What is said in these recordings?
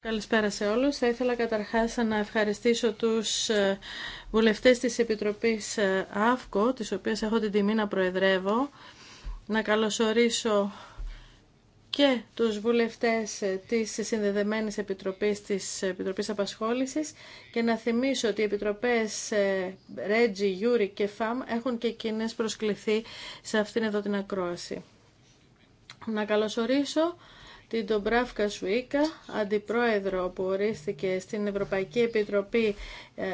Καλησπέρα σε όλους. Θα ήθελα καταρχάς να ευχαριστήσω τους ε, βουλευτές της Επιτροπής ε, ΑΦΚΟ, τις οποίες έχω την τιμή να προεδρεύω, να καλωσορίσω και τους βουλευτές ε, της Συνδεδεμένης Επιτροπής της Επιτροπής Απασχόλησης και να θυμίσω ότι οι Επιτροπές Ρέτζι, Γιούρι και ΦΑΜ έχουν και εκείνες προσκληθεί σε αυτήν εδώ την ακρόαση. Να καλωσορίσω την Ντομπράφκα Σουίκα, αντιπρόεδρο που ορίστηκε στην Ευρωπαϊκή Επιτροπή ε,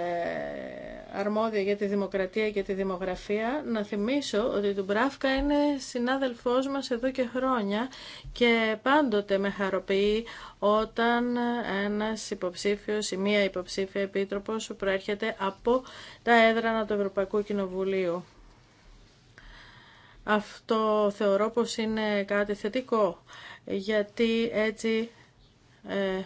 Αρμόδια για τη Δημοκρατία και τη Δημογραφία. Να θυμίσω ότι η Ντομπράφκα είναι συνάδελφός μας εδώ και χρόνια και πάντοτε με χαροποιεί όταν ένας υποψήφιος ή μία υποψήφια επίτροπος προέρχεται από τα έδρανα του Ευρωπαϊκού Κοινοβουλίου. Αυτό θεωρώ πως είναι κάτι θετικό, γιατί έτσι ε,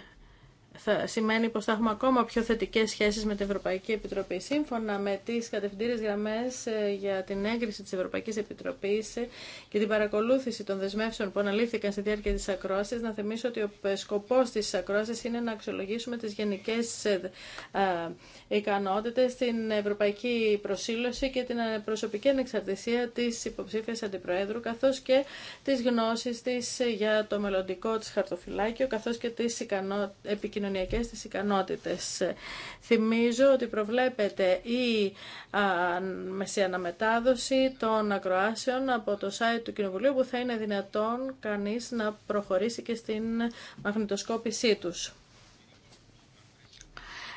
θα σημαίνει πως θα έχουμε ακόμα πιο θετικές σχέσεις με την Ευρωπαϊκή Επιτροπή. Σύμφωνα με τις κατευθυντήριες γραμμές ε, για την έγκριση της Ευρωπαϊκής Επιτροπής ε, και την παρακολούθηση των δεσμεύσεων που αναλύθηκαν στη διάρκεια της ακρόασης, να θυμίσω ότι ο ε, σκοπός της ακρόασης είναι να αξιολογήσουμε τις γενικές ικανότητες, την ευρωπαϊκή προσήλωση και την προσωπική ανεξαρτησία της υποψήφιας αντιπροέδρου, καθώς και τις γνώσεις της για το μελλοντικό της χαρτοφυλάκιο, καθώς και τις ικανότητες κοινωνιακές της ικανότητες. Θυμίζω ότι προβλέπεται η μεσιαναμετάδοση των ακροάσεων από το site του Κοινοβουλίου που θα είναι δυνατόν κανείς να προχωρήσει και στην μαγνητοσκόπησή τους.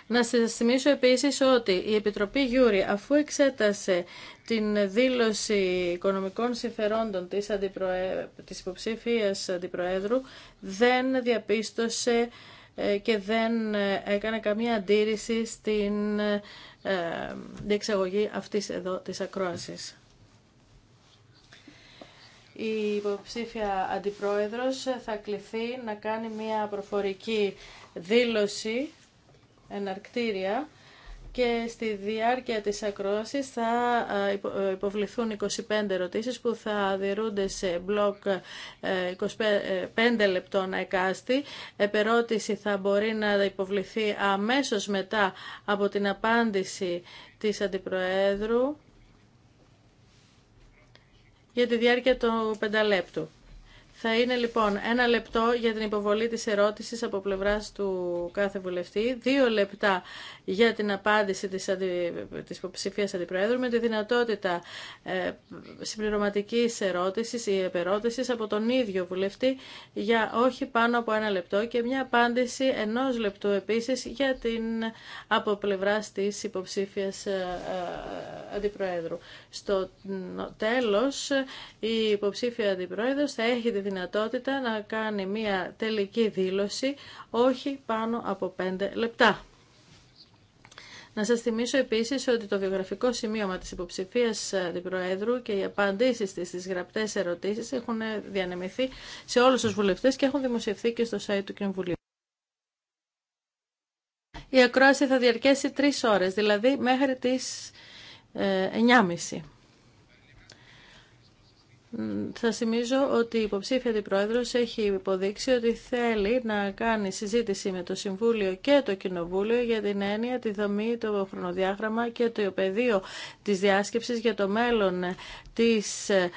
Να σα θυμίσω επίση ότι η Επιτροπή Γιούρη αφού εξέτασε την δήλωση οικονομικών συμφερόντων της, αντιπροε... της αντιπροέδρου δεν διαπίστωσε ε, και δεν ε, έκανε καμία αντίρρηση στην ε, διεξαγωγή αυτής εδώ της ακρόασης. Η υποψήφια αντιπρόεδρος θα κληθεί να κάνει μια προφορική δήλωση εναρκτήρια και στη διάρκεια της ακρόασης θα ε, υποβληθούν 25 ερωτήσεις που θα διαιρούνται σε μπλοκ 25 ε, λεπτών εκάστη. Επερώτηση θα μπορεί να υποβληθεί αμέσως μετά από την απάντηση της Αντιπροέδρου για τη διάρκεια του πενταλέπτου. Θα είναι λοιπόν ένα λεπτό για την υποβολή της ερώτησης από πλευράς του κάθε βουλευτή, δύο λεπτά για την απάντηση της, αντι... της υποψηφίας αντιπρόεδρου με τη δυνατότητα ε, συμπληρωματικής ερώτησης ή επερώτησης από τον ίδιο βουλευτή για όχι πάνω από ένα λεπτό και μια απάντηση ενός λεπτού επίσης για την από πλευράς της υποψήφιας ε, ε, αντιπροέδρου. Στο τέλος η υποψήφια αντιπρόεδρος θα έχει τη δυνατότητα να κάνει μια τελική δήλωση όχι πάνω από 5 λεπτά. Να σας θυμίσω επίσης ότι το βιογραφικό σημείωμα της υποψηφίας Πρόεδρου και οι απαντήσεις της στις γραπτές ερωτήσεις έχουν διανεμηθεί σε όλους τους βουλευτές και έχουν δημοσιευθεί και στο site του Κοινοβουλίου. Η ακρόαση θα διαρκέσει τρεις ώρες, δηλαδή μέχρι τις 9.30. Ε, θα θυμίζω ότι η υποψήφια την Πρόεδρος έχει υποδείξει ότι θέλει να κάνει συζήτηση με το Συμβούλιο και το Κοινοβούλιο για την έννοια, τη δομή, το χρονοδιάγραμμα και το πεδίο της διάσκεψης για το μέλλον της ε,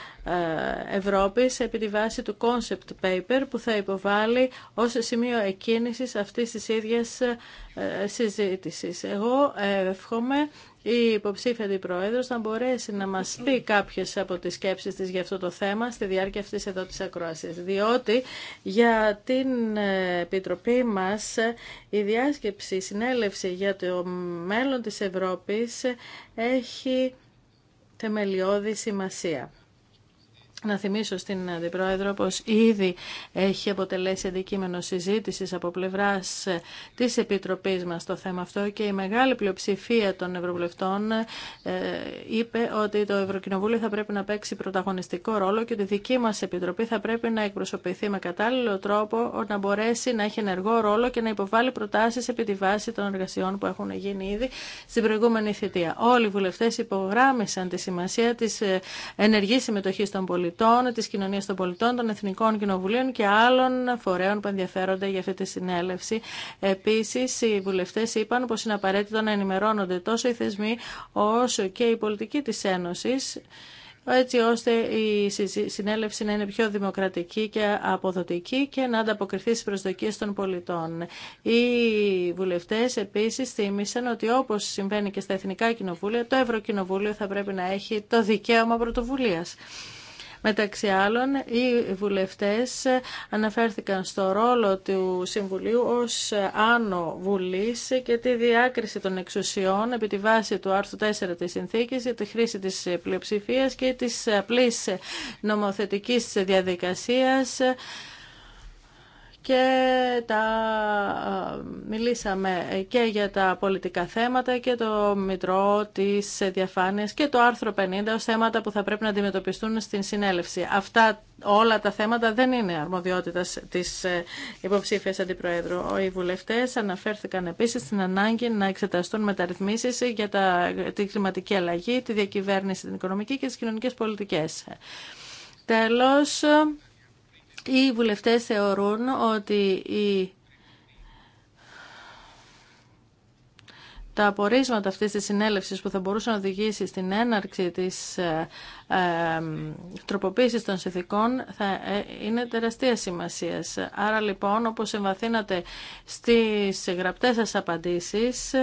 Ευρώπης επί τη βάση του concept paper που θα υποβάλει ως σημείο εκκίνησης αυτής της ίδιας ε, συζήτησης. Εγώ εύχομαι η υποψήφια Πρόεδρο να μπορέσει να μας πει κάποιες από τις σκέψει της για αυτό το θέμα στη διάρκεια αυτής εδώ της ακρόασης. Διότι για την ε, Επιτροπή μας ε, η διάσκεψη, η συνέλευση για το μέλλον της Ευρώπης ε, έχει θεμελιώδη σημασία. Να θυμίσω στην Αντιπρόεδρο πως ήδη έχει αποτελέσει αντικείμενο συζήτησης από πλευράς της Επιτροπής μας το θέμα αυτό και η μεγάλη πλειοψηφία των Ευρωβουλευτών ε, είπε ότι το Ευρωκοινοβούλιο θα πρέπει να παίξει πρωταγωνιστικό ρόλο και ότι η δική μας Επιτροπή θα πρέπει να εκπροσωπηθεί με κατάλληλο τρόπο να μπορέσει να έχει ενεργό ρόλο και να υποβάλει προτάσεις επί τη βάση των εργασιών που έχουν γίνει ήδη στην προηγούμενη θητεία. Όλοι οι βουλευτές υπογράμμισαν τη σημασία της ε, ενεργής συμμετοχής των πολιτών πολιτών, της κοινωνίας των πολιτών, των εθνικών κοινοβουλίων και άλλων φορέων που ενδιαφέρονται για αυτή τη συνέλευση. Επίσης, οι βουλευτές είπαν πως είναι απαραίτητο να ενημερώνονται τόσο οι θεσμοί όσο και η πολιτική της Ένωσης έτσι ώστε η συνέλευση να είναι πιο δημοκρατική και αποδοτική και να ανταποκριθεί στις προσδοκίες των πολιτών. Οι βουλευτές επίσης θύμισαν ότι όπως συμβαίνει και στα Εθνικά Κοινοβούλια, το Ευρωκοινοβούλιο θα πρέπει να έχει το δικαίωμα πρωτοβουλίας. Μεταξύ άλλων, οι βουλευτές αναφέρθηκαν στο ρόλο του Συμβουλίου ως άνω βουλής και τη διάκριση των εξουσιών επί τη βάση του άρθρου 4 της συνθήκης για τη χρήση της πλειοψηφίας και της απλής νομοθετικής διαδικασίας και τα ε, μιλήσαμε και για τα πολιτικά θέματα και το Μητρό της Διαφάνειας και το άρθρο 50 ως θέματα που θα πρέπει να αντιμετωπιστούν στην συνέλευση. Αυτά όλα τα θέματα δεν είναι αρμοδιότητα της ε, υποψήφιας αντιπροέδρου. Οι βουλευτές αναφέρθηκαν επίσης στην ανάγκη να εξεταστούν μεταρρυθμίσεις για τα, τη κλιματική αλλαγή, τη διακυβέρνηση, την οικονομική και τις κοινωνικές πολιτικές. Τέλος, οι βουλευτές θεωρούν ότι η τα απορίσματα αυτής της συνέλευσης που θα μπορούσαν να οδηγήσει στην έναρξη της ε, ε τροποποίησης των συνθηκών θα ε, είναι τεραστία σημασία. Άρα λοιπόν όπως εμβαθύνατε στις γραπτές σας απαντήσεις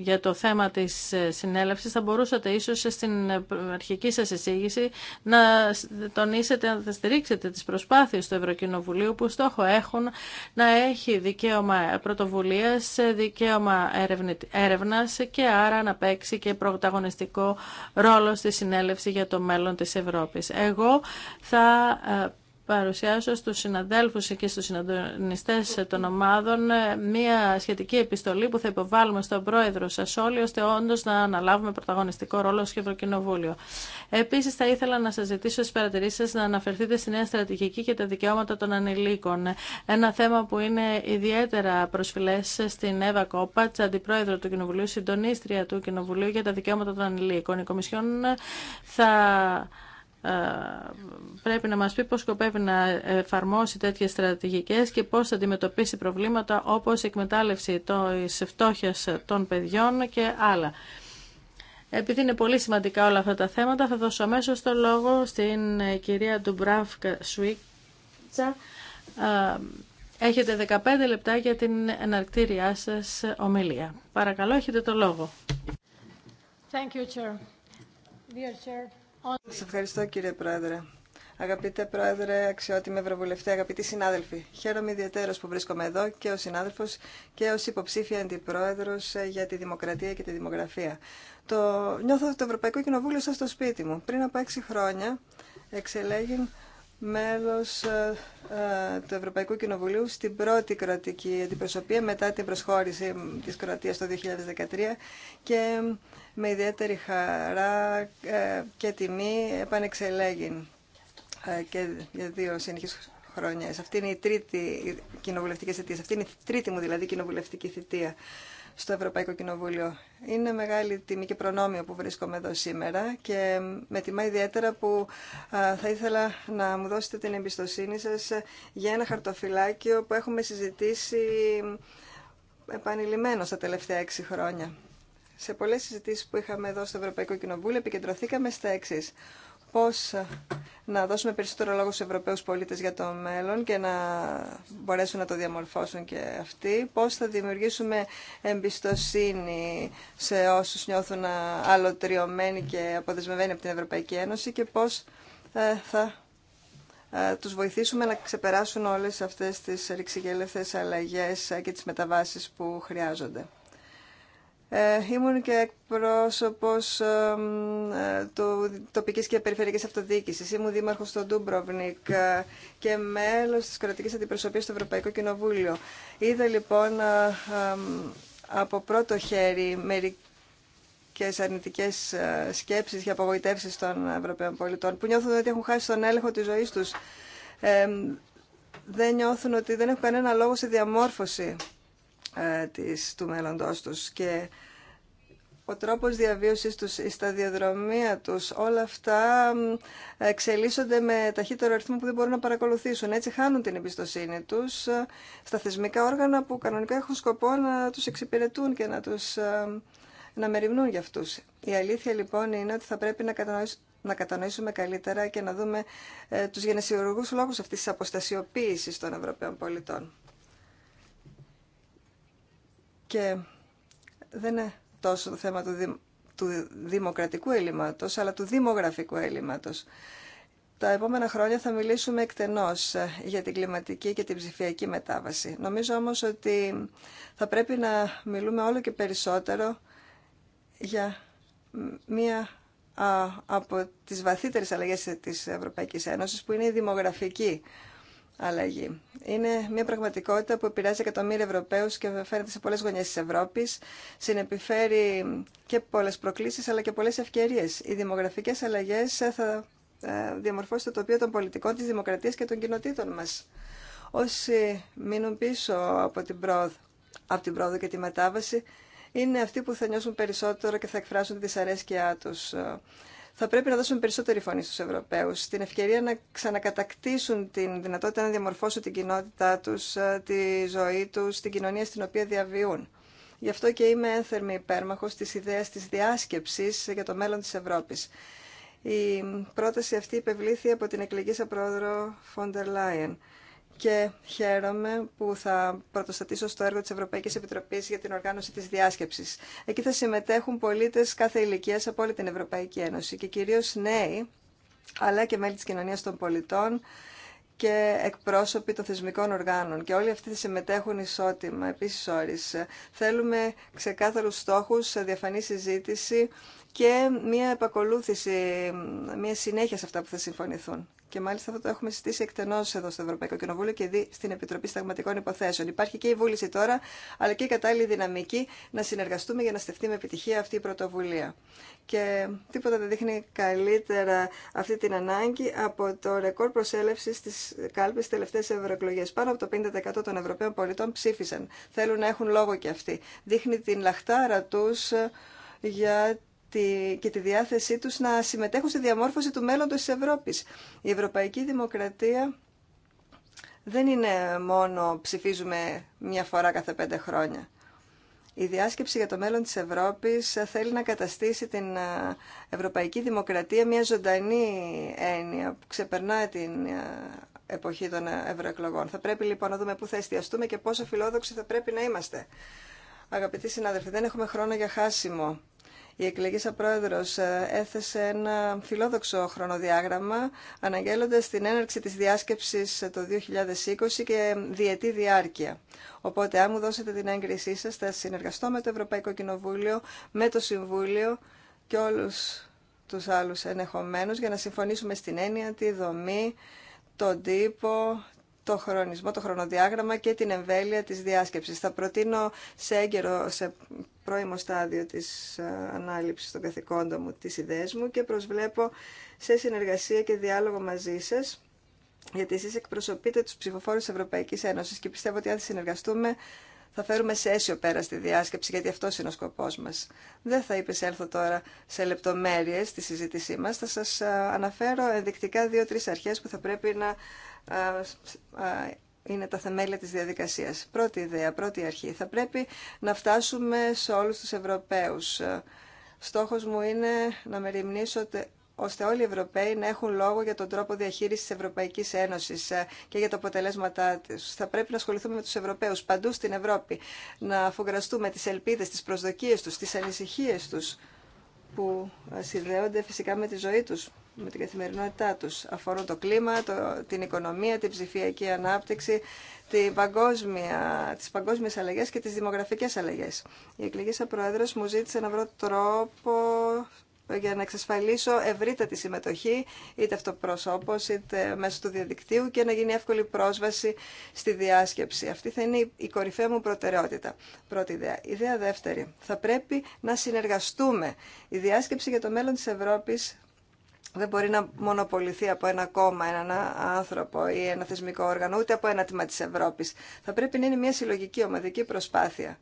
για το θέμα της ε, συνέλευσης θα μπορούσατε ίσως στην ε, αρχική σας εισήγηση να τονίσετε, να στηρίξετε τις προσπάθειες του Ευρωκοινοβουλίου που στόχο έχουν να έχει δικαίωμα πρωτοβουλίας, δικαίωμα έρευνας και άρα να παίξει και πρωταγωνιστικό ρόλο στη συνέλευση για το μέλλον της Ευρώπης. Εγώ θα ε, παρουσιάσω στους συναδέλφους και στους συναντονιστές των ομάδων ε, μια σχετική επιστολή που θα υποβάλουμε στον πρόεδρο σας όλοι ώστε όντως να αναλάβουμε πρωταγωνιστικό ρόλο στο Ευρωκοινοβούλιο. Επίσης θα ήθελα να σας ζητήσω στις παρατηρήσεις σας να αναφερθείτε στη νέα στρατηγική και τα δικαιώματα των ανηλίκων. Ένα θέμα που είναι ιδιαίτερα προσφυλές στην Εύα Κόπατς, αντιπρόεδρο του Κοινοβουλίου, συντονίστρια του Κοινοβουλίου για τα δικαιώματα των ανηλίκων. Η Κομισιόν θα ε, πρέπει να μας πει πώς σκοπεύει να εφαρμόσει τέτοιες στρατηγικές και πώς θα αντιμετωπίσει προβλήματα όπως η εκμετάλλευση της φτώχειας των παιδιών και άλλα. Επειδή είναι πολύ σημαντικά όλα αυτά τα θέματα, θα δώσω αμέσω το λόγο στην κυρία Ντουμπράφκα Σουίτσα. Ε, έχετε 15 λεπτά για την εναρκτήριά σας ομιλία. Παρακαλώ, έχετε το λόγο. Thank you, σας ευχαριστώ κύριε Πρόεδρε. Αγαπητέ Πρόεδρε, αξιότιμη Ευρωβουλευτή, αγαπητοί συνάδελφοι, χαίρομαι ιδιαίτερω που βρίσκομαι εδώ και ω συνάδελφο και ω υποψήφια αντιπρόεδρο ε, για τη δημοκρατία και τη δημογραφία. Το... Νιώθω το Ευρωπαϊκό Κοινοβούλιο σα στο σπίτι μου. Πριν από έξι χρόνια εξελέγει μέλο ε, ε, του Ευρωπαϊκού Κοινοβουλίου στην πρώτη κρατική αντιπροσωπεία μετά την προσχώρηση τη Κροατία το 2013 και με ιδιαίτερη χαρά ε, και τιμή επανεξελέγην ε, και για δύο συνεχείς χρόνια. Αυτή είναι η τρίτη κοινοβουλευτική θητεία. Αυτή είναι η τρίτη μου δηλαδή κοινοβουλευτική θητεία στο Ευρωπαϊκό Κοινοβούλιο. Είναι μεγάλη τιμή και προνόμιο που βρίσκομαι εδώ σήμερα και με τιμά ιδιαίτερα που θα ήθελα να μου δώσετε την εμπιστοσύνη σας για ένα χαρτοφυλάκιο που έχουμε συζητήσει επανειλημμένο στα τελευταία έξι χρόνια σε πολλέ συζητήσει που είχαμε εδώ στο Ευρωπαϊκό Κοινοβούλιο επικεντρωθήκαμε στα έξι. Πώ ε, να δώσουμε περισσότερο λόγο στους Ευρωπαίους πολίτες για το μέλλον και να μπορέσουν να το διαμορφώσουν και αυτοί. πώ θα δημιουργήσουμε εμπιστοσύνη σε όσου νιώθουν ε, αλωτριωμένοι και αποδεσμευμένοι από την Ευρωπαϊκή Ένωση και πώς ε, θα τους βοηθήσουμε να ξεπεράσουν όλες αυτές τις ρηξιγέλευθες αλλαγές και τις μεταβάσεις που χρειάζονται. Ε, ήμουν και εκπρόσωπος ε, του τοπικής και περιφερειακής αυτοδιοίκησης. Ήμουν δήμαρχος στο Ντούμπροβνικ ε, και μέλος της κρατικής αντιπροσωπείας στο Ευρωπαϊκό Κοινοβούλιο. Είδα λοιπόν ε, από πρώτο χέρι μερικές αρνητικές σκέψεις και απογοητεύσεις των Ευρωπαίων πολιτών που νιώθουν ότι έχουν χάσει τον έλεγχο της ζωής τους. δεν νιώθουν ότι δεν έχουν κανένα λόγο σε διαμόρφωση ε, της, του μέλλοντός τους και ο τρόπος διαβίωσης τους, η σταδιοδρομία τους, όλα αυτά εξελίσσονται με ταχύτερο αριθμό που δεν μπορούν να παρακολουθήσουν. Έτσι χάνουν την εμπιστοσύνη τους ε, στα θεσμικά όργανα που κανονικά έχουν σκοπό να τους εξυπηρετούν και να τους ε, να μεριμνούν για αυτούς. Η αλήθεια λοιπόν είναι ότι θα πρέπει να κατανοήσουμε καλύτερα και να δούμε ε, τους γενεσιουργούς λόγους αυτής της αποστασιοποίησης των Ευρωπαίων πολιτών. Και δεν είναι τόσο το θέμα του, του δημοκρατικού έλλειμματος, αλλά του δημογραφικού έλλειμματος. Τα επόμενα χρόνια θα μιλήσουμε εκτενώς ε, για την κλιματική και την ψηφιακή μετάβαση. Νομίζω όμως ότι θα πρέπει να μιλούμε όλο και περισσότερο για μία από τις βαθύτερες αλλαγές της Ευρωπαϊκής Ένωσης που είναι η δημογραφική αλλαγή. Είναι μια πραγματικότητα που επηρεάζει εκατομμύρια Ευρωπαίους και φαίνεται σε πολλές γωνιές της Ευρώπης. Συνεπιφέρει και πολλές προκλήσεις αλλά και πολλές ευκαιρίες. Οι δημογραφικές αλλαγές θα ε, διαμορφώσουν το τοπίο των πολιτικών, της δημοκρατίας και των κοινοτήτων μας. Όσοι μείνουν πίσω από την πρόοδο, από την πρόοδο και τη μετάβαση, είναι αυτοί που θα νιώσουν περισσότερο και θα εκφράσουν τη δυσαρέσκειά τους θα πρέπει να δώσουμε περισσότερη φωνή στους Ευρωπαίους, την ευκαιρία να ξανακατακτήσουν την δυνατότητα να διαμορφώσουν την κοινότητά τους, ε, τη ζωή τους, την κοινωνία στην οποία διαβιούν. Γι' αυτό και είμαι ένθερμη υπέρμαχος της ιδέας της διάσκεψης για το μέλλον της Ευρώπης. Η πρόταση αυτή υπευλήθη από την σαν πρόεδρο Φόντερ Λάιεν και χαίρομαι που θα πρωτοστατήσω στο έργο της Ευρωπαϊκής Επιτροπής για την οργάνωση της διάσκεψης. Εκεί θα συμμετέχουν πολίτες κάθε ηλικίας από όλη την Ευρωπαϊκή Ένωση και κυρίως νέοι, αλλά και μέλη της κοινωνίας των πολιτών και εκπρόσωποι των θεσμικών οργάνων. Και όλοι αυτοί θα συμμετέχουν ισότιμα, επίσης όρις. Θέλουμε ξεκάθαρους στόχους, διαφανή συζήτηση και μία επακολούθηση, μία συνέχεια σε αυτά που θα συμφωνηθούν. Και μάλιστα αυτό το έχουμε συζητήσει εκτενώ εδώ στο Ευρωπαϊκό Κοινοβούλιο και δει στην Επιτροπή Σταγματικών Υποθέσεων. Υπάρχει και η βούληση τώρα, αλλά και η κατάλληλη δυναμική να συνεργαστούμε για να στεφτεί με επιτυχία αυτή η πρωτοβουλία. Και τίποτα δεν δείχνει καλύτερα αυτή την ανάγκη από το ρεκόρ προσέλευση τη κάλπη στι τελευταίε ευρωεκλογέ. Πάνω από το 50% των Ευρωπαίων πολιτών ψήφισαν. Θέλουν να έχουν λόγο και αυτοί. Δείχνει την λαχτάρα του για και τη διάθεσή τους να συμμετέχουν στη διαμόρφωση του μέλλοντος της Ευρώπης. Η Ευρωπαϊκή Δημοκρατία δεν είναι μόνο ψηφίζουμε μια φορά κάθε πέντε χρόνια. Η διάσκεψη για το μέλλον της Ευρώπης θέλει να καταστήσει την ε, Ευρωπαϊκή Δημοκρατία μια ζωντανή έννοια που ξεπερνά την ε, εποχή των ε, ευρωεκλογών. Θα πρέπει λοιπόν να δούμε πού θα εστιαστούμε και πόσο φιλόδοξοι θα πρέπει να είμαστε. Αγαπητοί συνάδελφοι, δεν έχουμε χρόνο για χάσιμο. Η σαν πρόεδρος ε, έθεσε ένα φιλόδοξο χρονοδιάγραμμα αναγγέλλοντα την έναρξη της διάσκεψης ε, το 2020 και διετή διάρκεια. Οπότε, αν μου δώσετε την έγκρισή σας, θα συνεργαστώ με το Ευρωπαϊκό Κοινοβούλιο, με το Συμβούλιο και όλους τους άλλους ενεχομένου για να συμφωνήσουμε στην έννοια, τη δομή, τον τύπο, το χρονισμό, το χρονοδιάγραμμα και την εμβέλεια της διάσκεψης. Θα προτείνω σε έγκαιρο, σε πρώιμο στάδιο της ε, ανάληψης των καθηκόντων μου, της ιδέας μου και προσβλέπω σε συνεργασία και διάλογο μαζί σας γιατί εσείς εκπροσωπείτε τους ψηφοφόρους της Ευρωπαϊκής Ένωσης και πιστεύω ότι αν συνεργαστούμε θα φέρουμε σε αίσιο πέρα στη διάσκεψη, γιατί αυτό είναι ο σκοπό μα. Δεν θα έρθω τώρα σε λεπτομέρειε στη συζήτησή μα. Θα σα ε, αναφέρω ενδεικτικά δύο-τρει αρχέ που θα πρέπει να ε, είναι τα θεμέλια της διαδικασίας. Πρώτη ιδέα, πρώτη αρχή. Θα πρέπει να φτάσουμε σε όλους τους Ευρωπαίους. Στόχος μου είναι να με ώστε όλοι οι Ευρωπαίοι να έχουν λόγο για τον τρόπο διαχείρισης της Ευρωπαϊκής Ένωσης ε, και για τα αποτελέσματά της. Θα πρέπει να ασχοληθούμε με τους Ευρωπαίους παντού στην Ευρώπη, να αφουγκραστούμε τις ελπίδες, τις προσδοκίες τους, τις ανησυχίες τους που ε, συνδέονται φυσικά με τη ζωή τους με την καθημερινότητά τους. Αφορούν το κλίμα, το, την οικονομία, την ψηφιακή ανάπτυξη, τη παγκόσμια, τις παγκόσμιες αλλαγές και τις δημογραφικές αλλαγές. Η σαν πρόεδρος μου ζήτησε να βρω τρόπο για να εξασφαλίσω ευρύτατη συμμετοχή, είτε αυτοπροσώπως, είτε μέσω του διαδικτύου και να γίνει εύκολη πρόσβαση στη διάσκεψη. Αυτή θα είναι η κορυφαία μου προτεραιότητα. Πρώτη ιδέα. Ιδέα δεύτερη. Θα πρέπει να συνεργαστούμε. Η διάσκεψη για το μέλλον της Ευρώπης δεν μπορεί να μονοποληθεί από ένα κόμμα, έναν άνθρωπο ή ένα θεσμικό όργανο, ούτε από ένα τμήμα της Ευρώπης. Θα πρέπει να είναι μια συλλογική ομαδική προσπάθεια.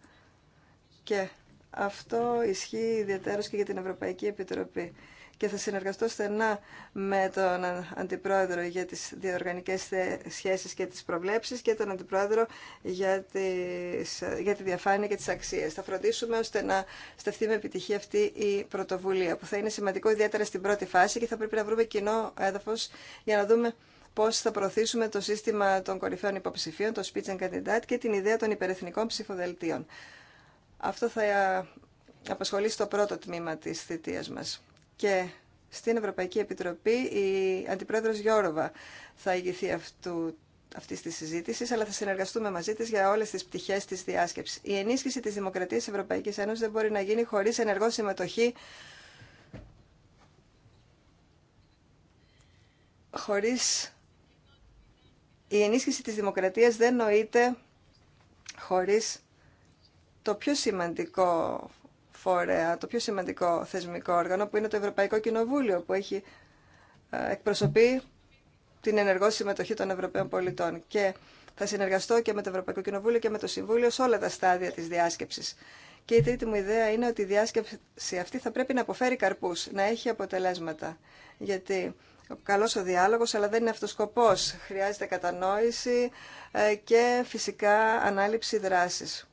Και αυτό ισχύει ιδιαίτερως και για την Ευρωπαϊκή Επιτροπή και θα συνεργαστώ στενά με τον Αντιπρόεδρο για τις διοργανικές σχέσεις και τις προβλέψεις και τον Αντιπρόεδρο για, τις, για τη διαφάνεια και τις αξίες. Θα φροντίσουμε ώστε να στεφτεί με επιτυχία αυτή η πρωτοβουλία που θα είναι σημαντικό ιδιαίτερα στην πρώτη φάση και θα πρέπει να βρούμε κοινό έδαφος για να δούμε πώς θα προωθήσουμε το σύστημα των κορυφαίων υποψηφίων, το speech and candidate και την ιδέα των υπερεθνικών ψηφοδελτίων. Αυτό θα απασχολεί στο πρώτο τμήμα τη θητείας μα. Και στην Ευρωπαϊκή Επιτροπή η Αντιπρόεδρος Γιώροβα θα ηγηθεί αυτού αυτή τη συζήτηση, αλλά θα συνεργαστούμε μαζί τη για όλε τι πτυχέ τη διάσκεψη. Η ενίσχυση τη δημοκρατία τη Ευρωπαϊκή Ένωση δεν μπορεί να γίνει χωρί ενεργό συμμετοχή, χωρί. Η ενίσχυση της δημοκρατίας δεν νοείται χωρί το πιο σημαντικό φορέα, το πιο σημαντικό θεσμικό όργανο που είναι το Ευρωπαϊκό Κοινοβούλιο που έχει ε, εκπροσωπεί την ενεργό συμμετοχή των Ευρωπαίων πολιτών. Και θα συνεργαστώ και με το Ευρωπαϊκό Κοινοβούλιο και με το Συμβούλιο σε όλα τα στάδια της διάσκεψης. Και η τρίτη μου ιδέα είναι ότι η διάσκεψη αυτή θα πρέπει να αποφέρει καρπούς, να έχει αποτελέσματα. Γιατί καλός ο διάλογος, αλλά δεν είναι αυτός Χρειάζεται κατανόηση ε, και φυσικά ανάληψη δράσης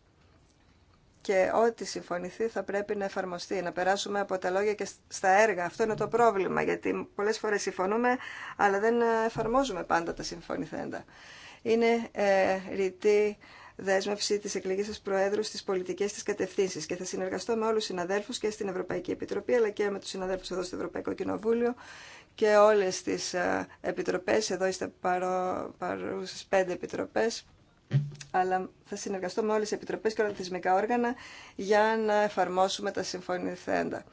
και ό,τι συμφωνηθεί θα πρέπει να εφαρμοστεί, να περάσουμε από τα λόγια και στα έργα. Αυτό είναι το πρόβλημα, γιατί πολλές φορές συμφωνούμε, αλλά δεν εφαρμόζουμε πάντα τα συμφωνηθέντα. Είναι ε, ρητή δέσμευση της εκλεγής σας Προέδρου στις πολιτικές της κατευθύνσεις και θα συνεργαστώ με όλους τους συναδέλφους και στην Ευρωπαϊκή Επιτροπή, αλλά και με τους συναδέλφους εδώ στο Ευρωπαϊκό Κοινοβούλιο και όλες τις ε, επιτροπές, εδώ είστε παρό, παρούσες πέντε επιτροπές, αλλά θα συνεργαστώ με όλες τις επιτροπές και όλα τα θεσμικά όργανα για να εφαρμόσουμε τα συμφωνηθέντα.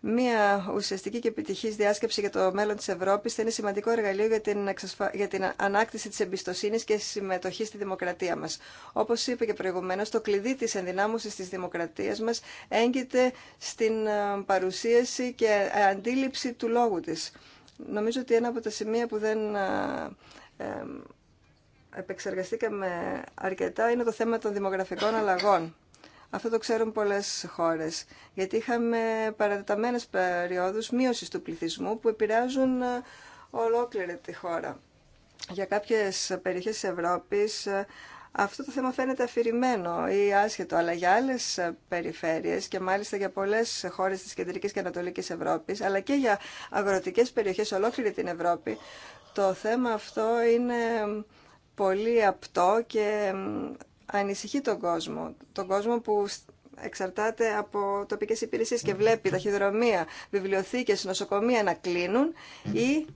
Μία ουσιαστική και επιτυχής διάσκεψη για το μέλλον της Ευρώπης θα είναι σημαντικό εργαλείο για την, για την ανάκτηση της εμπιστοσύνης και συμμετοχή στη δημοκρατία μας. Όπως είπε και προηγουμένως, το κλειδί της ενδυνάμωσης της δημοκρατίας μας έγκυται στην ε, παρουσίαση και ε, αντίληψη του λόγου της. Νομίζω ότι ένα από τα σημεία που δεν ε, επεξεργαστήκαμε αρκετά είναι το θέμα των δημογραφικών αλλαγών. Αυτό το ξέρουν πολλές χώρες, γιατί είχαμε παρατεταμένες περιόδους μείωσης του πληθυσμού που επηρεάζουν ε, ολόκληρη τη χώρα. Για κάποιες περιοχές της Ευρώπης ε, αυτό το θέμα φαίνεται αφηρημένο ή άσχετο, αλλά για άλλε ε, περιφέρειες και μάλιστα για πολλές χώρες της Κεντρικής και Ανατολικής Ευρώπης αλλά και για αγροτικές περιοχές ολόκληρη την Ευρώπη, το θέμα αυτό είναι πολύ απτό και ανησυχεί τον κόσμο. Τον κόσμο που εξαρτάται από τοπικές υπηρεσίες και βλέπει ταχυδρομεία, βιβλιοθήκες, νοσοκομεία να κλείνουν ή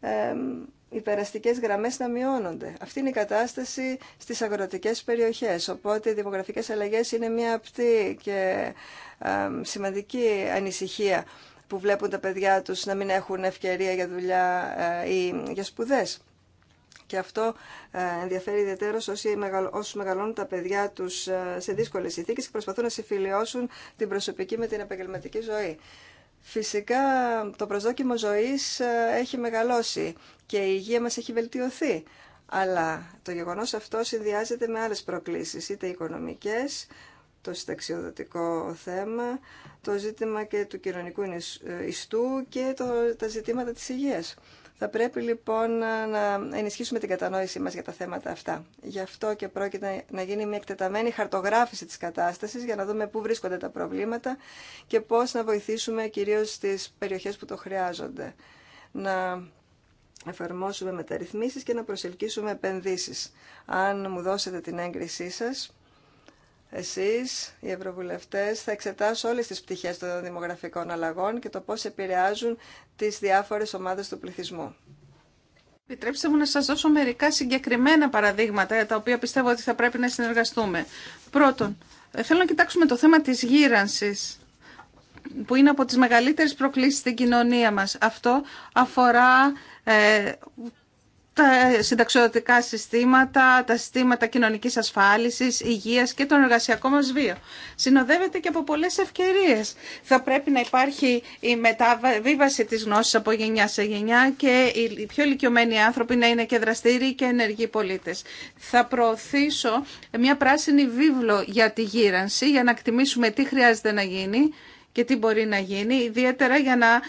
ε, οι περαστικές γραμμές να μειώνονται. Αυτή είναι η κατάσταση στις αγροτικές περιοχές, οπότε οι δημογραφικές αλλαγές είναι μια απτή και σημαντική ανησυχία που βλέπουν τα παιδιά τους να μην έχουν ευκαιρία για δουλειά ε, ή για σπουδές. Και αυτό ε, ενδιαφέρει ιδιαίτερω όσου μεγαλώνουν τα παιδιά του ε, σε δύσκολε συνθήκε και προσπαθούν να συμφιλειώσουν την προσωπική με την επαγγελματική ζωή. Φυσικά το προσδόκιμο ζωής ε, έχει μεγαλώσει και η υγεία μας έχει βελτιωθεί. Αλλά το γεγονός αυτό συνδυάζεται με άλλες προκλήσεις, είτε οικονομικές, το συνταξιοδοτικό θέμα, το ζήτημα και του κοινωνικού ιστού και το, τα ζητήματα της υγείας. Θα πρέπει λοιπόν να ενισχύσουμε την κατανόησή μας για τα θέματα αυτά. Γι' αυτό και πρόκειται να γίνει μια εκτεταμένη χαρτογράφηση της κατάστασης για να δούμε πού βρίσκονται τα προβλήματα και πώς να βοηθήσουμε κυρίως στις περιοχές που το χρειάζονται. Να εφαρμόσουμε μεταρρυθμίσεις και να προσελκύσουμε επενδύσεις. Αν μου δώσετε την έγκρισή σας, εσείς, οι ευρωβουλευτές, θα εξετάσω όλες τις πτυχές των δημογραφικών αλλαγών και το πώς επηρεάζουν τις διάφορες ομάδες του πληθυσμού. Επιτρέψτε μου να σας δώσω μερικά συγκεκριμένα παραδείγματα, τα οποία πιστεύω ότι θα πρέπει να συνεργαστούμε. Πρώτον, ε, θέλω να κοιτάξουμε το θέμα της γύρανσης που είναι από τις μεγαλύτερες προκλήσεις στην κοινωνία μας. Αυτό αφορά ε, τα συνταξιωτικά συστήματα, τα συστήματα κοινωνικής ασφάλισης, υγείας και τον εργασιακό μας βίο. Συνοδεύεται και από πολλές ευκαιρίες. Θα πρέπει να υπάρχει η μεταβίβαση της γνώσης από γενιά σε γενιά και οι πιο ηλικιωμένοι άνθρωποι να είναι και δραστήριοι και ενεργοί πολίτες. Θα προωθήσω μια πράσινη βίβλο για τη γύρανση, για να εκτιμήσουμε τι χρειάζεται να γίνει και τι μπορεί να γίνει, ιδιαίτερα για να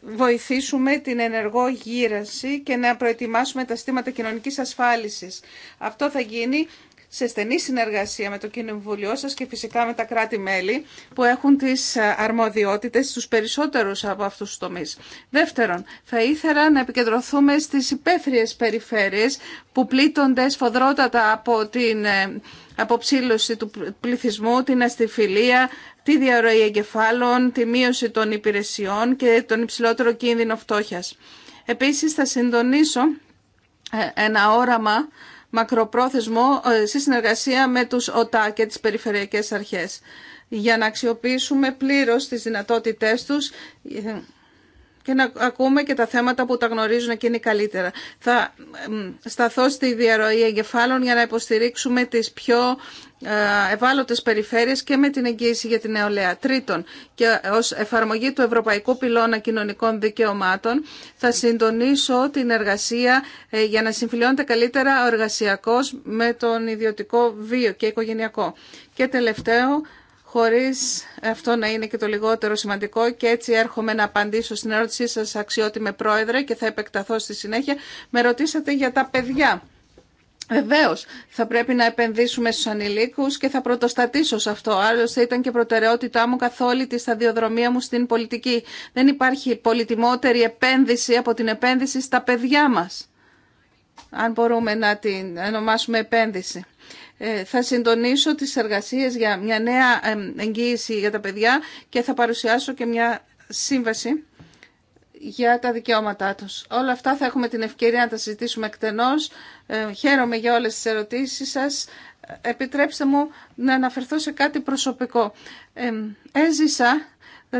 βοηθήσουμε την ενεργό γύρανση και να προετοιμάσουμε τα στήματα κοινωνικής ασφάλισης. Αυτό θα γίνει σε στενή συνεργασία με το Κοινοβούλιο σας και φυσικά με τα κράτη-μέλη που έχουν τις αρμοδιότητες στους περισσότερους από αυτούς τους τομείς. Δεύτερον, θα ήθελα να επικεντρωθούμε στις υπαίθριες περιφέρειες που πλήττονται σφοδρότατα από την ε, αποψήλωση του πληθυσμού, την αστιφιλία, τη διαρροή εγκεφάλων, τη μείωση των υπηρεσιών και τον υψηλότερο κίνδυνο φτώχειας. Επίσης θα συντονίσω ε, ένα όραμα μακροπρόθεσμο ε, στη συνεργασία με τους ΟΤΑ και τις περιφερειακές αρχές για να αξιοποιήσουμε πλήρως τις δυνατότητές τους ε, και να ακούμε και τα θέματα που τα γνωρίζουν είναι καλύτερα. Θα σταθώ στη διαρροή εγκεφάλων για να υποστηρίξουμε τις πιο ε, ευάλωτες περιφέρειες και με την εγγύηση για την νεολαία. Τρίτον, και ως εφαρμογή του Ευρωπαϊκού Πυλώνα Κοινωνικών Δικαιωμάτων θα συντονίσω την εργασία ε, για να συμφιλιώνεται καλύτερα ο εργασιακός με τον ιδιωτικό βίο και οικογενειακό. Και τελευταίο, χωρίς αυτό να είναι και το λιγότερο σημαντικό και έτσι έρχομαι να απαντήσω στην ερώτησή σας αξιότιμε πρόεδρε και θα επεκταθώ στη συνέχεια. Με ρωτήσατε για τα παιδιά. Βεβαίω, θα πρέπει να επενδύσουμε στου ανηλίκου και θα πρωτοστατήσω σε αυτό. Άλλωστε, ήταν και προτεραιότητά μου καθ' όλη τη σταδιοδρομία μου στην πολιτική. Δεν υπάρχει πολυτιμότερη επένδυση από την επένδυση στα παιδιά μα. Αν μπορούμε να την ονομάσουμε επένδυση. Ε, θα συντονίσω τις εργασίες για μια νέα εγγύηση για τα παιδιά και θα παρουσιάσω και μια σύμβαση για τα δικαιώματά τους. Όλα αυτά θα έχουμε την ευκαιρία να τα συζητήσουμε εκτενώς. Ε, χαίρομαι για όλες τις ερωτήσεις σας. Επιτρέψτε μου να αναφερθώ σε κάτι προσωπικό. Ε, έζησα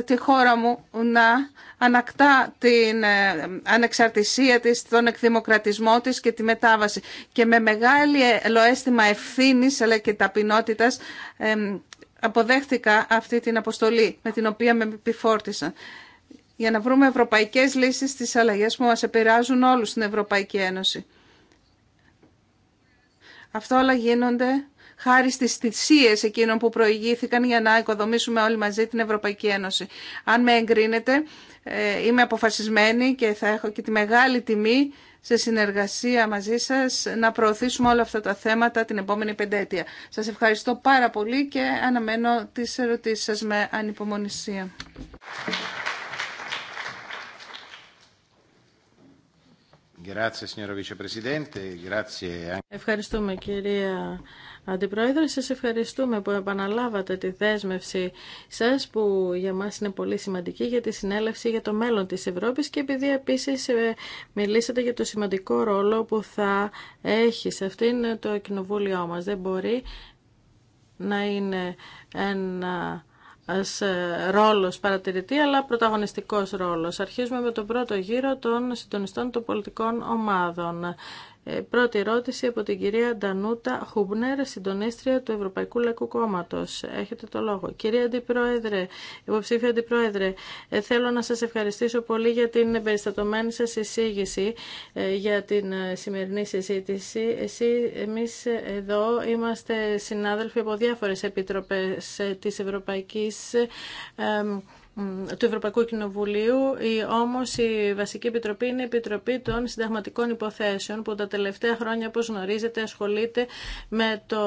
τη χώρα μου να ανακτά την ε, ανεξαρτησία της, τον εκδημοκρατισμό της και τη μετάβαση. Και με μεγάλη λοέστημα ε, ευθύνης αλλά και ταπεινότητας αποδέχτηκα αυτή την αποστολή με την οποία με επιφόρτησαν για να βρούμε ευρωπαϊκές λύσεις στις αλλαγές που μας επηρεάζουν όλους στην Ευρωπαϊκή Ένωση. Αυτό όλα γίνονται χάρη στις θυσίε εκείνων που προηγήθηκαν για να οικοδομήσουμε όλοι μαζί την Ευρωπαϊκή Ένωση. Αν με εγκρίνετε, ε, είμαι αποφασισμένη και θα έχω και τη μεγάλη τιμή σε συνεργασία μαζί σας να προωθήσουμε όλα αυτά τα θέματα την επόμενη πεντέτεια. Σας ευχαριστώ πάρα πολύ και αναμένω τις ερωτήσεις σας με ανυπομονησία. Ευχαριστούμε κυρία Αντιπρόεδρε, σας ευχαριστούμε που επαναλάβατε τη δέσμευση σας που για μας είναι πολύ σημαντική για τη συνέλευση για το μέλλον της Ευρώπης και επειδή επίσης ε, μιλήσατε για το σημαντικό ρόλο που θα έχει σε αυτήν το κοινοβούλιο μας. Δεν μπορεί να είναι ένα ε, ρόλος παρατηρητή αλλά πρωταγωνιστικός ρόλος. Αρχίζουμε με τον πρώτο γύρο των συντονιστών των πολιτικών ομάδων. Ε, πρώτη ερώτηση από την κυρία Ντανούτα Χουμπνέρ, συντονίστρια του Ευρωπαϊκού Λαϊκού Κόμματο. Έχετε το λόγο. Κυρία Αντιπρόεδρε, υποψήφια Αντιπρόεδρε, ε, θέλω να σα ευχαριστήσω πολύ για την περιστατωμένη σα εισήγηση ε, για την σημερινή συζήτηση. Εσύ, εμεί εδώ είμαστε συνάδελφοι από διάφορε επιτροπέ τη Ευρωπαϊκή του Ευρωπαϊκού Κοινοβουλίου, όμως η Βασική Επιτροπή είναι η Επιτροπή των Συνταγματικών Υποθέσεων που τα τελευταία χρόνια, όπως γνωρίζετε, ασχολείται με το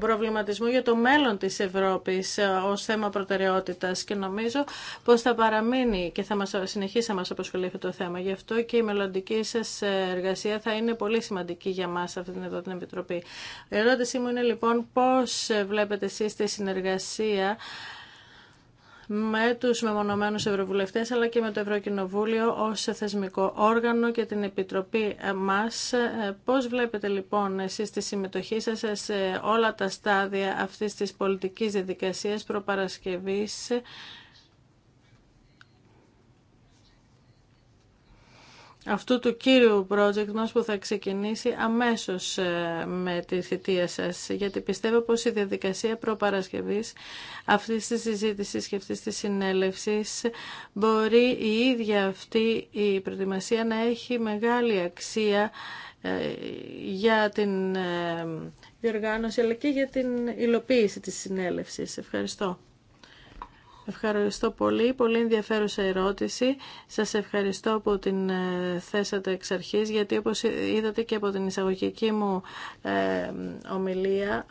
προβληματισμό για το μέλλον της Ευρώπης ε, ως θέμα προτεραιότητας και νομίζω πως θα παραμείνει και θα μας, συνεχίσει να μας απασχολεί αυτό το θέμα. Γι' αυτό και η μελλοντική σας εργασία θα είναι πολύ σημαντική για μας αυτή την εδώ την Επιτροπή. Η ερώτησή μου είναι λοιπόν πώς βλέπετε εσείς τη συνεργασία με τους μεμονωμένους ευρωβουλευτές αλλά και με το Ευρωκοινοβούλιο ως θεσμικό όργανο και την Επιτροπή μας. Ε, πώς βλέπετε λοιπόν εσείς τη συμμετοχή σας σε όλα τα στάδια αυτής της πολιτικής διαδικασίας προπαρασκευής αυτού του κύριου project μας που θα ξεκινήσει αμέσως ε, με τη θητεία σας. Γιατί πιστεύω πως η διαδικασία προπαρασκευής αυτής της συζήτησης και αυτής της συνέλευσης μπορεί η ίδια αυτή η προετοιμασία να έχει μεγάλη αξία ε, για την ε, διοργάνωση αλλά και για την υλοποίηση της συνέλευσης. Ευχαριστώ. Ευχαριστώ πολύ. Πολύ ενδιαφέρουσα ερώτηση. Σας ευχαριστώ που την ε, θέσατε εξ αρχής, γιατί όπως είδατε και από την εισαγωγική μου ε, ομιλία,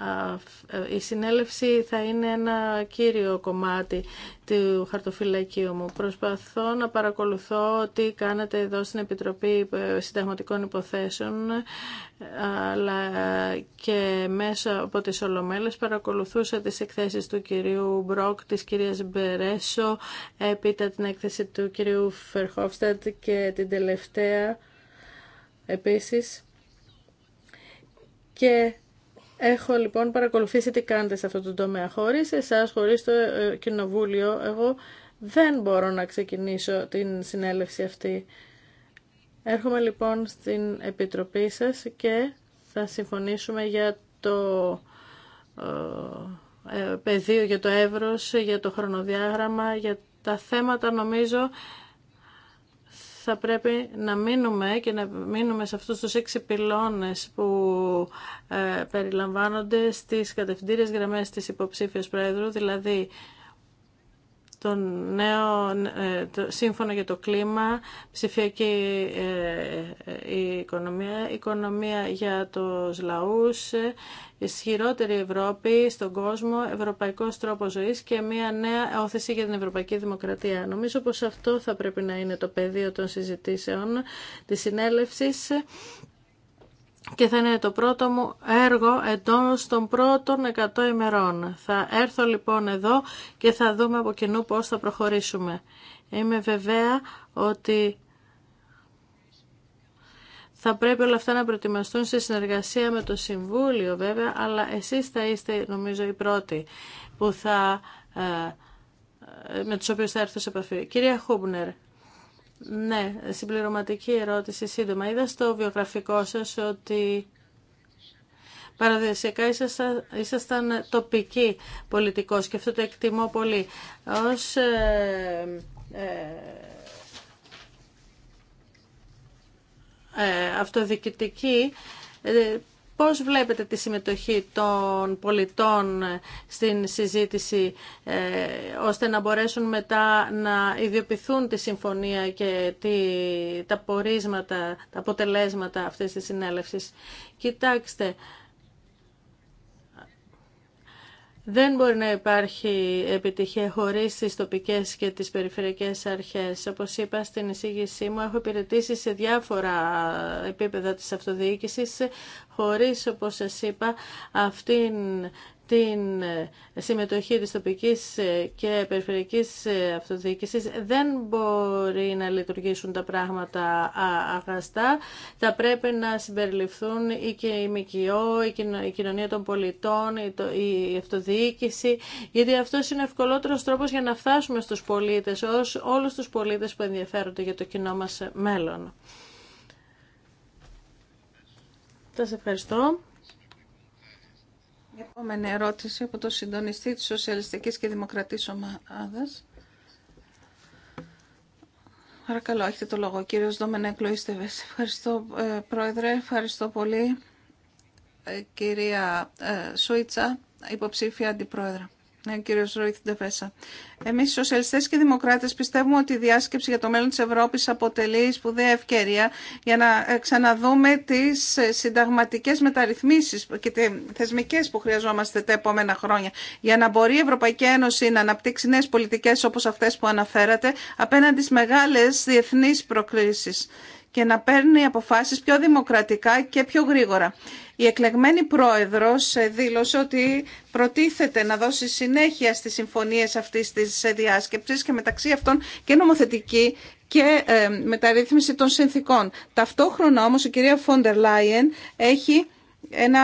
ε, η συνέλευση θα είναι ένα κύριο κομμάτι του χαρτοφυλακίου μου. Προσπαθώ να παρακολουθώ τι κάνετε εδώ στην Επιτροπή Συνταγματικών Υποθέσεων, αλλά και μέσα από τις Ολομέλες παρακολουθούσα τις εκθέσεις του κυρίου Μπροκ, της κυρίας Μπέ, αφαιρέσω έπειτα την έκθεση του κυρίου Φερχόφστατ και την τελευταία επίσης. Και έχω λοιπόν παρακολουθήσει τι κάνετε σε αυτό το τομέα. Χωρίς εσάς, χωρίς το ε, κοινοβούλιο, εγώ δεν μπορώ να ξεκινήσω την συνέλευση αυτή. Έρχομαι λοιπόν στην επιτροπή σας και θα συμφωνήσουμε για το ε, ε, πεδίο, για το εύρος, για το χρονοδιάγραμμα, για τα θέματα νομίζω θα πρέπει να μείνουμε και να μείνουμε σε αυτούς τους έξι πυλώνες που ε, περιλαμβάνονται στις κατευθυντήριες γραμμές της υποψήφιας Πρόεδρου, δηλαδή ε, το νέο το σύμφωνο για το κλίμα, ψηφιακή ε, ε, οικονομία, οικονομία για τους λαούς, ισχυρότερη Ευρώπη στον κόσμο, ευρωπαϊκός τρόπος ζωής και μια νέα όθεση για την ευρωπαϊκή δημοκρατία. Νομίζω πως αυτό θα πρέπει να είναι το πεδίο των συζητήσεων της συνέλευσης και θα είναι το πρώτο μου έργο εντό των πρώτων 100 ημερών. Θα έρθω λοιπόν εδώ και θα δούμε από κοινού πώς θα προχωρήσουμε. Είμαι βεβαία ότι θα πρέπει όλα αυτά να προετοιμαστούν σε συνεργασία με το Συμβούλιο βέβαια, αλλά εσείς θα είστε νομίζω οι πρώτοι που θα, ε, ε, με τους οποίους θα έρθω σε επαφή. Κυρία Χούμπνερ, ναι, συμπληρωματική ερώτηση σύντομα. Είδα στο βιογραφικό σας ότι παραδοσιακά ήσασταν, ήσασταν τοπική πολιτικός και αυτό το εκτιμώ πολύ. Ως ε, ε, ε, ε Πώς βλέπετε τη συμμετοχή των πολιτών στην συζήτηση ε, ώστε να μπορέσουν μετά να ιδιοποιηθούν τη συμφωνία και τα πορίσματα, τα αποτελέσματα αυτής της συνέλευσης. Κοιτάξτε, Δεν μπορεί να υπάρχει επιτυχία χωρίς τις τοπικές και τις περιφερειακές αρχές. Όπως είπα στην εισήγησή μου, έχω υπηρετήσει σε διάφορα επίπεδα της αυτοδιοίκησης, χωρίς, όπως σας είπα, αυτήν την συμμετοχή της τοπικής και περιφερειακής αυτοδιοίκησης δεν μπορεί να λειτουργήσουν τα πράγματα αγαστά. Θα πρέπει να συμπεριληφθούν η ΜΚΟ, η κοινωνία των πολιτών, η αυτοδιοίκηση, γιατί αυτό είναι ευκολότερος τρόπος για να φτάσουμε στους πολίτες, ως όλους τους πολίτες που ενδιαφέρονται για το κοινό μας μέλλον. Σας ευχαριστώ. Επόμενη ερώτηση από το συντονιστή της Σοσιαλιστικής και Δημοκρατής Ομάδας. Παρακαλώ, έχετε το λόγο. Κύριος Δόμενα Ιστεβες. Ευχαριστώ, ε, Πρόεδρε. Ευχαριστώ πολύ, ε, κυρία ε, Σούιτσα, υποψήφια αντιπρόεδρα ο κύριο Εμεί, οι σοσιαλιστέ και δημοκράτε, πιστεύουμε ότι η διάσκεψη για το μέλλον τη Ευρώπη αποτελεί σπουδαία ευκαιρία για να ε, ξαναδούμε τι ε, συνταγματικέ μεταρρυθμίσει και τι θεσμικέ που χρειαζόμαστε τα επόμενα χρόνια. Για να μπορεί η Ευρωπαϊκή Ένωση να αναπτύξει νέε πολιτικέ όπω αυτέ που αναφέρατε απέναντι στι μεγάλε διεθνεί προκλήσει και να παίρνει αποφάσεις πιο δημοκρατικά και πιο γρήγορα. Η εκλεγμένη πρόεδρος ε, δήλωσε ότι προτίθεται να δώσει συνέχεια στις συμφωνίες αυτής της ε, διάσκεψης και μεταξύ αυτών και νομοθετική και ε, μεταρρύθμιση των συνθήκων. Ταυτόχρονα όμως η κυρία Φόντερ Λάιεν έχει ένα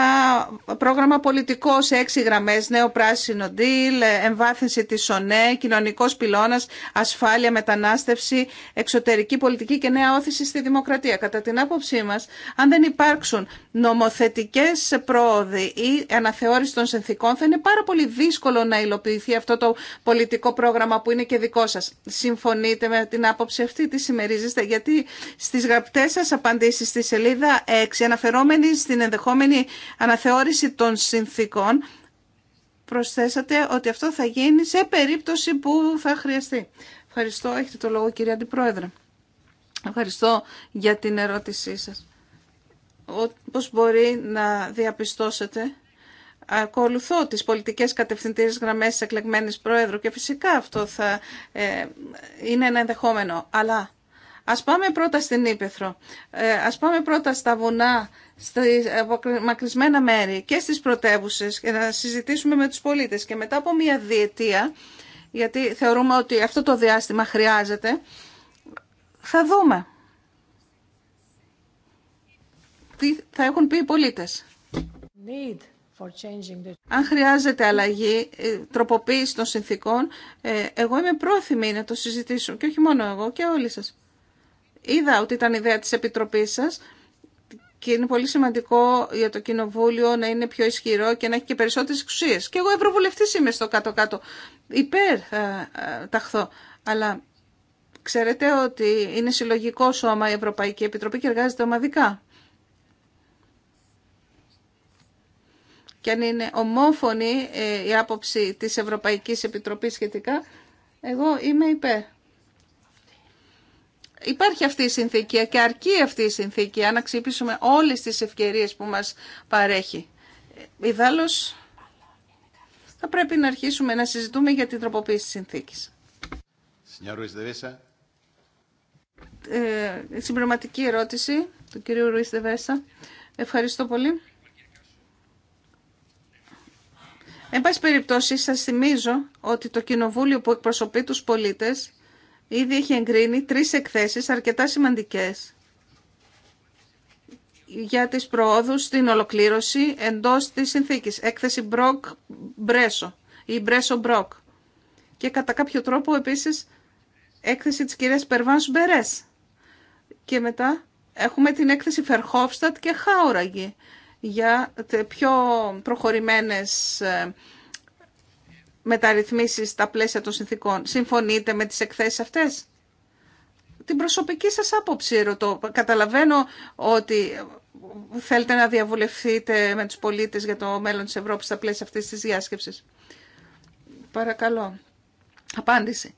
πρόγραμμα πολιτικό σε έξι γραμμέ, νέο πράσινο deal, εμβάθυνση τη ΟΝΕ, κοινωνικό πυλώνα, ασφάλεια, μετανάστευση, εξωτερική πολιτική και νέα όθηση στη δημοκρατία. Κατά την άποψή μα, αν δεν υπάρξουν νομοθετικέ πρόοδοι ή αναθεώρηση των συνθήκων, θα είναι πάρα πολύ δύσκολο να υλοποιηθεί αυτό το πολιτικό πρόγραμμα που είναι και δικό σα. Συμφωνείτε με την άποψη αυτή, τι συμμερίζεστε, γιατί στι γραπτέ σα απαντήσει στη σελίδα 6, αναφερόμενοι στην ενδεχόμενη η αναθεώρηση των συνθήκων προσθέσατε ότι αυτό θα γίνει σε περίπτωση που θα χρειαστεί. Ευχαριστώ. Έχετε το λόγο κύριε Αντιπρόεδρε. Ευχαριστώ για την ερώτησή σας. Πώς μπορεί να διαπιστώσετε ακολουθώ τις πολιτικές κατευθυντήριες γραμμές της εκλεγμένης Πρόεδρου και φυσικά αυτό θα ε, είναι ένα ενδεχόμενο. Αλλά Ας πάμε πρώτα στην Ήπεθρο, ε, ας πάμε πρώτα στα βουνά, στα μακρισμένα μέρη και στις πρωτεύουσε και να συζητήσουμε με τους πολίτες. Και μετά από μια διετία, γιατί θεωρούμε ότι αυτό το διάστημα χρειάζεται, θα δούμε τι θα έχουν πει οι πολίτες. Need Αν χρειάζεται αλλαγή, ε, τροποποίηση των συνθήκων, ε, εγώ είμαι πρόθυμη να το συζητήσω και όχι μόνο εγώ και όλοι σας είδα ότι ήταν ιδέα της Επιτροπής σας και είναι πολύ σημαντικό για το Κοινοβούλιο να είναι πιο ισχυρό και να έχει και περισσότερες εξουσίες. Και εγώ ευρωβουλευτής είμαι στο κάτω-κάτω. Υπέρ θα ε, ε, ταχθώ. Αλλά ξέρετε ότι είναι συλλογικό σώμα η Ευρωπαϊκή Επιτροπή και εργάζεται ομαδικά. Και αν είναι ομόφωνη ε, η άποψη της Ευρωπαϊκής Επιτροπής σχετικά, εγώ είμαι υπέρ. Υπάρχει αυτή η συνθήκη και αρκεί αυτή η συνθήκη να αξιοποιήσουμε όλες τις ευκαιρίες που μας παρέχει. Ιδάλλως θα πρέπει να αρχίσουμε να συζητούμε για την τροποποίηση της συνθήκης. Ε, συμπληρωματική ερώτηση του κυρίου Ρουίς Δεβέσα. Ευχαριστώ πολύ. Εν πάση περιπτώσει, σας θυμίζω ότι το κοινοβούλιο που εκπροσωπεί τους πολίτες ήδη έχει εγκρίνει τρεις εκθέσεις αρκετά σημαντικές για τις προόδους στην ολοκλήρωση εντός της συνθήκης. Έκθεση Μπροκ Μπρέσο ή Μπρέσο Μπροκ. Και κατά κάποιο τρόπο επίσης έκθεση της κυρίας Περβάνς Μπερές. Και μετά έχουμε την έκθεση Φερχόφστατ και Χάουραγγι για πιο προχωρημένες ε, μεταρρυθμίσεις στα πλαίσια των συνθήκων. Συμφωνείτε με τις εκθέσεις αυτές. Την προσωπική σας άποψη ρωτώ. Καταλαβαίνω ότι θέλετε να διαβουλευτείτε με τους πολίτες για το μέλλον της Ευρώπης στα πλαίσια αυτής της διάσκεψης. Παρακαλώ. Απάντηση.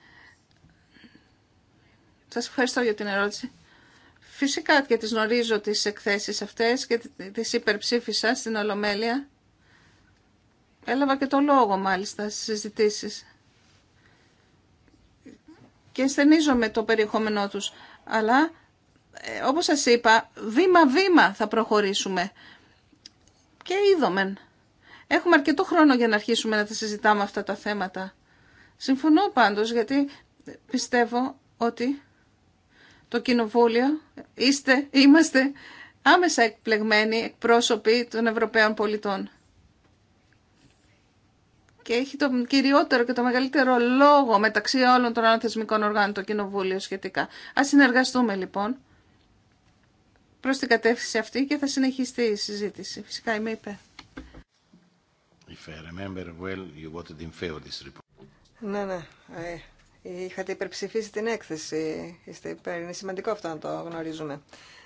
Σας ευχαριστώ για την ερώτηση. Φυσικά και τις γνωρίζω τις εκθέσεις αυτές και τις υπερψήφισα στην Ολομέλεια Έλαβα και το λόγο μάλιστα στι συζητήσεις. Και ασθενίζομαι το περιεχόμενό τους. Αλλά, ε, όπως σας είπα, βήμα-βήμα θα προχωρήσουμε. Και είδομεν. Έχουμε αρκετό χρόνο για να αρχίσουμε να τα συζητάμε αυτά τα θέματα. Συμφωνώ πάντως, γιατί πιστεύω ότι το κοινοβούλιο είστε, είμαστε άμεσα εκπλεγμένοι εκπρόσωποι των Ευρωπαίων πολιτών και έχει το κυριότερο και το μεγαλύτερο λόγο μεταξύ όλων των άλλων οργάνων το Κοινοβούλιο σχετικά. Ας συνεργαστούμε λοιπόν προς την κατεύθυνση αυτή και θα συνεχιστεί η συζήτηση. Φυσικά είμαι υπέρ. Ναι, ναι. Ε, είχατε υπερψηφίσει την έκθεση. Είστε υπέρ. Είναι σημαντικό αυτό να το γνωρίζουμε.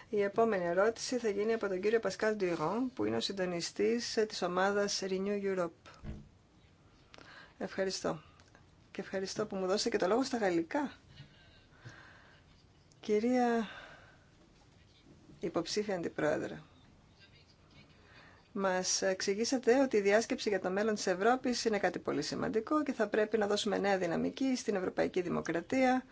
Η επόμενη ερώτηση θα γίνει από τον κύριο Πασκάλ Ντουιρόν, που είναι ο συντονιστής της ομάδας Renew Europe. Ευχαριστώ. Και ευχαριστώ που μου δώσετε και το λόγο στα γαλλικά. Κυρία υποψήφια αντιπρόεδρε, μας εξηγήσατε ότι η διάσκεψη για το μέλλον της Ευρώπης είναι κάτι πολύ σημαντικό και θα πρέπει να δώσουμε νέα δυναμική στην Ευρωπαϊκή Δημοκρατία,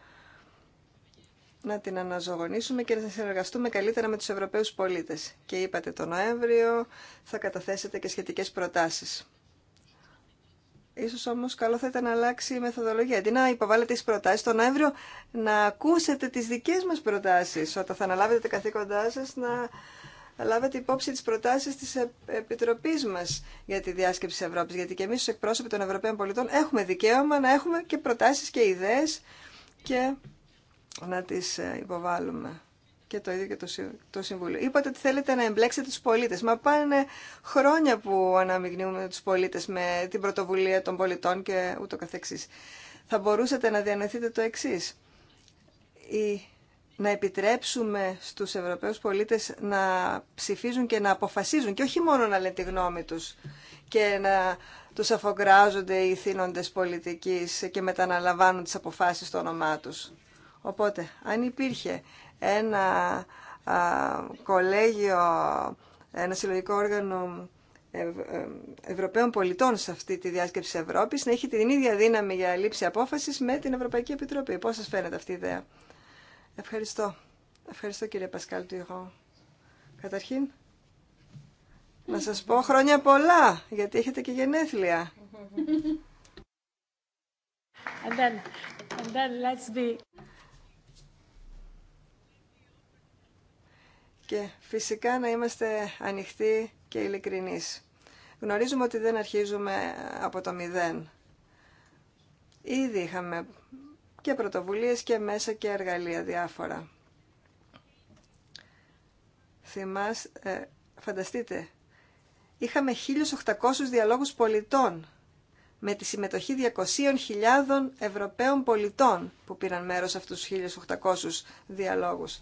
να την αναζωογονήσουμε και να συνεργαστούμε καλύτερα με τους Ευρωπαίους πολίτες. Και είπατε το Νοέμβριο θα καταθέσετε και σχετικές προτάσεις. Ίσως όμως καλό θα ήταν να αλλάξει η μεθοδολογία. Αντί να υποβάλλετε τις προτάσεις τον Νοέμβριο, να ακούσετε τις δικές μας προτάσεις. Όταν θα αναλάβετε τα καθήκοντά σας, να λάβετε υπόψη τις προτάσεις της Επιτροπής μας για τη διάσκεψη της Ευρώπης. Γιατί και εμείς ως εκπρόσωποι των Ευρωπαίων πολιτών έχουμε δικαίωμα να έχουμε και προτάσεις και ιδέες και να τις ε, υποβάλλουμε και το ίδιο και το, το Συμβούλιο. Είπατε ότι θέλετε να εμπλέξετε τους πολίτες. Μα πάνε χρόνια που αναμειγνύουμε τους πολίτες με την πρωτοβουλία των πολιτών και ούτω καθεξής. Θα μπορούσατε να διανεθείτε το εξή. Ή να επιτρέψουμε στους Ευρωπαίους πολίτες να ψηφίζουν και να αποφασίζουν και όχι μόνο να λένε τη γνώμη τους και να τους αφογκράζονται οι θύνοντες πολιτικής και μετά να λαμβάνουν τις αποφάσεις στο όνομά τους. Οπότε, αν υπήρχε ένα κολέγιο, ένα συλλογικό όργανο ε, ε, Ευρωπαίων πολιτών σε αυτή τη διάσκεψη Ευρώπης να έχει την ίδια δύναμη για λήψη απόφασης με την Ευρωπαϊκή Επιτροπή. Πώς σας φαίνεται αυτή η ιδέα. Ευχαριστώ. Ευχαριστώ κύριε Πασκάλ Τουιχό. Καταρχήν, να σας πω χρόνια πολλά, γιατί έχετε και γενέθλια. And then, and then let's be... και φυσικά να είμαστε ανοιχτοί και ειλικρινείς. Γνωρίζουμε ότι δεν αρχίζουμε από το μηδέν. Ήδη είχαμε και πρωτοβουλίες και μέσα και εργαλεία διάφορα. Θυμάς, ε, φανταστείτε, είχαμε 1.800 διαλόγους πολιτών με τη συμμετοχή 200.000 Ευρωπαίων πολιτών που πήραν μέρος αυτούς τους 1.800 διαλόγους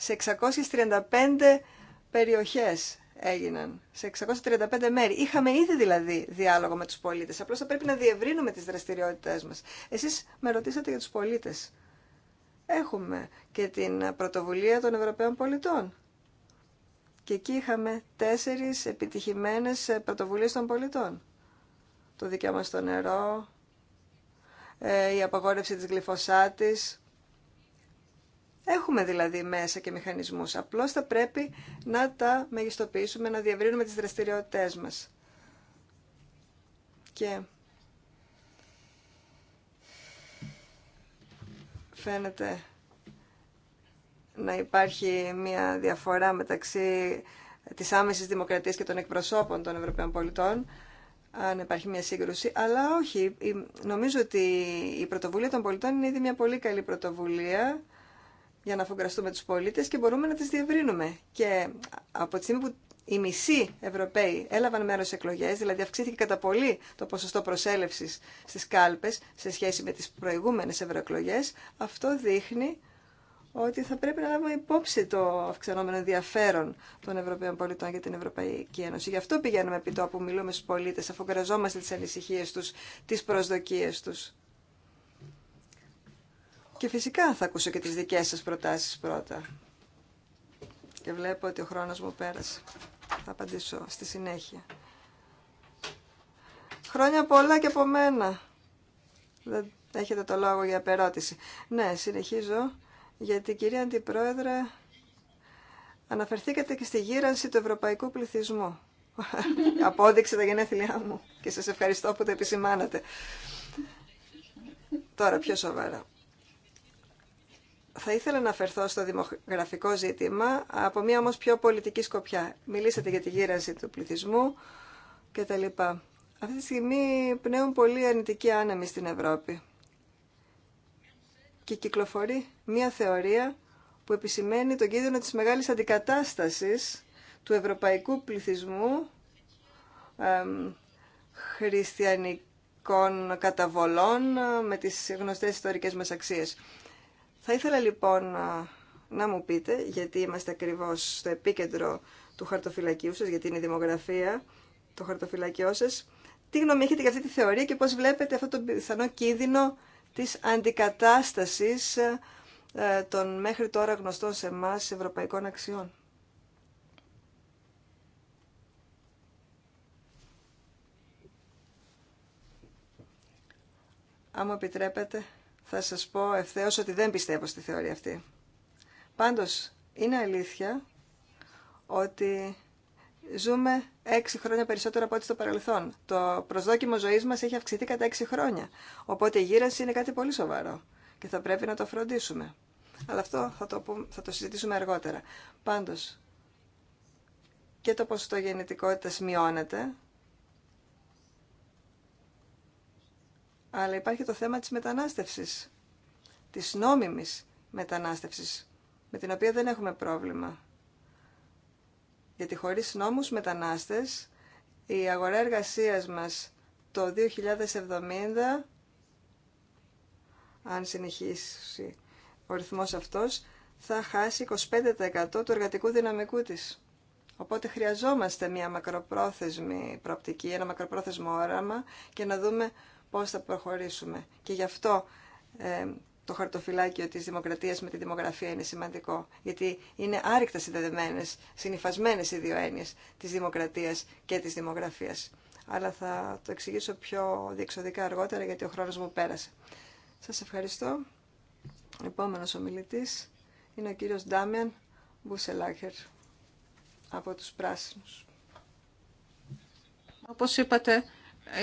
σε 635 περιοχές έγιναν, σε 635 μέρη. Είχαμε ήδη δηλαδή διάλογο με τους πολίτες, απλώς θα πρέπει να διευρύνουμε τις δραστηριότητές μας. Εσείς με ρωτήσατε για τους πολίτες. Έχουμε και την πρωτοβουλία των Ευρωπαίων πολιτών. Και εκεί είχαμε τέσσερις επιτυχημένες πρωτοβουλίες των πολιτών. Το δικαίωμα στο νερό, ε, η απαγόρευση της γλυφοσάτης, Έχουμε δηλαδή μέσα και μηχανισμούς, απλώς θα πρέπει να τα μεγιστοποιήσουμε, να διευρύνουμε τις δραστηριότητές μας. Και φαίνεται να υπάρχει μια διαφορά μεταξύ της άμεσης δημοκρατίας και των εκπροσώπων των Ευρωπαίων πολιτών, αν υπάρχει μια σύγκρουση, αλλά όχι. Νομίζω ότι η πρωτοβουλία των πολιτών είναι ήδη μια πολύ καλή πρωτοβουλία για να αφογκραστούμε τους πολίτες και μπορούμε να τις διευρύνουμε. Και από τη στιγμή που οι μισοί Ευρωπαίοι έλαβαν μέρο σε εκλογέ, δηλαδή αυξήθηκε κατά πολύ το ποσοστό προσέλευση στι κάλπε σε σχέση με τι προηγούμενε ευρωεκλογέ. Αυτό δείχνει ότι θα πρέπει να λάβουμε υπόψη το αυξανόμενο ενδιαφέρον των Ευρωπαίων πολιτών για την Ευρωπαϊκή Ένωση. Γι' αυτό πηγαίνουμε επί τόπου, μιλούμε στου πολίτε, αφού τι ανησυχίε του, τι προσδοκίε του. Και φυσικά θα ακούσω και τις δικές σας προτάσεις πρώτα. Και βλέπω ότι ο χρόνος μου πέρασε. Θα απαντήσω στη συνέχεια. Χρόνια πολλά και από μένα. Δεν έχετε το λόγο για περώτηση. Ναι, συνεχίζω, γιατί κυρία Αντιπρόεδρε, αναφερθήκατε και στη γύρανση του ευρωπαϊκού πληθυσμού. Απόδειξε τα γενέθλιά μου και σας ευχαριστώ που το επισημάνατε. Τώρα πιο σοβαρά. Θα ήθελα να αφαιρθώ στο δημογραφικό ζήτημα από μία όμως πιο πολιτική σκοπιά. Μιλήσατε για τη γύραση του πληθυσμού και τα λοιπά. Αυτή τη στιγμή πνέουν πολύ αρνητικοί άνεμοι στην Ευρώπη. Και κυκλοφορεί μία θεωρία που επισημαίνει τον κίνδυνο της μεγάλης αντικατάστασης του ευρωπαϊκού πληθυσμού εμ, χριστιανικών καταβολών με τις γνωστές ιστορικές μας αξίες. Θα ήθελα λοιπόν να μου πείτε, γιατί είμαστε ακριβώς στο επίκεντρο του χαρτοφυλακίου σας, γιατί είναι η δημογραφία, του χαρτοφυλακίου σας, τι γνώμη έχετε για αυτή τη θεωρία και πώς βλέπετε αυτό το πιθανό κίνδυνο της αντικατάστασης ε, των μέχρι τώρα γνωστών σε εμά ευρωπαϊκών αξιών. Άμα επιτρέπετε, θα σας πω ευθέως ότι δεν πιστεύω στη θεωρία αυτή. Πάντως, είναι αλήθεια ότι ζούμε έξι χρόνια περισσότερο από ό,τι στο παρελθόν. Το προσδόκιμο ζωής μας έχει αυξηθεί κατά έξι χρόνια. Οπότε η γύρανση είναι κάτι πολύ σοβαρό και θα πρέπει να το φροντίσουμε. Αλλά αυτό θα το, θα το συζητήσουμε αργότερα. Πάντως, και το ποσοστό γεννητικότητας μειώνεται, αλλά υπάρχει το θέμα της μετανάστευσης, της νόμιμης μετανάστευσης, με την οποία δεν έχουμε πρόβλημα. Γιατί χωρίς νόμους μετανάστες, η αγορά εργασίας μας το 2070, αν συνεχίσει ο ρυθμός αυτός, θα χάσει 25% του εργατικού δυναμικού της. Οπότε χρειαζόμαστε μια μακροπρόθεσμη προοπτική, ένα μακροπρόθεσμο όραμα και να δούμε πώς θα προχωρήσουμε. Και γι' αυτό ε, το χαρτοφυλάκιο της δημοκρατίας με τη δημογραφία είναι σημαντικό, γιατί είναι άρρηκτα συνδεδεμένες, συνυφασμένες οι δύο έννοιες της δημοκρατίας και της δημογραφίας. Αλλά θα το εξηγήσω πιο διεξοδικά αργότερα, γιατί ο χρόνος μου πέρασε. Σας ευχαριστώ. Επόμενος ομιλητής είναι ο κύριος Ντάμιαν Μπουσελάκερ από τους πράσινους. Όπως είπατε,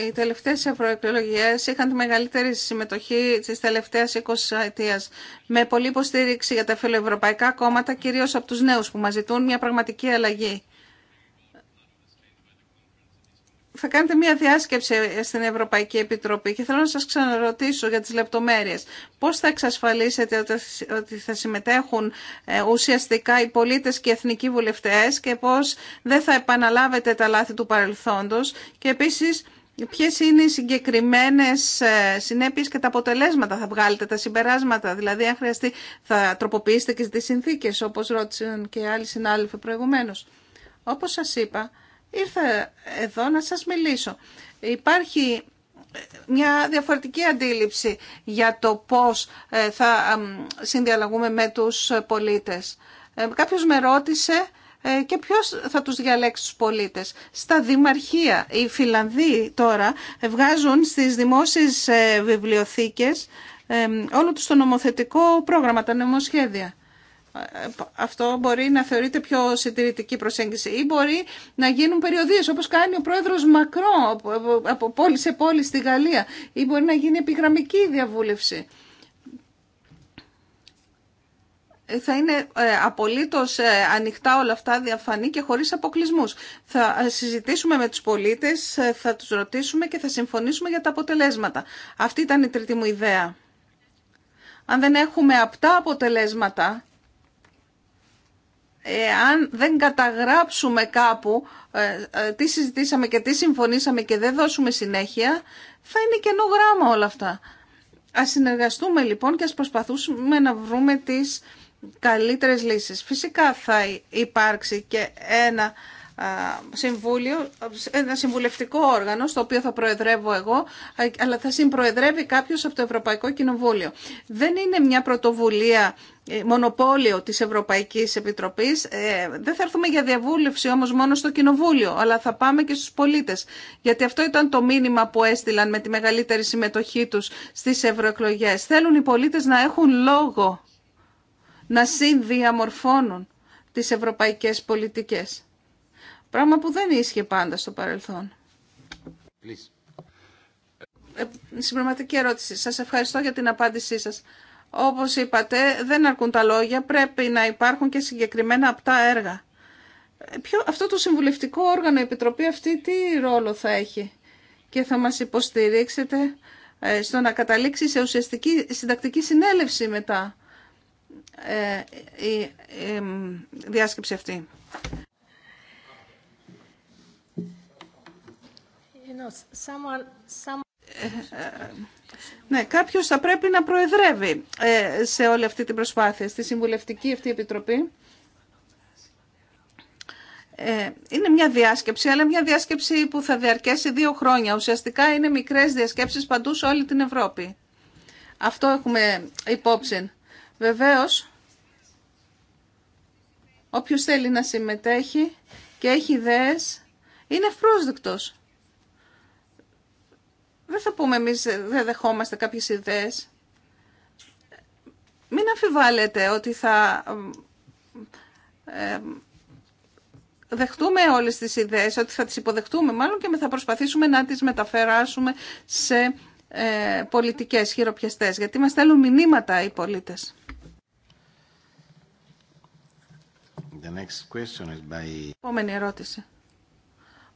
οι τελευταίες ευρωεκλογέ είχαν τη μεγαλύτερη συμμετοχή τη τελευταία 20 ετίας, με πολλή υποστήριξη για τα φιλοευρωπαϊκά κόμματα, κυρίως από τους νέους που μας ζητούν μια πραγματική αλλαγή θα κάνετε μια διάσκεψη στην Ευρωπαϊκή Επιτροπή και θέλω να σας ξαναρωτήσω για τις λεπτομέρειες. Πώς θα εξασφαλίσετε ότι θα συμμετέχουν ε, ουσιαστικά οι πολίτες και οι εθνικοί βουλευτές και πώς δεν θα επαναλάβετε τα λάθη του παρελθόντος και επίσης ποιες είναι οι συγκεκριμένες ε, συνέπειες και τα αποτελέσματα θα βγάλετε, τα συμπεράσματα. Δηλαδή αν χρειαστεί θα τροποποιήσετε και τις συνθήκες όπως ρώτησαν και άλλοι συνάδελφοι προηγουμένω. Όπως σας είπα, ήρθα εδώ να σας μιλήσω. Υπάρχει μια διαφορετική αντίληψη για το πώς ε, θα συνδιαλλαγούμε με τους πολίτες. Ε, κάποιος με ρώτησε ε, και ποιος θα τους διαλέξει τους πολίτες. Στα δημαρχία οι Φιλανδοί τώρα βγάζουν στις δημόσιες βιβλιοθήκες όλο το νομοθετικό πρόγραμμα, τα νομοσχέδια αυτό μπορεί να θεωρείται πιο συντηρητική προσέγγιση ή μπορεί να γίνουν περιοδίες όπως κάνει ο πρόεδρος Μακρό από πόλη σε πόλη στη Γαλλία ή μπορεί να γίνει επιγραμμική διαβούλευση. Θα είναι ε, απολύτως ε, ανοιχτά όλα αυτά, διαφανή και χωρίς αποκλεισμούς. Θα ε, συζητήσουμε με τους πολίτες, θα τους ρωτήσουμε και θα συμφωνήσουμε για τα αποτελέσματα. Αυτή ήταν η τρίτη μου ιδέα. Αν δεν έχουμε απτά αποτελέσματα αν δεν καταγράψουμε κάπου ε, ε, τι συζητήσαμε και τι συμφωνήσαμε και δεν δώσουμε συνέχεια, θα είναι κενό γράμμα όλα αυτά. Ας συνεργαστούμε λοιπόν και ας προσπαθούμε να βρούμε τις καλύτερες λύσεις. Φυσικά θα υπάρξει και ένα συμβούλιο, ένα συμβουλευτικό όργανο, στο οποίο θα προεδρεύω εγώ, αλλά θα συμπροεδρεύει κάποιος από το Ευρωπαϊκό Κοινοβούλιο. Δεν είναι μια πρωτοβουλία ε, μονοπόλιο της Ευρωπαϊκής Επιτροπής. Ε, δεν θα έρθουμε για διαβούλευση όμως μόνο στο Κοινοβούλιο, αλλά θα πάμε και στους πολίτες. Γιατί αυτό ήταν το μήνυμα που έστειλαν με τη μεγαλύτερη συμμετοχή τους στις ευρωεκλογέ. Θέλουν οι πολίτες να έχουν λόγο να συνδιαμορφώνουν τις ευρωπαϊκές πολιτικές. Πράγμα που δεν ίσχυε πάντα στο παρελθόν. Ε, συμπληρωματική ερώτηση. Σας ευχαριστώ για την απάντησή σας. Όπως είπατε, δεν αρκούν τα λόγια, πρέπει να υπάρχουν και συγκεκριμένα απτά έργα. Ε, ποιο, αυτό το συμβουλευτικό όργανο, η Επιτροπή αυτή, τι ρόλο θα έχει και θα μας υποστηρίξετε ε, στο να καταλήξει σε ουσιαστική συντακτική συνέλευση μετά ε, η διάσκεψη αυτή. ναι, κάποιο θα πρέπει να προεδρεύει ε, σε όλη αυτή την προσπάθεια, στη συμβουλευτική αυτή επιτροπή. Ε, είναι μια διάσκεψη, αλλά μια διάσκεψη που θα διαρκέσει δύο χρόνια. Ουσιαστικά είναι μικρές διασκέψεις παντού σε όλη την Ευρώπη. Αυτό έχουμε υπόψη. Βεβαίως, όποιο θέλει να συμμετέχει και έχει ιδέε. είναι ευπρόσδεκτος δεν θα πούμε εμείς δεν δεχόμαστε κάποιες ιδέες. Μην αμφιβάλλετε ότι θα δεχτούμε όλες τις ιδέες, ότι θα τις υποδεχτούμε μάλλον και θα προσπαθήσουμε να τις μεταφεράσουμε σε ε, πολιτικές χειροπιαστές, γιατί μας στέλνουν μηνύματα οι πολίτες. The Επόμενη ερώτηση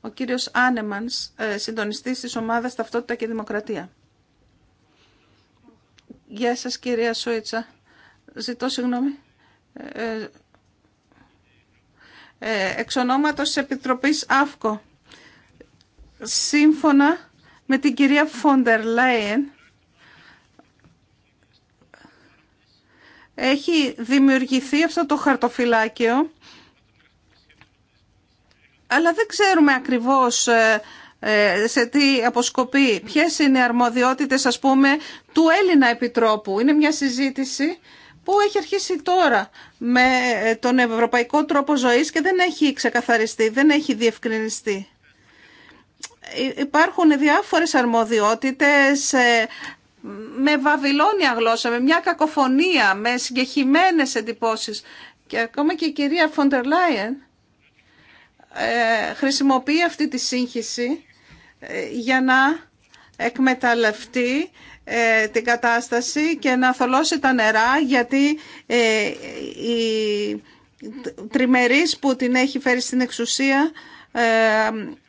ο κύριος Άνεμανς, ε, συντονιστής της ομάδας Ταυτότητα και Δημοκρατία. Γεια σας κυρία Σούιτσα. Ζητώ συγγνώμη. Ε, ε, ε εξ ονόματος Επιτροπής ΑΦΚΟ. Σύμφωνα με την κυρία Φόντερ Λέιεν, έχει δημιουργηθεί αυτό το χαρτοφυλάκιο αλλά δεν ξέρουμε ακριβώς ε, ε, σε τι αποσκοπεί, ποιες είναι οι αρμοδιότητες ας πούμε του Έλληνα Επιτρόπου. Είναι μια συζήτηση που έχει αρχίσει τώρα με ε, τον ευρωπαϊκό τρόπο ζωής και δεν έχει ξεκαθαριστεί, δεν έχει διευκρινιστεί. Υπάρχουν διάφορες αρμοδιότητες με βαβυλώνια γλώσσα, με μια κακοφωνία, με συγκεχημένες εντυπώσεις. Και ακόμα και η κυρία Φοντερ Λάιεν ε, χρησιμοποιεί αυτή τη σύγχυση ε, για να εκμεταλλευτεί ε, την κατάσταση και να θολώσει τα νερά γιατί η τριμερής που την έχει φέρει στην εξουσία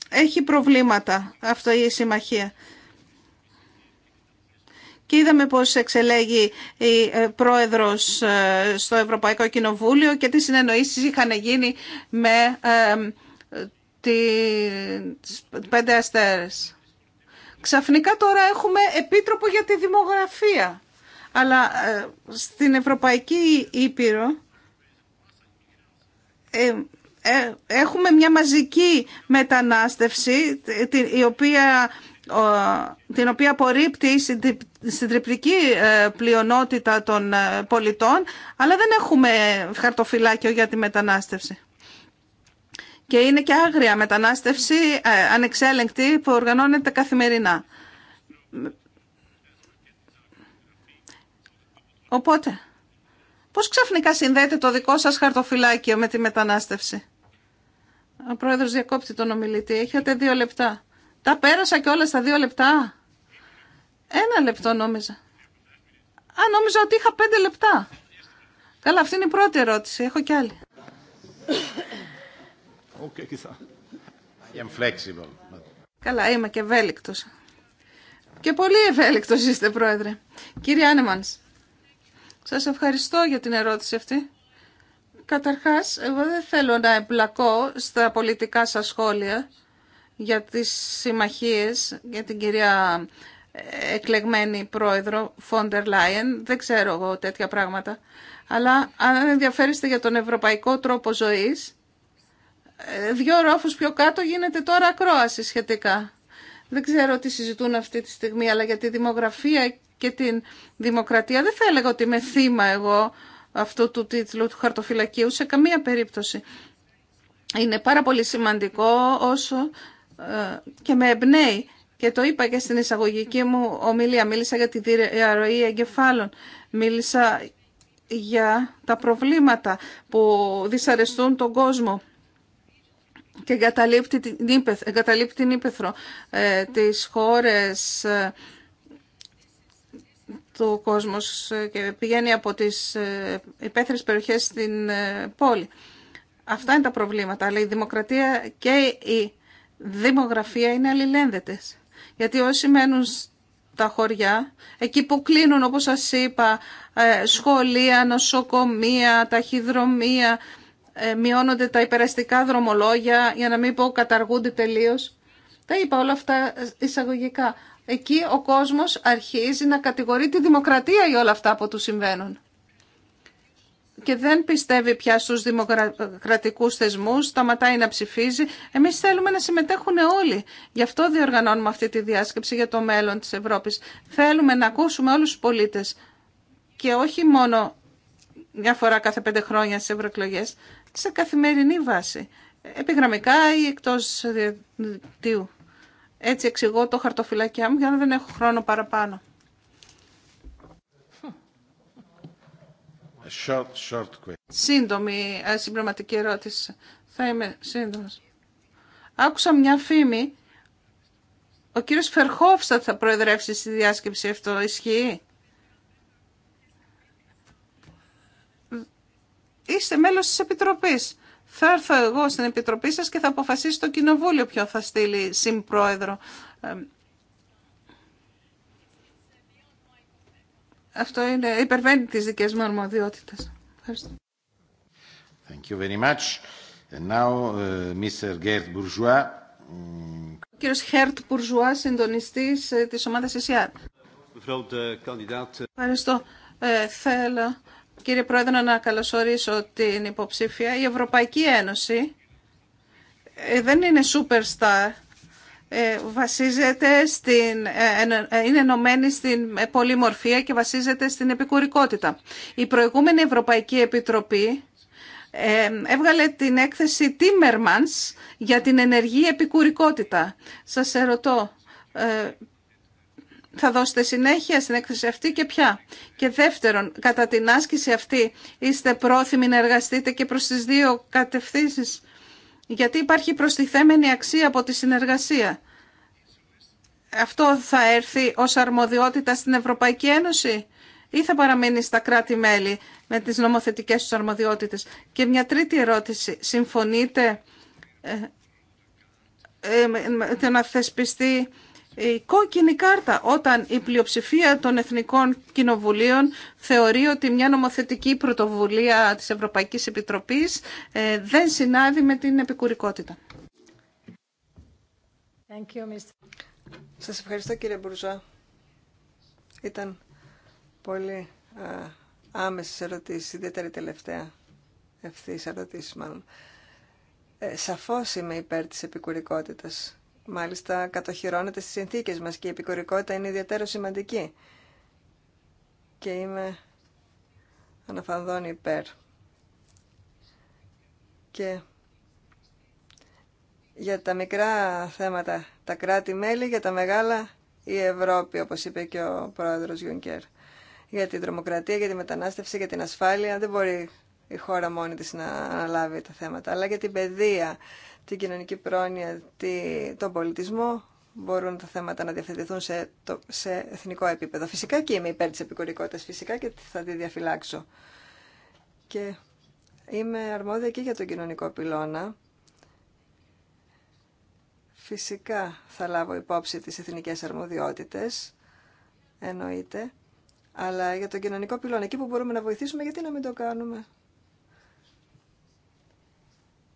έχει προβλήματα αυτό η συμμαχία. Και είδαμε πώς εξελέγει η πρόεδρος στο Ευρωπαϊκό Κοινοβούλιο και τι συνεννοήσεις είχαν γίνει με τις πέντε αστέρες. Ξαφνικά τώρα έχουμε επίτροπο για τη δημογραφία. Αλλά ε, στην Ευρωπαϊκή Ήπειρο ε, ε, έχουμε μια μαζική μετανάστευση η οποία, την οποία απορρίπτει στην τριπτική πλειονότητα των πολιτών αλλά δεν έχουμε χαρτοφυλάκιο για τη μετανάστευση και είναι και άγρια μετανάστευση ε, ανεξέλεγκτη που οργανώνεται καθημερινά. Οπότε, πώς ξαφνικά συνδέεται το δικό σας χαρτοφυλάκιο με τη μετανάστευση. Ο πρόεδρος διακόπτει τον ομιλητή. Έχετε δύο λεπτά. Τα πέρασα και όλα στα δύο λεπτά. Ένα λεπτό νόμιζα. Α, νόμιζα ότι είχα πέντε λεπτά. Καλά, αυτή είναι η πρώτη ερώτηση. Έχω κι άλλη. Okay, Καλά, είμαι και ευέλικτο. Και πολύ ευέλικτο είστε, Πρόεδρε. Κύριε Άνεμαν, σα ευχαριστώ για την ερώτηση αυτή. Καταρχάς, εγώ δεν θέλω να εμπλακώ στα πολιτικά σα σχόλια για τι συμμαχίε για την κυρία ε, εκλεγμένη πρόεδρο Φόντερ Λάιεν. Δεν ξέρω εγώ τέτοια πράγματα. Αλλά αν ενδιαφέρεστε για τον ευρωπαϊκό τρόπο ζωής, ε, δυο ρόφους πιο κάτω γίνεται τώρα ακρόαση σχετικά. Δεν ξέρω τι συζητούν αυτή τη στιγμή, αλλά για τη δημογραφία και την δημοκρατία δεν θα έλεγα ότι είμαι θύμα εγώ αυτού του τίτλου του χαρτοφυλακίου σε καμία περίπτωση. Είναι πάρα πολύ σημαντικό όσο ε, και με εμπνέει. Και το είπα και στην εισαγωγική μου ομιλία. Μίλησα για τη διαρροή εγκεφάλων. Μίλησα για τα προβλήματα που δυσαρεστούν τον κόσμο και εγκαταλείπει την, ύπεθ, εγκαταλείπει την ύπεθρο ε, τις χώρες ε, του κόσμου ε, και πηγαίνει από τις ε, περιοχές στην ε, πόλη. Αυτά είναι τα προβλήματα, αλλά η δημοκρατία και η δημογραφία είναι αλληλένδετες. Γιατί όσοι μένουν τα χωριά, εκεί που κλείνουν όπως σας είπα σχολεία, νοσοκομεία, ταχυδρομεία, ε, μειώνονται τα υπεραστικά δρομολόγια, για να μην πω καταργούνται τελείως. Τα είπα όλα αυτά εισαγωγικά. Εκεί ο κόσμος αρχίζει να κατηγορεί τη δημοκρατία για όλα αυτά που του συμβαίνουν. Και δεν πιστεύει πια στους δημοκρατικούς θεσμούς, σταματάει να ψηφίζει. Εμείς θέλουμε να συμμετέχουν όλοι. Γι' αυτό διοργανώνουμε αυτή τη διάσκεψη για το μέλλον της Ευρώπης. Θέλουμε να ακούσουμε όλους τους πολίτες. Και όχι μόνο μια φορά κάθε πέντε χρόνια στις ευρωεκλογέ σε καθημερινή βάση, επιγραμμικά ή εκτός διαδικτύου. Έτσι εξηγώ το χαρτοφυλάκιά μου για να δεν έχω χρόνο παραπάνω. Short, short Σύντομη συμπληρωματική ερώτηση. Θα είμαι σύντομος. Άκουσα μια φήμη. Ο κύριος Φερχόφστατ θα προεδρεύσει στη διάσκεψη αυτό. Ισχύει. είστε μέλος της Επιτροπής. Θα έρθω εγώ στην Επιτροπή σας και θα αποφασίσει το Κοινοβούλιο ποιο θα στείλει συμπρόεδρο. Ε, αυτό είναι, υπερβαίνει τις δικές μου αρμοδιότητες. Ευχαριστώ. Thank you very much. And now, uh, Mr. Gert Bourgeois. Ο κύριος Χέρτ Μπουρζουά, συντονιστής ε, της ομάδας ECR. Ε, Ευχαριστώ. Ε, θέλω κύριε Πρόεδρε, να καλωσορίσω την υποψήφια. Η Ευρωπαϊκή Ένωση ε, δεν είναι superstar. Ε, βασίζεται στην, ε, είναι ενωμένη στην πολυμορφία και βασίζεται στην επικουρικότητα. Η προηγούμενη Ευρωπαϊκή Επιτροπή έβγαλε την έκθεση Timmermans για την ενεργή επικουρικότητα. Σας ερωτώ, θα δώσετε συνέχεια στην έκθεση αυτή και πια. Και δεύτερον, κατά την άσκηση αυτή είστε πρόθυμοι να εργαστείτε και προς τις δύο κατευθύνσεις. Γιατί υπάρχει προστιθέμενη αξία από τη συνεργασία. Αυτό θα έρθει ως αρμοδιότητα στην Ευρωπαϊκή Ένωση ή θα παραμείνει στα κράτη-μέλη με τις νομοθετικές τους αρμοδιότητες. Και μια τρίτη ερώτηση. Συμφωνείτε ε, ε, με το να θεσπιστεί η κόκκινη κάρτα όταν η πλειοψηφία των εθνικών κοινοβουλίων θεωρεί ότι μια νομοθετική πρωτοβουλία της Ευρωπαϊκής Επιτροπής ε, δεν συνάδει με την επικουρικότητα. Thank you, Mr. Σας ευχαριστώ κύριε Μπουρζά. Ήταν πολύ α, ε, άμεσες ερωτήσεις, ιδιαίτερη τελευταία ευθύς ερωτήσεις μάλλον. Ε, σαφώς είμαι υπέρ της επικουρικότητας Μάλιστα κατοχυρώνεται στις συνθήκες μας και η επικορικότητα είναι ιδιαίτερα σημαντική. Και είμαι αναφανδόν υπέρ. Και για τα μικρά θέματα τα κράτη-μέλη, για τα μεγάλα η Ευρώπη, όπως είπε και ο πρόεδρος Γιούνκερ. Για την τρομοκρατία, για τη μετανάστευση, για την ασφάλεια δεν μπορεί η χώρα μόνη της να αναλάβει τα θέματα, αλλά για την παιδεία, την κοινωνική πρόνοια, τον πολιτισμό, μπορούν τα θέματα να διευθετηθούν σε, σε εθνικό επίπεδο. Φυσικά και είμαι υπέρ της επικουρικότητας, φυσικά και θα τη διαφυλάξω. Και είμαι αρμόδια και για τον κοινωνικό πυλώνα. Φυσικά θα λάβω υπόψη τις εθνικές αρμοδιότητες, εννοείται, αλλά για τον κοινωνικό πυλώνα, εκεί που μπορούμε να βοηθήσουμε, γιατί να μην το κάνουμε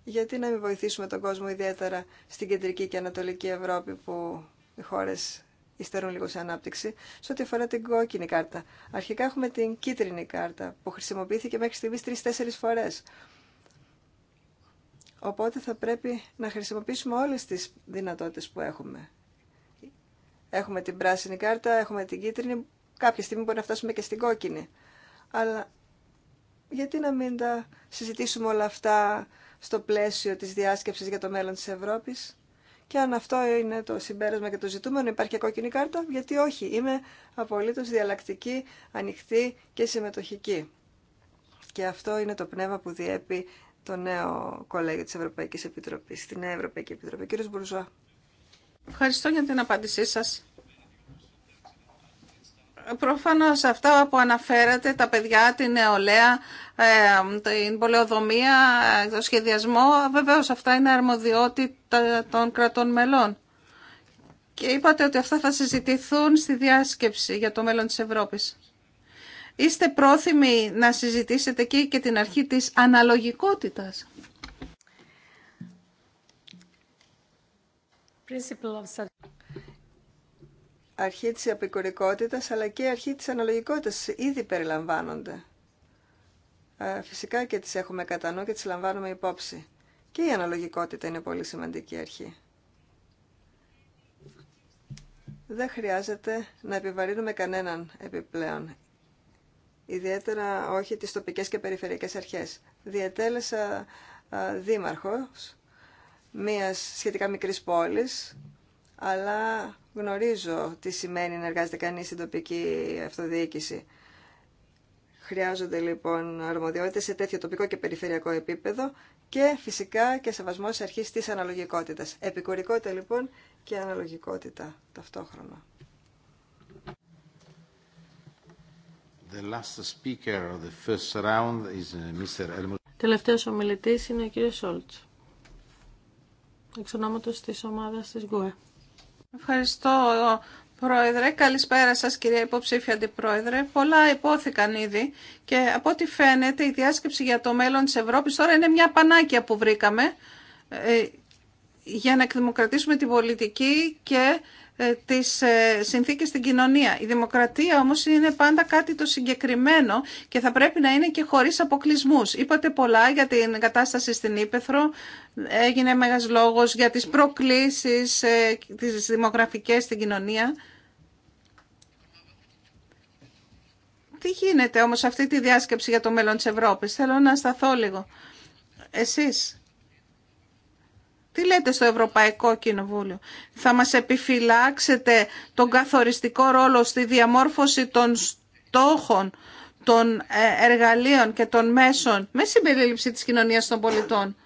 γιατί να μην βοηθήσουμε τον κόσμο ιδιαίτερα στην κεντρική και ανατολική Ευρώπη που οι χώρες υστερούν λίγο σε ανάπτυξη, σε ό,τι αφορά την κόκκινη κάρτα. Αρχικά έχουμε την κίτρινη κάρτα που χρησιμοποιήθηκε μέχρι στιγμής τρεις-τέσσερις φορές. Οπότε θα πρέπει να χρησιμοποιήσουμε όλες τις δυνατότητες που έχουμε. Έχουμε την πράσινη κάρτα, έχουμε την κίτρινη, κάποια στιγμή μπορεί να φτάσουμε και στην κόκκινη. Αλλά γιατί να μην τα συζητήσουμε όλα αυτά στο πλαίσιο της διάσκεψης για το μέλλον της Ευρώπης. Και αν αυτό είναι το συμπέρασμα και το ζητούμενο, υπάρχει και κόκκινη κάρτα, γιατί όχι. Είμαι απολύτως διαλλακτική, ανοιχτή και συμμετοχική. Και αυτό είναι το πνεύμα που διέπει το νέο κολέγιο της Ευρωπαϊκής Επιτροπής, τη Νέα Ευρωπαϊκή Επιτροπή. Κύριος Μπουρζουά. Ευχαριστώ για την απάντησή σας προφανώς αυτά που αναφέρατε, τα παιδιά, την νεολαία, ε, την πολεοδομία, το σχεδιασμό, βεβαίως αυτά είναι αρμοδιότητα των κρατών μελών. Και είπατε ότι αυτά θα συζητηθούν στη διάσκεψη για το μέλλον της Ευρώπης. Είστε πρόθυμοι να συζητήσετε εκεί και την αρχή της αναλογικότητας αρχή της απεικορικότητας αλλά και αρχή της αναλογικότητας ήδη περιλαμβάνονται. Ε, φυσικά και τις έχουμε κατά νου και τις λαμβάνουμε υπόψη. Και η αναλογικότητα είναι πολύ σημαντική αρχή. Δεν χρειάζεται να επιβαρύνουμε κανέναν επιπλέον. Ιδιαίτερα όχι τις τοπικές και περιφερειακές αρχές. Διατέλεσα δήμαρχος μίας σχετικά μικρής πόλης, αλλά γνωρίζω τι σημαίνει να εργάζεται κανείς στην τοπική αυτοδιοίκηση. Χρειάζονται λοιπόν αρμοδιότητες σε τέτοιο τοπικό και περιφερειακό επίπεδο και φυσικά και σεβασμό σε αρχή τη αναλογικότητα. Επικουρικότητα λοιπόν και αναλογικότητα ταυτόχρονα. The last speaker of the uh, είναι ο κύριος Σόλτς, εξ ονόματος της ομάδας της ΓΟΕ. Ευχαριστώ, Πρόεδρε. Καλησπέρα σας, κυρία υποψήφια Αντιπρόεδρε. Πολλά υπόθηκαν ήδη και από ό,τι φαίνεται η διάσκεψη για το μέλλον της Ευρώπης τώρα είναι μια πανάκια που βρήκαμε ε, για να εκδημοκρατήσουμε την πολιτική και ε, τις ε, συνθήκες στην κοινωνία. Η δημοκρατία όμως είναι πάντα κάτι το συγκεκριμένο και θα πρέπει να είναι και χωρίς αποκλεισμούς. Είπατε πολλά για την κατάσταση στην Ήπεθρο, έγινε μεγάλος λόγος για τις προκλήσεις ε, τις δημογραφικές στην κοινωνία. Τι γίνεται όμως αυτή τη διάσκεψη για το μέλλον της Ευρώπης. Θέλω να σταθώ λίγο. Εσείς τι λέτε στο Ευρωπαϊκό Κοινοβούλιο. Θα μας επιφυλάξετε τον καθοριστικό ρόλο στη διαμόρφωση των στόχων, των ε, εργαλείων και των μέσων με συμπερίληψη της κοινωνίας των πολιτών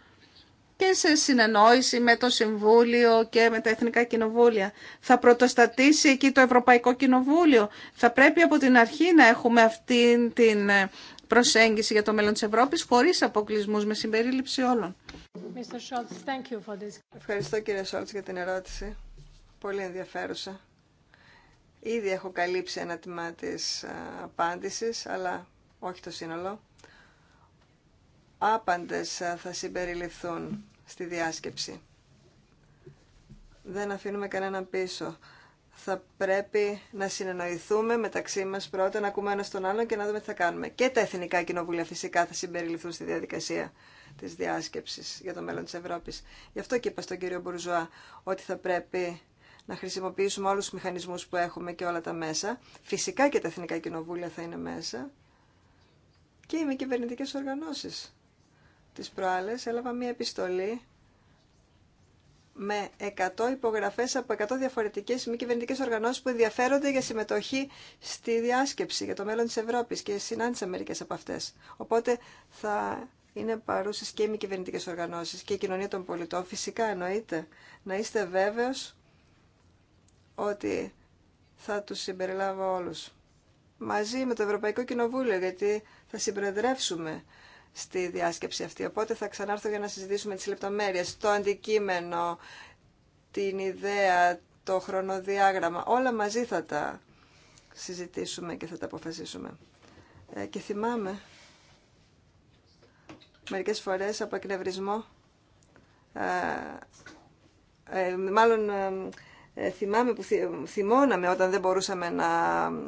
και σε συνεννόηση με το Συμβούλιο και με τα Εθνικά Κοινοβούλια. Θα πρωτοστατήσει εκεί το Ευρωπαϊκό Κοινοβούλιο. Θα πρέπει από την αρχή να έχουμε αυτή την ε, προσέγγιση για το μέλλον της Ευρώπης χωρίς αποκλεισμούς, με συμπερίληψη όλων. Ευχαριστώ κύριε Σόλτς για την ερώτηση. Πολύ ενδιαφέρουσα. Ήδη έχω καλύψει ένα τμήμα τη απάντησης, αλλά όχι το σύνολο. Άπαντες θα συμπεριληφθούν στη διάσκεψη. Δεν αφήνουμε κανέναν πίσω θα πρέπει να συνεννοηθούμε μεταξύ μας πρώτα, να ακούμε ένα τον άλλον και να δούμε τι θα κάνουμε. Και τα εθνικά κοινοβούλια φυσικά θα συμπεριληφθούν στη διαδικασία της διάσκεψης για το μέλλον της Ευρώπης. Γι' αυτό και είπα στον κύριο Μπουρζουά ότι θα πρέπει να χρησιμοποιήσουμε όλους τους μηχανισμούς που έχουμε και όλα τα μέσα. Φυσικά και τα εθνικά κοινοβούλια θα είναι μέσα και οι μη κυβερνητικέ οργανώσεις. Τις προάλλες έλαβα μία επιστολή με 100 υπογραφές από 100 διαφορετικές μη κυβερνητικέ οργανώσεις που ενδιαφέρονται για συμμετοχή στη διάσκεψη για το μέλλον της Ευρώπης και συνάντησα μερικέ από αυτές. Οπότε θα είναι παρούσες και οι μη κυβερνητικέ οργανώσεις και η κοινωνία των πολιτών. Φυσικά εννοείται να είστε βέβαιος ότι θα τους συμπεριλάβω όλους. Μαζί με το Ευρωπαϊκό Κοινοβούλιο, γιατί θα συμπροεδρεύσουμε στη διάσκεψη αυτή. Οπότε θα ξανάρθω για να συζητήσουμε τις λεπτομέρειες, το αντικείμενο, την ιδέα, το χρονοδιάγραμμα. Όλα μαζί θα τα συζητήσουμε και θα τα αποφασίσουμε. Ε, και θυμάμαι μερικές φορές από εκνευρισμό, ε, ε, μάλλον ε, ε, θυμάμαι που θυμώναμε όταν δεν μπορούσαμε να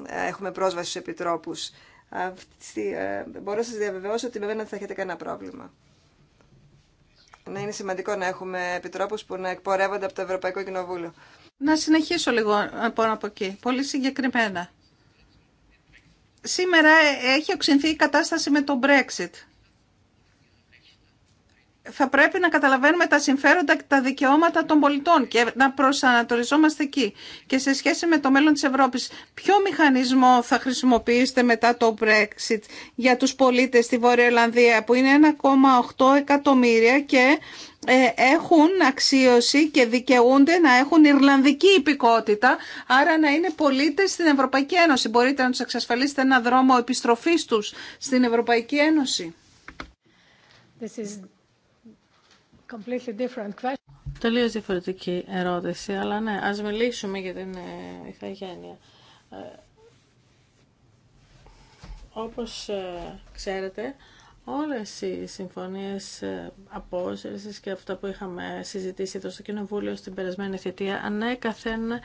έχουμε πρόσβαση στους επιτρόπους αυτή, ε, μπορώ να σας διαβεβαιώσω ότι βέβαια δεν θα έχετε κανένα πρόβλημα. Να είναι σημαντικό να έχουμε επιτρόπους που να εκπορεύονται από το Ευρωπαϊκό Κοινοβούλιο. Να συνεχίσω λίγο από εκεί, πολύ συγκεκριμένα. Σήμερα έχει οξυνθεί η κατάσταση με το Brexit θα πρέπει να καταλαβαίνουμε τα συμφέροντα και τα δικαιώματα των πολιτών και να προσανατολισόμαστε εκεί. Και σε σχέση με το μέλλον της Ευρώπης, ποιο μηχανισμό θα χρησιμοποιήσετε μετά το Brexit για τους πολίτες στη Βόρεια Ιρλανδία που είναι 1,8 εκατομμύρια και ε, έχουν αξίωση και δικαιούνται να έχουν Ιρλανδική υπηκότητα, άρα να είναι πολίτες στην Ευρωπαϊκή Ένωση. Μπορείτε να τους εξασφαλίσετε ένα δρόμο επιστροφής τους στην Ευρωπαϊκή Ένωση. Τελείω διαφορετική ερώτηση, αλλά ναι, ας μιλήσουμε για την ε, ηθαγένεια. Ε, όπως ε, ξέρετε, όλες οι συμφωνίες απόσυρσης και αυτά που είχαμε συζητήσει εδώ στο Κοινοβούλιο στην περασμένη θητεία, ανέκαθεν ναι,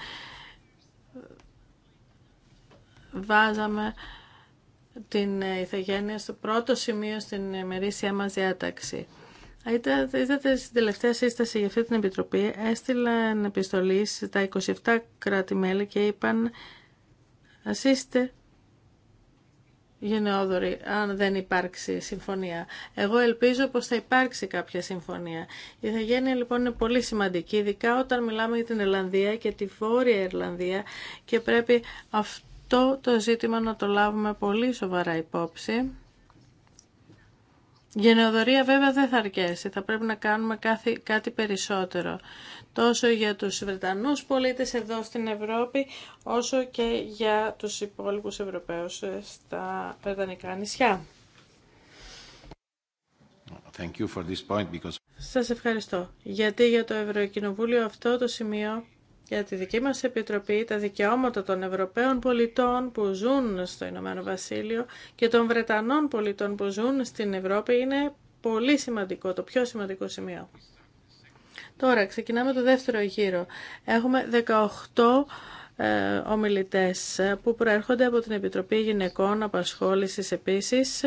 βάζαμε την ηθαγένεια στο πρώτο σημείο στην μερίσια μας διάταξη. Είδατε στην τελευταία σύσταση για αυτή την Επιτροπή έστειλαν επιστολή στα 27 κράτη-μέλη και είπαν ας είστε γενναιόδοροι αν δεν υπάρξει συμφωνία. Εγώ ελπίζω πως θα υπάρξει κάποια συμφωνία. Η Ιθαγένεια λοιπόν είναι πολύ σημαντική, ειδικά όταν μιλάμε για την Ιρλανδία και τη Βόρεια Ιρλανδία και πρέπει αυτό το ζήτημα να το λάβουμε πολύ σοβαρά υπόψη. Γενεοδορία βέβαια δεν θα αρκέσει, θα πρέπει να κάνουμε κάτι, περισσότερο. Τόσο για τους Βρετανούς πολίτες εδώ στην Ευρώπη, όσο και για τους υπόλοιπους Ευρωπαίους ε, στα Βρετανικά νησιά. Thank Σας ευχαριστώ, γιατί για το Ευρωκοινοβούλιο αυτό το σημείο για τη δική μας Επιτροπή τα δικαιώματα των Ευρωπαίων πολιτών που ζουν στο Ηνωμένο Βασίλειο και των Βρετανών πολιτών που ζουν στην Ευρώπη είναι πολύ σημαντικό, το πιο σημαντικό σημείο. Τώρα ξεκινάμε το δεύτερο γύρο. Έχουμε 18 ε, ομιλητές ε, που προέρχονται από την Επιτροπή Γυναικών Απασχόλησης επίσης.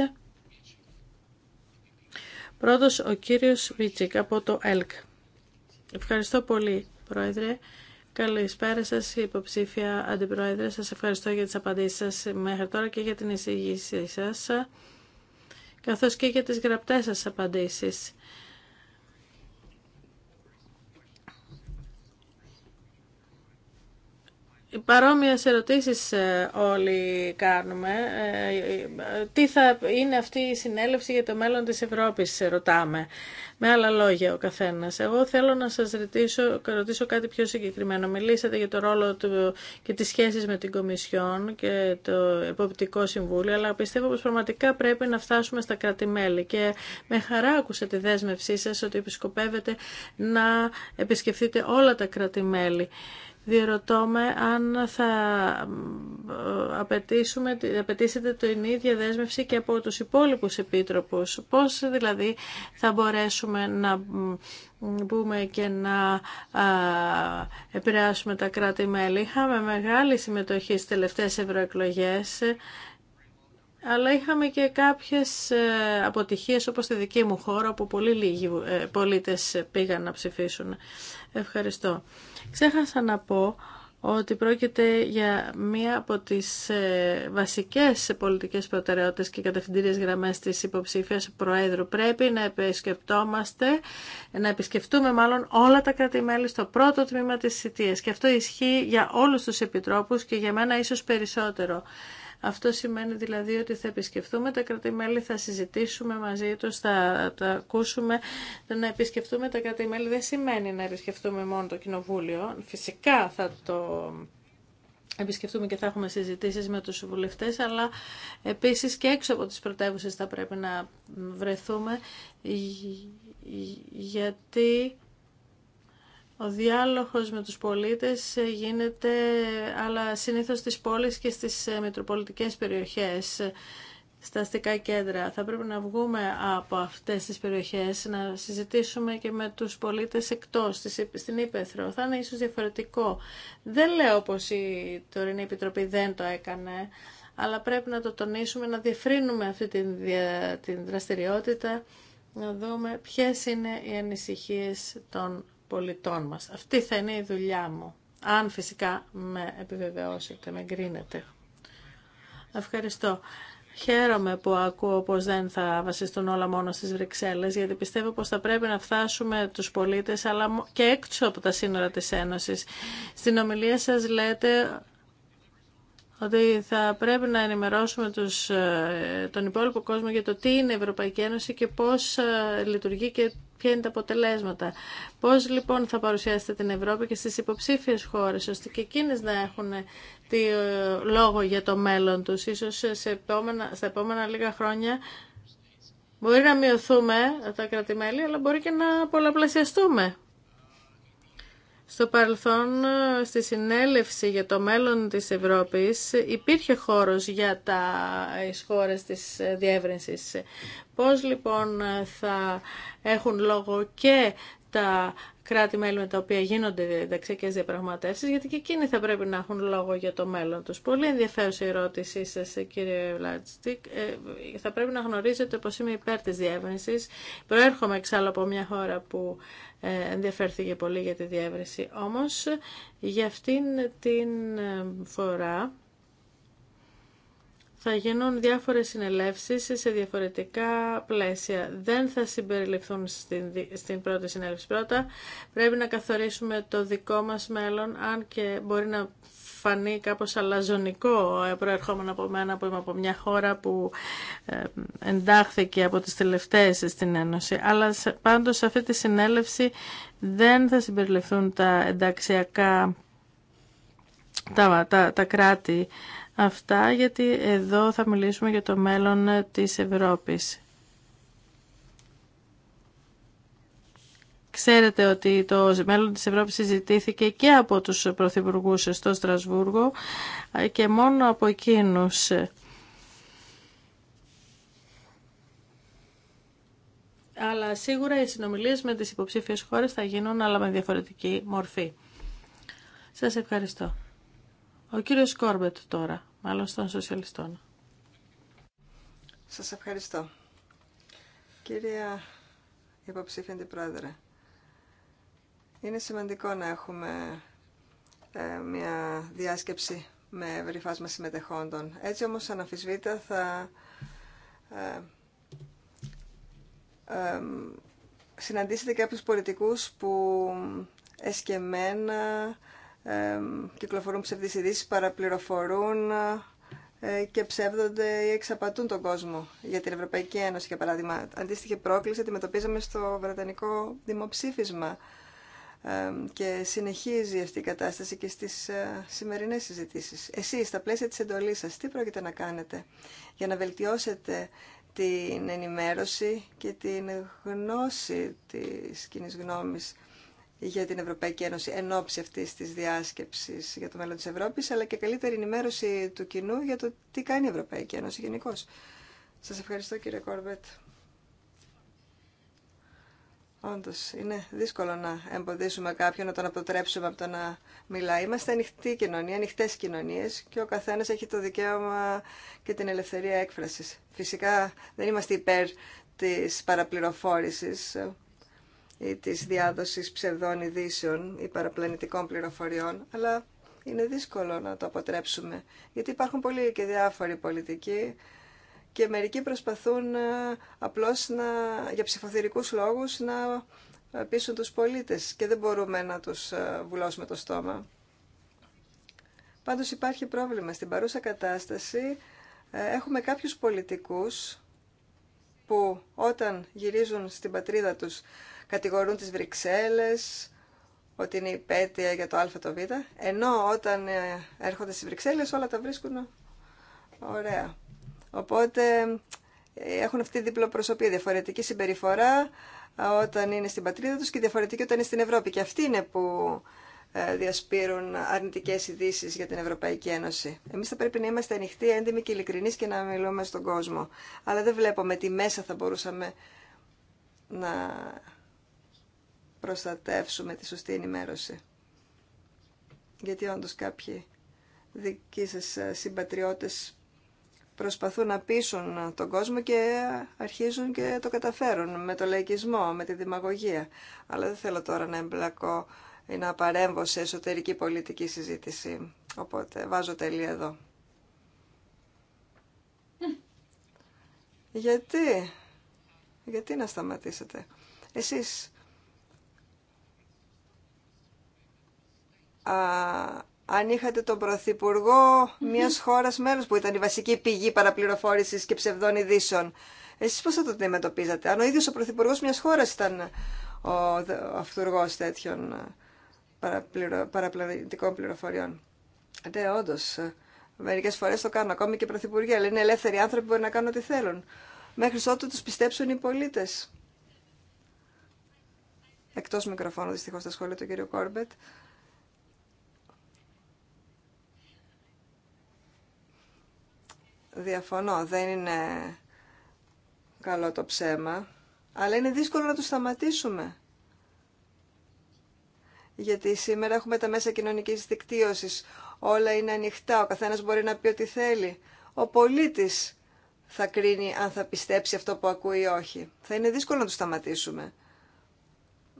Πρώτος ο κύριος Βίτσικ από το ΕΛΚ. Ευχαριστώ πολύ, Πρόεδρε. Καλησπέρα σα, υποψήφια Αντιπρόεδρε. Σα ευχαριστώ για τι απαντήσει σα μέχρι τώρα και για την εισηγήσή σα, καθώ και για τι γραπτέ σα απαντήσει. Παρόμοιες ερωτήσεις ε, όλοι κάνουμε. Ε, ε, τι θα είναι αυτή η συνέλευση για το μέλλον της Ευρώπης, ρωτάμε. Με άλλα λόγια ο καθένας. Εγώ θέλω να σας ρωτήσω, ρωτήσω κάτι πιο συγκεκριμένο. Μιλήσατε για το ρόλο του και τις σχέσεις με την Κομισιόν και το Εποπτικό Συμβούλιο, αλλά πιστεύω πως πραγματικά πρέπει να φτάσουμε στα κράτη-μέλη. Και με χαρά άκουσα τη δέσμευσή σας ότι επισκοπεύετε να επισκεφτείτε όλα τα κράτη-μέλη διερωτώ αν θα ε, απαιτήσουμε, απαιτήσετε την ίδια δέσμευση και από τους υπόλοιπους επίτροπους. Πώς δηλαδή θα μπορέσουμε να μπούμε και να ε, επηρεάσουμε τα κράτη-μέλη. Είχαμε μεγάλη συμμετοχή στις τελευταίες ευρωεκλογές αλλά είχαμε και κάποιες ε, αποτυχίες όπως στη δική μου χώρα που πολύ λίγοι ε, πολίτες πήγαν να ψηφίσουν. Ευχαριστώ. Ξέχασα να πω ότι πρόκειται για μία από τις ε, βασικές πολιτικές προτεραιότητες και κατευθυντήριες γραμμές της υποψήφιας Προέδρου. Πρέπει να επισκεπτόμαστε, να επισκεφτούμε μάλλον όλα τα κράτη-μέλη στο πρώτο τμήμα της θητείας. Και αυτό ισχύει για όλους τους επιτρόπους και για μένα ίσως περισσότερο. Αυτό σημαίνει δηλαδή ότι θα επισκεφθούμε τα κρατημέλη, θα συζητήσουμε μαζί τους, θα τα ακούσουμε. Να επισκεφτούμε τα κρατημέλη δεν σημαίνει να επισκεφτούμε μόνο το κοινοβούλιο. Φυσικά θα το επισκεφτούμε και θα έχουμε συζητήσεις με τους βουλευτές, αλλά επίσης και έξω από τις πρωτεύουσες θα πρέπει να βρεθούμε, γιατί ο διάλογος με τους πολίτες γίνεται, αλλά συνήθως στις πόλεις και στις ε, μετροπολιτικές περιοχές, στα αστικά κέντρα. Θα πρέπει να βγούμε από αυτές τις περιοχές, να συζητήσουμε και με τους πολίτες εκτός, στην Ήπεθρο. Θα είναι ίσως διαφορετικό. Δεν λέω πως η τωρινή Επιτροπή δεν το έκανε, αλλά πρέπει να το τονίσουμε, να διευρύνουμε αυτή την δραστηριότητα, να δούμε ποιες είναι οι ανησυχίες των πολιτών μας. Αυτή θα είναι η δουλειά μου, αν φυσικά με επιβεβαιώσετε, με γκρίνετε. Ευχαριστώ. Χαίρομαι που ακούω πως δεν θα βασιστούν όλα μόνο στις Βρυξέλλες, γιατί πιστεύω πως θα πρέπει να φτάσουμε τους πολίτες, αλλά και έξω από τα σύνορα της Ένωσης. Στην ομιλία σας λέτε ότι θα πρέπει να ενημερώσουμε τους, ε, τον υπόλοιπο κόσμο για το τι είναι η Ευρωπαϊκή Ένωση και πώς ε, λειτουργεί και ποια είναι τα αποτελέσματα. Πώς λοιπόν θα παρουσιάσετε την Ευρώπη και στις υποψήφιες χώρες, ώστε και εκείνες να έχουν ε, τη, ε, λόγο για το μέλλον τους. Ίσως ε, σε επόμενα, στα επόμενα λίγα χρόνια μπορεί να μειωθούμε τα κρατημέλη, αλλά μπορεί και να πολλαπλασιαστούμε. Στο παρελθόν, ε, στη συνέλευση για το μέλλον της Ευρώπης υπήρχε χώρος για τα ε, χώρες της ε, διεύρυνσης. Πώς λοιπόν θα έχουν λόγο και τα κράτη-μέλη με τα οποία γίνονται ενταξιακές διαπραγματεύσει, γιατί και εκείνοι θα πρέπει να έχουν λόγο για το μέλλον του. Πολύ ενδιαφέρουσα η ερώτησή σα, κύριε Βλάτστικ. Ε, θα πρέπει να γνωρίζετε πω είμαι υπέρ τη διεύρυνση. Προέρχομαι εξάλλου από μια χώρα που ε, ενδιαφέρθηκε πολύ για τη διεύρυνση. Όμω, για αυτήν την ε, φορά θα γίνουν διάφορες συνελεύσεις σε διαφορετικά πλαίσια. Δεν θα συμπεριληφθούν στην, στην πρώτη συνέλευση. Πρώτα πρέπει να καθορίσουμε το δικό μας μέλλον, αν και μπορεί να φανεί κάπως αλαζονικό ε, προερχόμενο από μένα που είμαι από μια χώρα που ε, εντάχθηκε από τις τελευταίες στην Ένωση. Αλλά πάντως σε αυτή τη συνέλευση δεν θα συμπεριληφθούν τα ενταξιακά τα, τα κράτη αυτά γιατί εδώ θα μιλήσουμε για το μέλλον της Ευρώπης. Ξέρετε ότι το μέλλον της Ευρώπης συζητήθηκε και από τους πρωθυπουργούς στο Στρασβούργο και μόνο από εκείνους. Αλλά σίγουρα οι συνομιλίες με τις υποψήφιες χώρες θα γίνουν αλλά με διαφορετική μορφή. Σας ευχαριστώ. Ο κύριος Κόρμπετ τώρα μάλλον στον σοσιαλιστών. Σας ευχαριστώ. Κυρία υποψήφια πρόεδρε, είναι σημαντικό να έχουμε ε, μια διάσκεψη με ευρυφάσμα συμμετεχόντων. Έτσι όμως αναφυσβήτα θα ε, ε, συναντήσετε κάποιους πολιτικούς που εσκεμένα κυκλοφορούν ψευδείς ειδήσει, παραπληροφορούν ε, και ψεύδονται ή εξαπατούν τον κόσμο για την Ευρωπαϊκή Ένωση, για παράδειγμα. Αντίστοιχη πρόκληση αντιμετωπίζαμε στο Βρετανικό δημοψήφισμα και συνεχίζει αυτή η κατάσταση και στις ε, σημερινές συζητήσεις. Εσείς, στα πλαίσια της εντολής σας, τι πρόκειται να κάνετε για να βελτιώσετε την ενημέρωση και την γνώση της κοινή γνώμης για την Ευρωπαϊκή Ένωση εν ώψη αυτή τη διάσκεψη για το μέλλον τη Ευρώπη, αλλά και καλύτερη ενημέρωση του κοινού για το τι κάνει η Ευρωπαϊκή Ένωση γενικώ. Σα ευχαριστώ κύριε Κόρμπετ. Όντω, είναι δύσκολο να εμποδίσουμε κάποιον, να τον αποτρέψουμε από το να μιλάει. Είμαστε ανοιχτή κοινωνία, ανοιχτέ κοινωνίε και ο καθένα έχει το δικαίωμα και την ελευθερία έκφραση. Φυσικά δεν είμαστε υπέρ τη παραπληροφόρηση ή ε, της διάδοσης ψευδών ειδήσεων ή παραπλανητικών πληροφοριών, αλλά είναι δύσκολο να το αποτρέψουμε, γιατί υπάρχουν πολλοί και διάφοροι πολιτικοί και μερικοί προσπαθούν ε, απλώς να, για ψηφοθυρικούς λόγους να ε, πείσουν τους πολίτες και δεν μπορούμε να τους βουλώσουμε το στόμα. Πάντως υπάρχει πρόβλημα. Στην παρούσα κατάσταση έχουμε κάποιους πολιτικούς που όταν γυρίζουν στην πατρίδα τους κατηγορούν τις Βρυξέλλες ότι είναι υπέτεια για το α το β, ενώ όταν ε, έρχονται στις Βρυξέλλες όλα τα βρίσκουν ωραία. Οπότε ε, έχουν αυτή τη προσωπία. διαφορετική συμπεριφορά ε, όταν είναι στην πατρίδα τους και διαφορετική όταν είναι στην Ευρώπη. Και αυτοί είναι που διασπείρουν αρνητικές ειδήσει για την Ευρωπαϊκή Ένωση. Εμείς θα πρέπει να είμαστε ανοιχτοί, έντιμοι και ειλικρινείς και να μιλούμε στον κόσμο. Αλλά δεν βλέπουμε τι μέσα θα μπορούσαμε να προστατεύσουμε τη σωστή ενημέρωση. Γιατί όντως κάποιοι δικοί σας συμπατριώτες προσπαθούν να πείσουν τον κόσμο και αρχίζουν και το καταφέρουν με το λαϊκισμό, με τη δημαγωγία. Αλλά δεν θέλω τώρα να εμπλακώ ή να παρέμβω σε εσωτερική πολιτική συζήτηση. Οπότε βάζω τελεία εδώ. Γιατί, γιατί να σταματήσετε. Εσείς αν είχατε τον Πρωθυπουργό μιας χώρας μέλος που ήταν η βασική πηγή παραπληροφόρησης και ψευδών ειδήσεων, εσείς πώς θα το αντιμετωπίζατε, αν ο ίδιος ο Πρωθυπουργό μιας χώρας ήταν ο αυτούργό τέτοιων παραπληρο, παραπλανητικών πληροφοριών. Ναι, όντω. Ε, Μερικέ φορέ το κάνουν ακόμη και πρωθυπουργοί, αλλά είναι ελεύθεροι άνθρωποι που μπορεί να κάνουν ό,τι θέλουν. Μέχρι ότου του πιστέψουν οι πολίτε. Εκτό μικροφώνου, δυστυχώ, στα σχόλια του κ. Κόρμπετ. Διαφωνώ, δεν είναι καλό το ψέμα, αλλά είναι δύσκολο να το σταματήσουμε. Γιατί σήμερα έχουμε τα μέσα κοινωνικής δικτύωσης, όλα είναι ανοιχτά, ο καθένας μπορεί να πει ό,τι θέλει. Ο πολίτης θα κρίνει αν θα πιστέψει αυτό που ακούει ή όχι. Θα είναι δύσκολο να το σταματήσουμε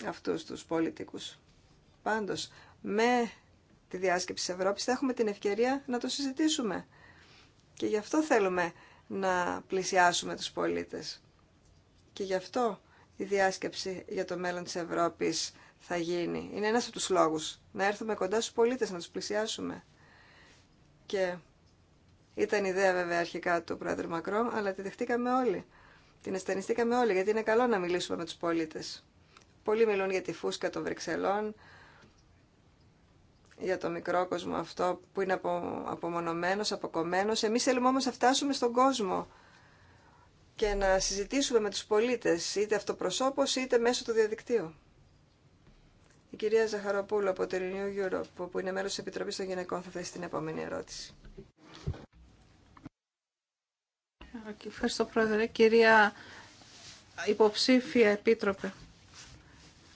αυτούς τους πολιτικούς. Πάντως, με τη διάσκεψη της Ευρώπης θα έχουμε την ευκαιρία να το συζητήσουμε. Και γι' αυτό θέλουμε να πλησιάσουμε τους πολίτες. Και γι' αυτό η διάσκεψη για το μέλλον της Ευρώπης θα γίνει. Είναι ένας από τους λόγους. Να έρθουμε κοντά στους πολίτες, να τους πλησιάσουμε. Και ήταν ιδέα βέβαια αρχικά του Πρόεδρου Μακρό, αλλά τη δεχτήκαμε όλοι. Την αισθανιστήκαμε όλοι, γιατί είναι καλό να μιλήσουμε με τους πολίτες. Πολλοί μιλούν για τη φούσκα των Βρυξελών, για το μικρό κόσμο αυτό που είναι απο, απομονωμένος, αποκομμένος. Εμείς θέλουμε όμως να φτάσουμε στον κόσμο και να συζητήσουμε με τους πολίτες, είτε αυτοπροσώπως είτε μέσω του διαδικτύου. Η κυρία Ζαχαροπούλου από το Renew Europe, που είναι μέλος της Επιτροπής των Γυναικών, θα θέσει την επόμενη ερώτηση. Ευχαριστώ, Πρόεδρε. Κυρία Υποψήφια Επίτροπε.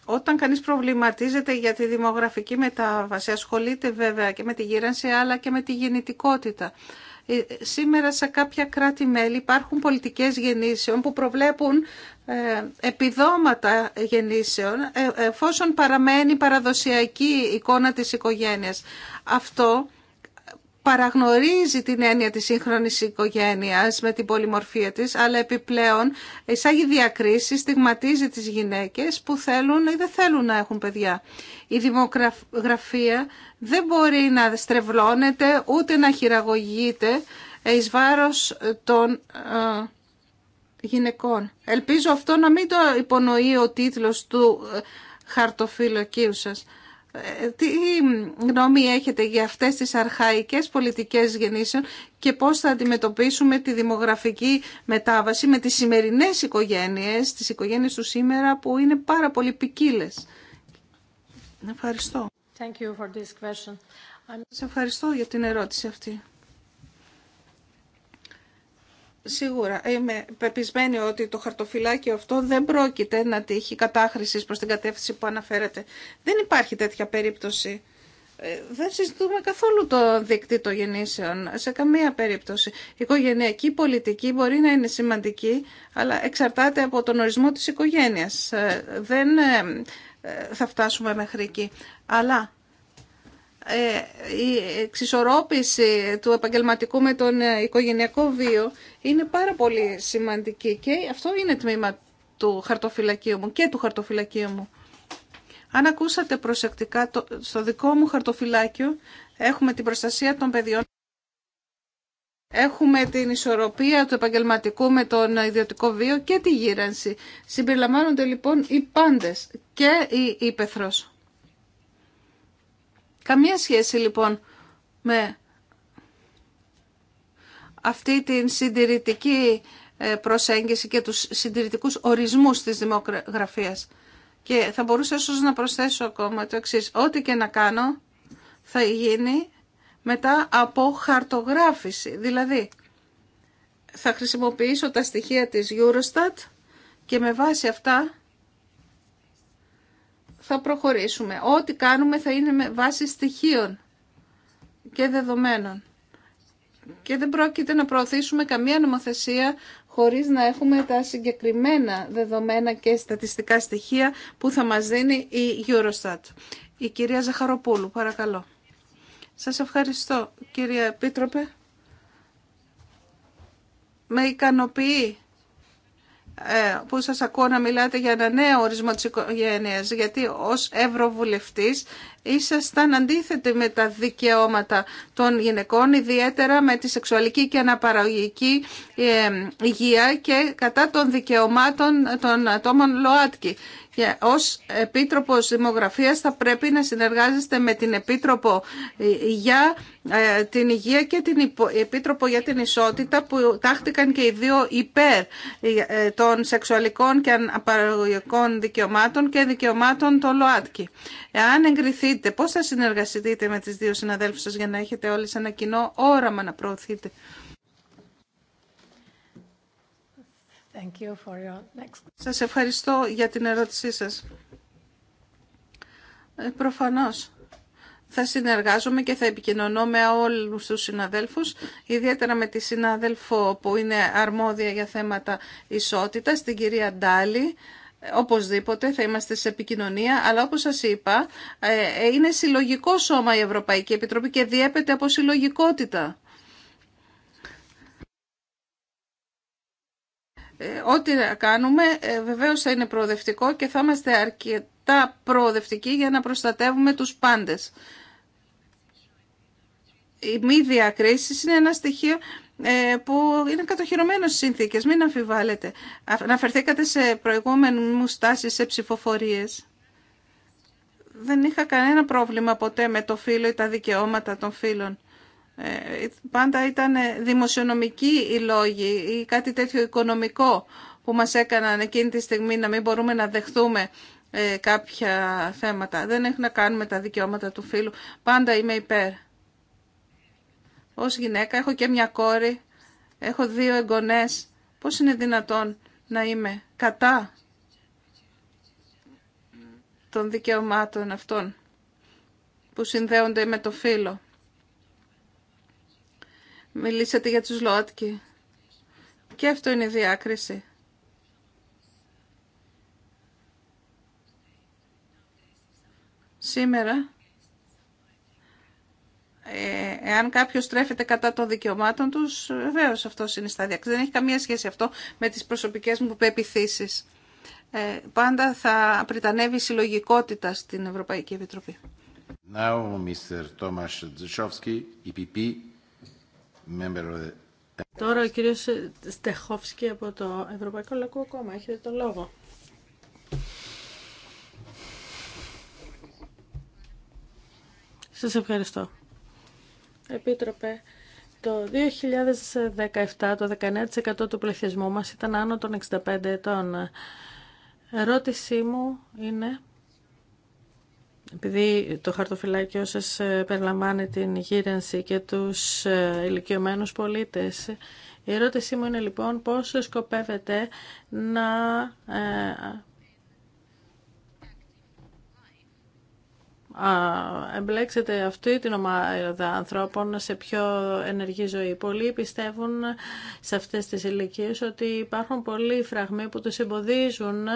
Όταν κανείς προβληματίζεται για τη δημογραφική μετάβαση, ασχολείται βέβαια και με τη γύρανση αλλά και με τη γεννητικότητα. Ε, σήμερα σε κάποια κράτη-μέλη υπάρχουν πολιτικές γεννήσεων που προβλέπουν ε, επιδόματα γεννήσεων ε, εφόσον παραμένει παραδοσιακή εικόνα της οικογένειας. Αυτό παραγνωρίζει την έννοια της σύγχρονης οικογένειας με την πολυμορφία της, αλλά επιπλέον εισάγει διακρίσεις, στιγματίζει τις γυναίκες που θέλουν ή δεν θέλουν να έχουν παιδιά. Η δημογραφία δεν μπορεί να στρεβλώνεται ούτε να χειραγωγείται εις βάρος των ε, γυναικών. Ελπίζω αυτό να μην το υπονοεί ο τίτλος του ε, χαρτοφυλλοκίου σας. Ε, τι γνώμη έχετε για αυτές τις αρχαϊκές πολιτικές γεννήσεων και πώς θα αντιμετωπίσουμε τη δημογραφική μετάβαση με τις σημερινές οικογένειες, τις οικογένειες του σήμερα που είναι πάρα πολύ ποικίλε. Ευχαριστώ. Thank Σας ευχαριστώ για την ερώτηση αυτή. Σίγουρα είμαι πεπισμένη ότι το χαρτοφυλάκιο αυτό δεν πρόκειται να τύχει κατάχρηση προς την κατεύθυνση που αναφέρετε. Δεν υπάρχει τέτοια περίπτωση. Ε, δεν συζητούμε καθόλου το δίκτυο των γεννήσεων, σε καμία περίπτωση. Η οικογενειακή πολιτική μπορεί να είναι σημαντική, αλλά εξαρτάται από τον ορισμό της οικογένειας. Ε, δεν ε, θα φτάσουμε μέχρι εκεί. Αλλά ε, η εξισορρόπηση του επαγγελματικού με τον ε, οικογενειακό βίο είναι πάρα πολύ σημαντική και αυτό είναι τμήμα του χαρτοφυλακίου μου και του χαρτοφυλακίου μου. Αν ακούσατε προσεκτικά, στο δικό μου χαρτοφυλάκιο έχουμε την προστασία των παιδιών, έχουμε την ισορροπία του επαγγελματικού με τον ιδιωτικό βίο και τη γύρανση. Συμπεριλαμβάνονται λοιπόν οι πάντες και η ύπεθρος. Καμία σχέση λοιπόν με αυτή την συντηρητική ε, προσέγγιση και τους συντηρητικούς ορισμούς της δημογραφίας. Και θα μπορούσα ίσως να προσθέσω ακόμα το εξής. Ό,τι και να κάνω θα γίνει μετά από χαρτογράφηση. Δηλαδή, θα χρησιμοποιήσω τα στοιχεία της Eurostat και με βάση αυτά θα προχωρήσουμε. Ό,τι κάνουμε θα είναι με βάση στοιχείων και δεδομένων. Και δεν πρόκειται να προωθήσουμε καμία νομοθεσία χωρίς να έχουμε τα συγκεκριμένα δεδομένα και στατιστικά στοιχεία που θα μας δίνει η Eurostat. Η κυρία Ζαχαροπούλου, παρακαλώ. Σας ευχαριστώ, κυρία Επίτροπε. Με ικανοποιεί ε, που σας ακούω να μιλάτε για ένα νέο ορισμό της οικογένειας, γιατί ως Ευρωβουλευτής ήσασταν αντίθετοι με τα δικαιώματα των γυναικών, ιδιαίτερα με τη σεξουαλική και αναπαραγωγική ε, υγεία και κατά των δικαιωμάτων των ατόμων ΛΟΑΤΚΙ. Και ως Επίτροπος Δημογραφίας θα πρέπει να συνεργάζεστε με την Επίτροπο ε, για ε, την Υγεία και την Επίτροπο για την Ισότητα που τάχτηκαν και οι δύο υπέρ των σεξουαλικών και αναπαραγωγικών δικαιωμάτων και δικαιωμάτων των ΛΟΑΤΚΙ. Εάν συνεργαστείτε, πώς θα συνεργαστείτε με τις δύο συναδέλφους σας για να έχετε όλες ένα κοινό όραμα να προωθείτε. Thank you for your next... Σας ευχαριστώ για την ερώτησή σας. Ε, προφανώς. Θα συνεργάζομαι και θα επικοινωνώ με όλους τους συναδέλφους, ιδιαίτερα με τη συνάδελφο που είναι αρμόδια για θέματα ισότητας, την κυρία Ντάλη, Οπωσδήποτε θα είμαστε σε επικοινωνία, αλλά όπως σας είπα, ε, ε, είναι συλλογικό σώμα η Ευρωπαϊκή Επιτροπή και διέπεται από συλλογικότητα. Ε, ό,τι κάνουμε βεβαίως θα είναι προοδευτικό και θα είμαστε αρκετά προοδευτικοί για να προστατεύουμε τους πάντες. Η μη διακρίση είναι ένα στοιχείο ε, που είναι κατοχυρωμένο στι συνθήκε. μην αμφιβάλλετε. Αναφερθήκατε σε μου στάσει σε ψηφοφορίε. Δεν είχα κανένα πρόβλημα ποτέ με το φύλλο ή τα δικαιώματα των Ε Πάντα ήταν δημοσιονομικοί οι λόγοι ή κάτι τέτοιο οικονομικό που μας έκαναν εκείνη τη στιγμή να μην μπορούμε να δεχθούμε ε, κάποια θέματα. Δεν έχουν να κάνει τα δικαιώματα του φίλου. Πάντα είμαι υπέρ ως γυναίκα, έχω και μια κόρη, έχω δύο εγγονές. Πώς είναι δυνατόν να είμαι κατά των δικαιωμάτων αυτών που συνδέονται με το φίλο; Μιλήσατε για τους ΛΟΑΤΚΙ. Και αυτό είναι η διάκριση. Σήμερα ε, εάν κάποιο στρέφεται κατά των δικαιωμάτων του, βεβαίω αυτό είναι στάδια Δεν έχει καμία σχέση αυτό με τι προσωπικέ μου πεπιθήσει. Ε, πάντα θα πριτανεύει η συλλογικότητα στην Ευρωπαϊκή Επιτροπή. E Τώρα ο κύριο Στεχόφσκι από το Ευρωπαϊκό Λαϊκό Κόμμα. Έχετε τον λόγο. Σας ευχαριστώ. Επίτροπε, το 2017 το 19% του πληθυσμού μας ήταν άνω των 65 ετών. Ερώτησή μου είναι, επειδή το χαρτοφυλάκιό σας ε, περιλαμβάνει την γύρενση και τους ε, ηλικιωμένους πολίτες, η ερώτησή μου είναι λοιπόν πώς σκοπεύετε να ε, εμπλέξετε αυτή την ομάδα ανθρώπων σε πιο ενεργή ζωή. Πολλοί πιστεύουν σε αυτές τις ηλικίε ότι υπάρχουν πολλοί φραγμοί που τους εμποδίζουν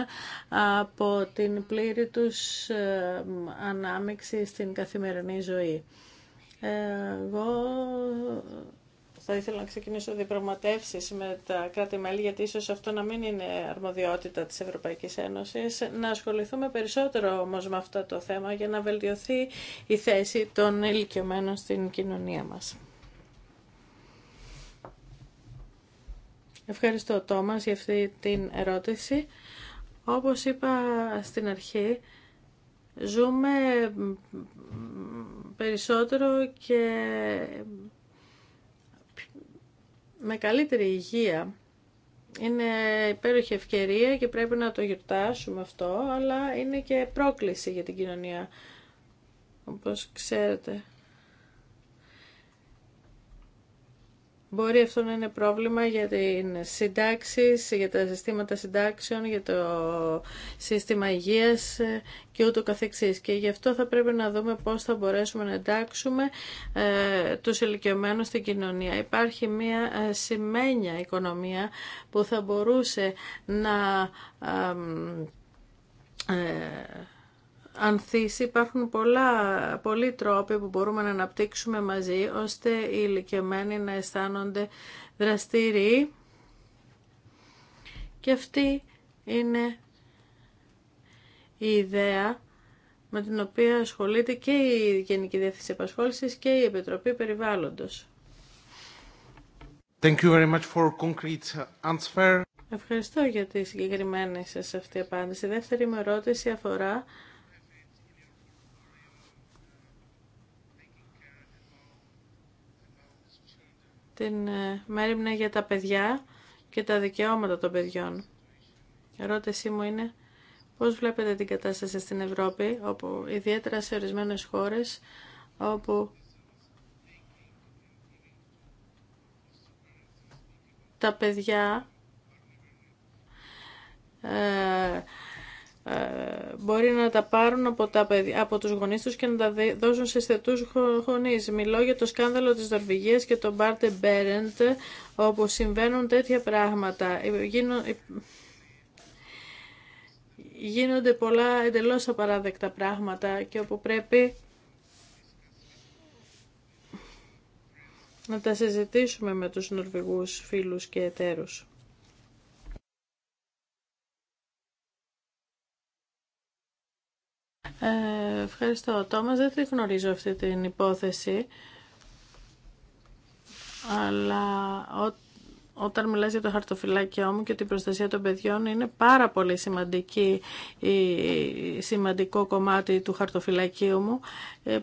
από την πλήρη τους ε, ανάμειξη στην καθημερινή ζωή. Εγώ θα ήθελα να ξεκινήσω διπραγματεύσει με τα κράτη-μέλη, γιατί ίσω αυτό να μην είναι αρμοδιότητα τη Ευρωπαϊκή Ένωση. Να ασχοληθούμε περισσότερο όμω με αυτό το θέμα για να βελτιωθεί η θέση των ηλικιωμένων στην κοινωνία μα. Ευχαριστώ, Τόμας, για αυτή την ερώτηση. Όπως είπα στην αρχή, ζούμε περισσότερο και με καλύτερη υγεία. Είναι υπέροχη ευκαιρία και πρέπει να το γιορτάσουμε αυτό, αλλά είναι και πρόκληση για την κοινωνία, όπως ξέρετε. Μπορεί αυτό να είναι πρόβλημα για την συντάξη, για τα συστήματα συντάξεων, για το σύστημα υγείας ε, και ούτω καθεξής. Και γι' αυτό θα πρέπει να δούμε πώς θα μπορέσουμε να εντάξουμε ε, τους ηλικιωμένους στην κοινωνία. Υπάρχει μια ε, σημαίνια οικονομία που θα μπορούσε να... Ε, ανθίσει. Υπάρχουν πολλά, πολλοί τρόποι που μπορούμε να αναπτύξουμε μαζί, ώστε οι ηλικιωμένοι να αισθάνονται δραστήριοι. Και αυτή είναι η ιδέα με την οποία ασχολείται και η Γενική Διεύθυνση Επασχόλησης και η Επιτροπή Περιβάλλοντος. Thank you very much for concrete answer. Ευχαριστώ για τη συγκεκριμένη σας αυτή απάντηση. Η δεύτερη μου ερώτηση αφορά την ε, μέρημνα για τα παιδιά και τα δικαιώματα των παιδιών. Η ερώτησή μου είναι πώς βλέπετε την κατάσταση στην Ευρώπη, όπου ιδιαίτερα σε ορισμένες χώρες, όπου τα παιδιά ε, ε, μπορεί να τα πάρουν από, τα από τους γονείς τους και να τα δώσουν σε στετούς γονείς. Μιλώ για το σκάνδαλο της Νορβηγίας και τον Μπάρτε Μπέρεντ, όπου συμβαίνουν τέτοια πράγματα. Ε, ε, γίνονται πολλά εντελώς απαράδεκτα πράγματα και όπου πρέπει να τα συζητήσουμε με τους Νορβηγούς φίλους και εταίρους. Ε, ευχαριστώ. Τόμας, δεν τη γνωρίζω αυτή την υπόθεση, αλλά ό, όταν μιλάς για το χαρτοφυλάκιό μου και την προστασία των παιδιών είναι πάρα πολύ σημαντική, σημαντικό κομμάτι του χαρτοφυλακίου μου. Ε,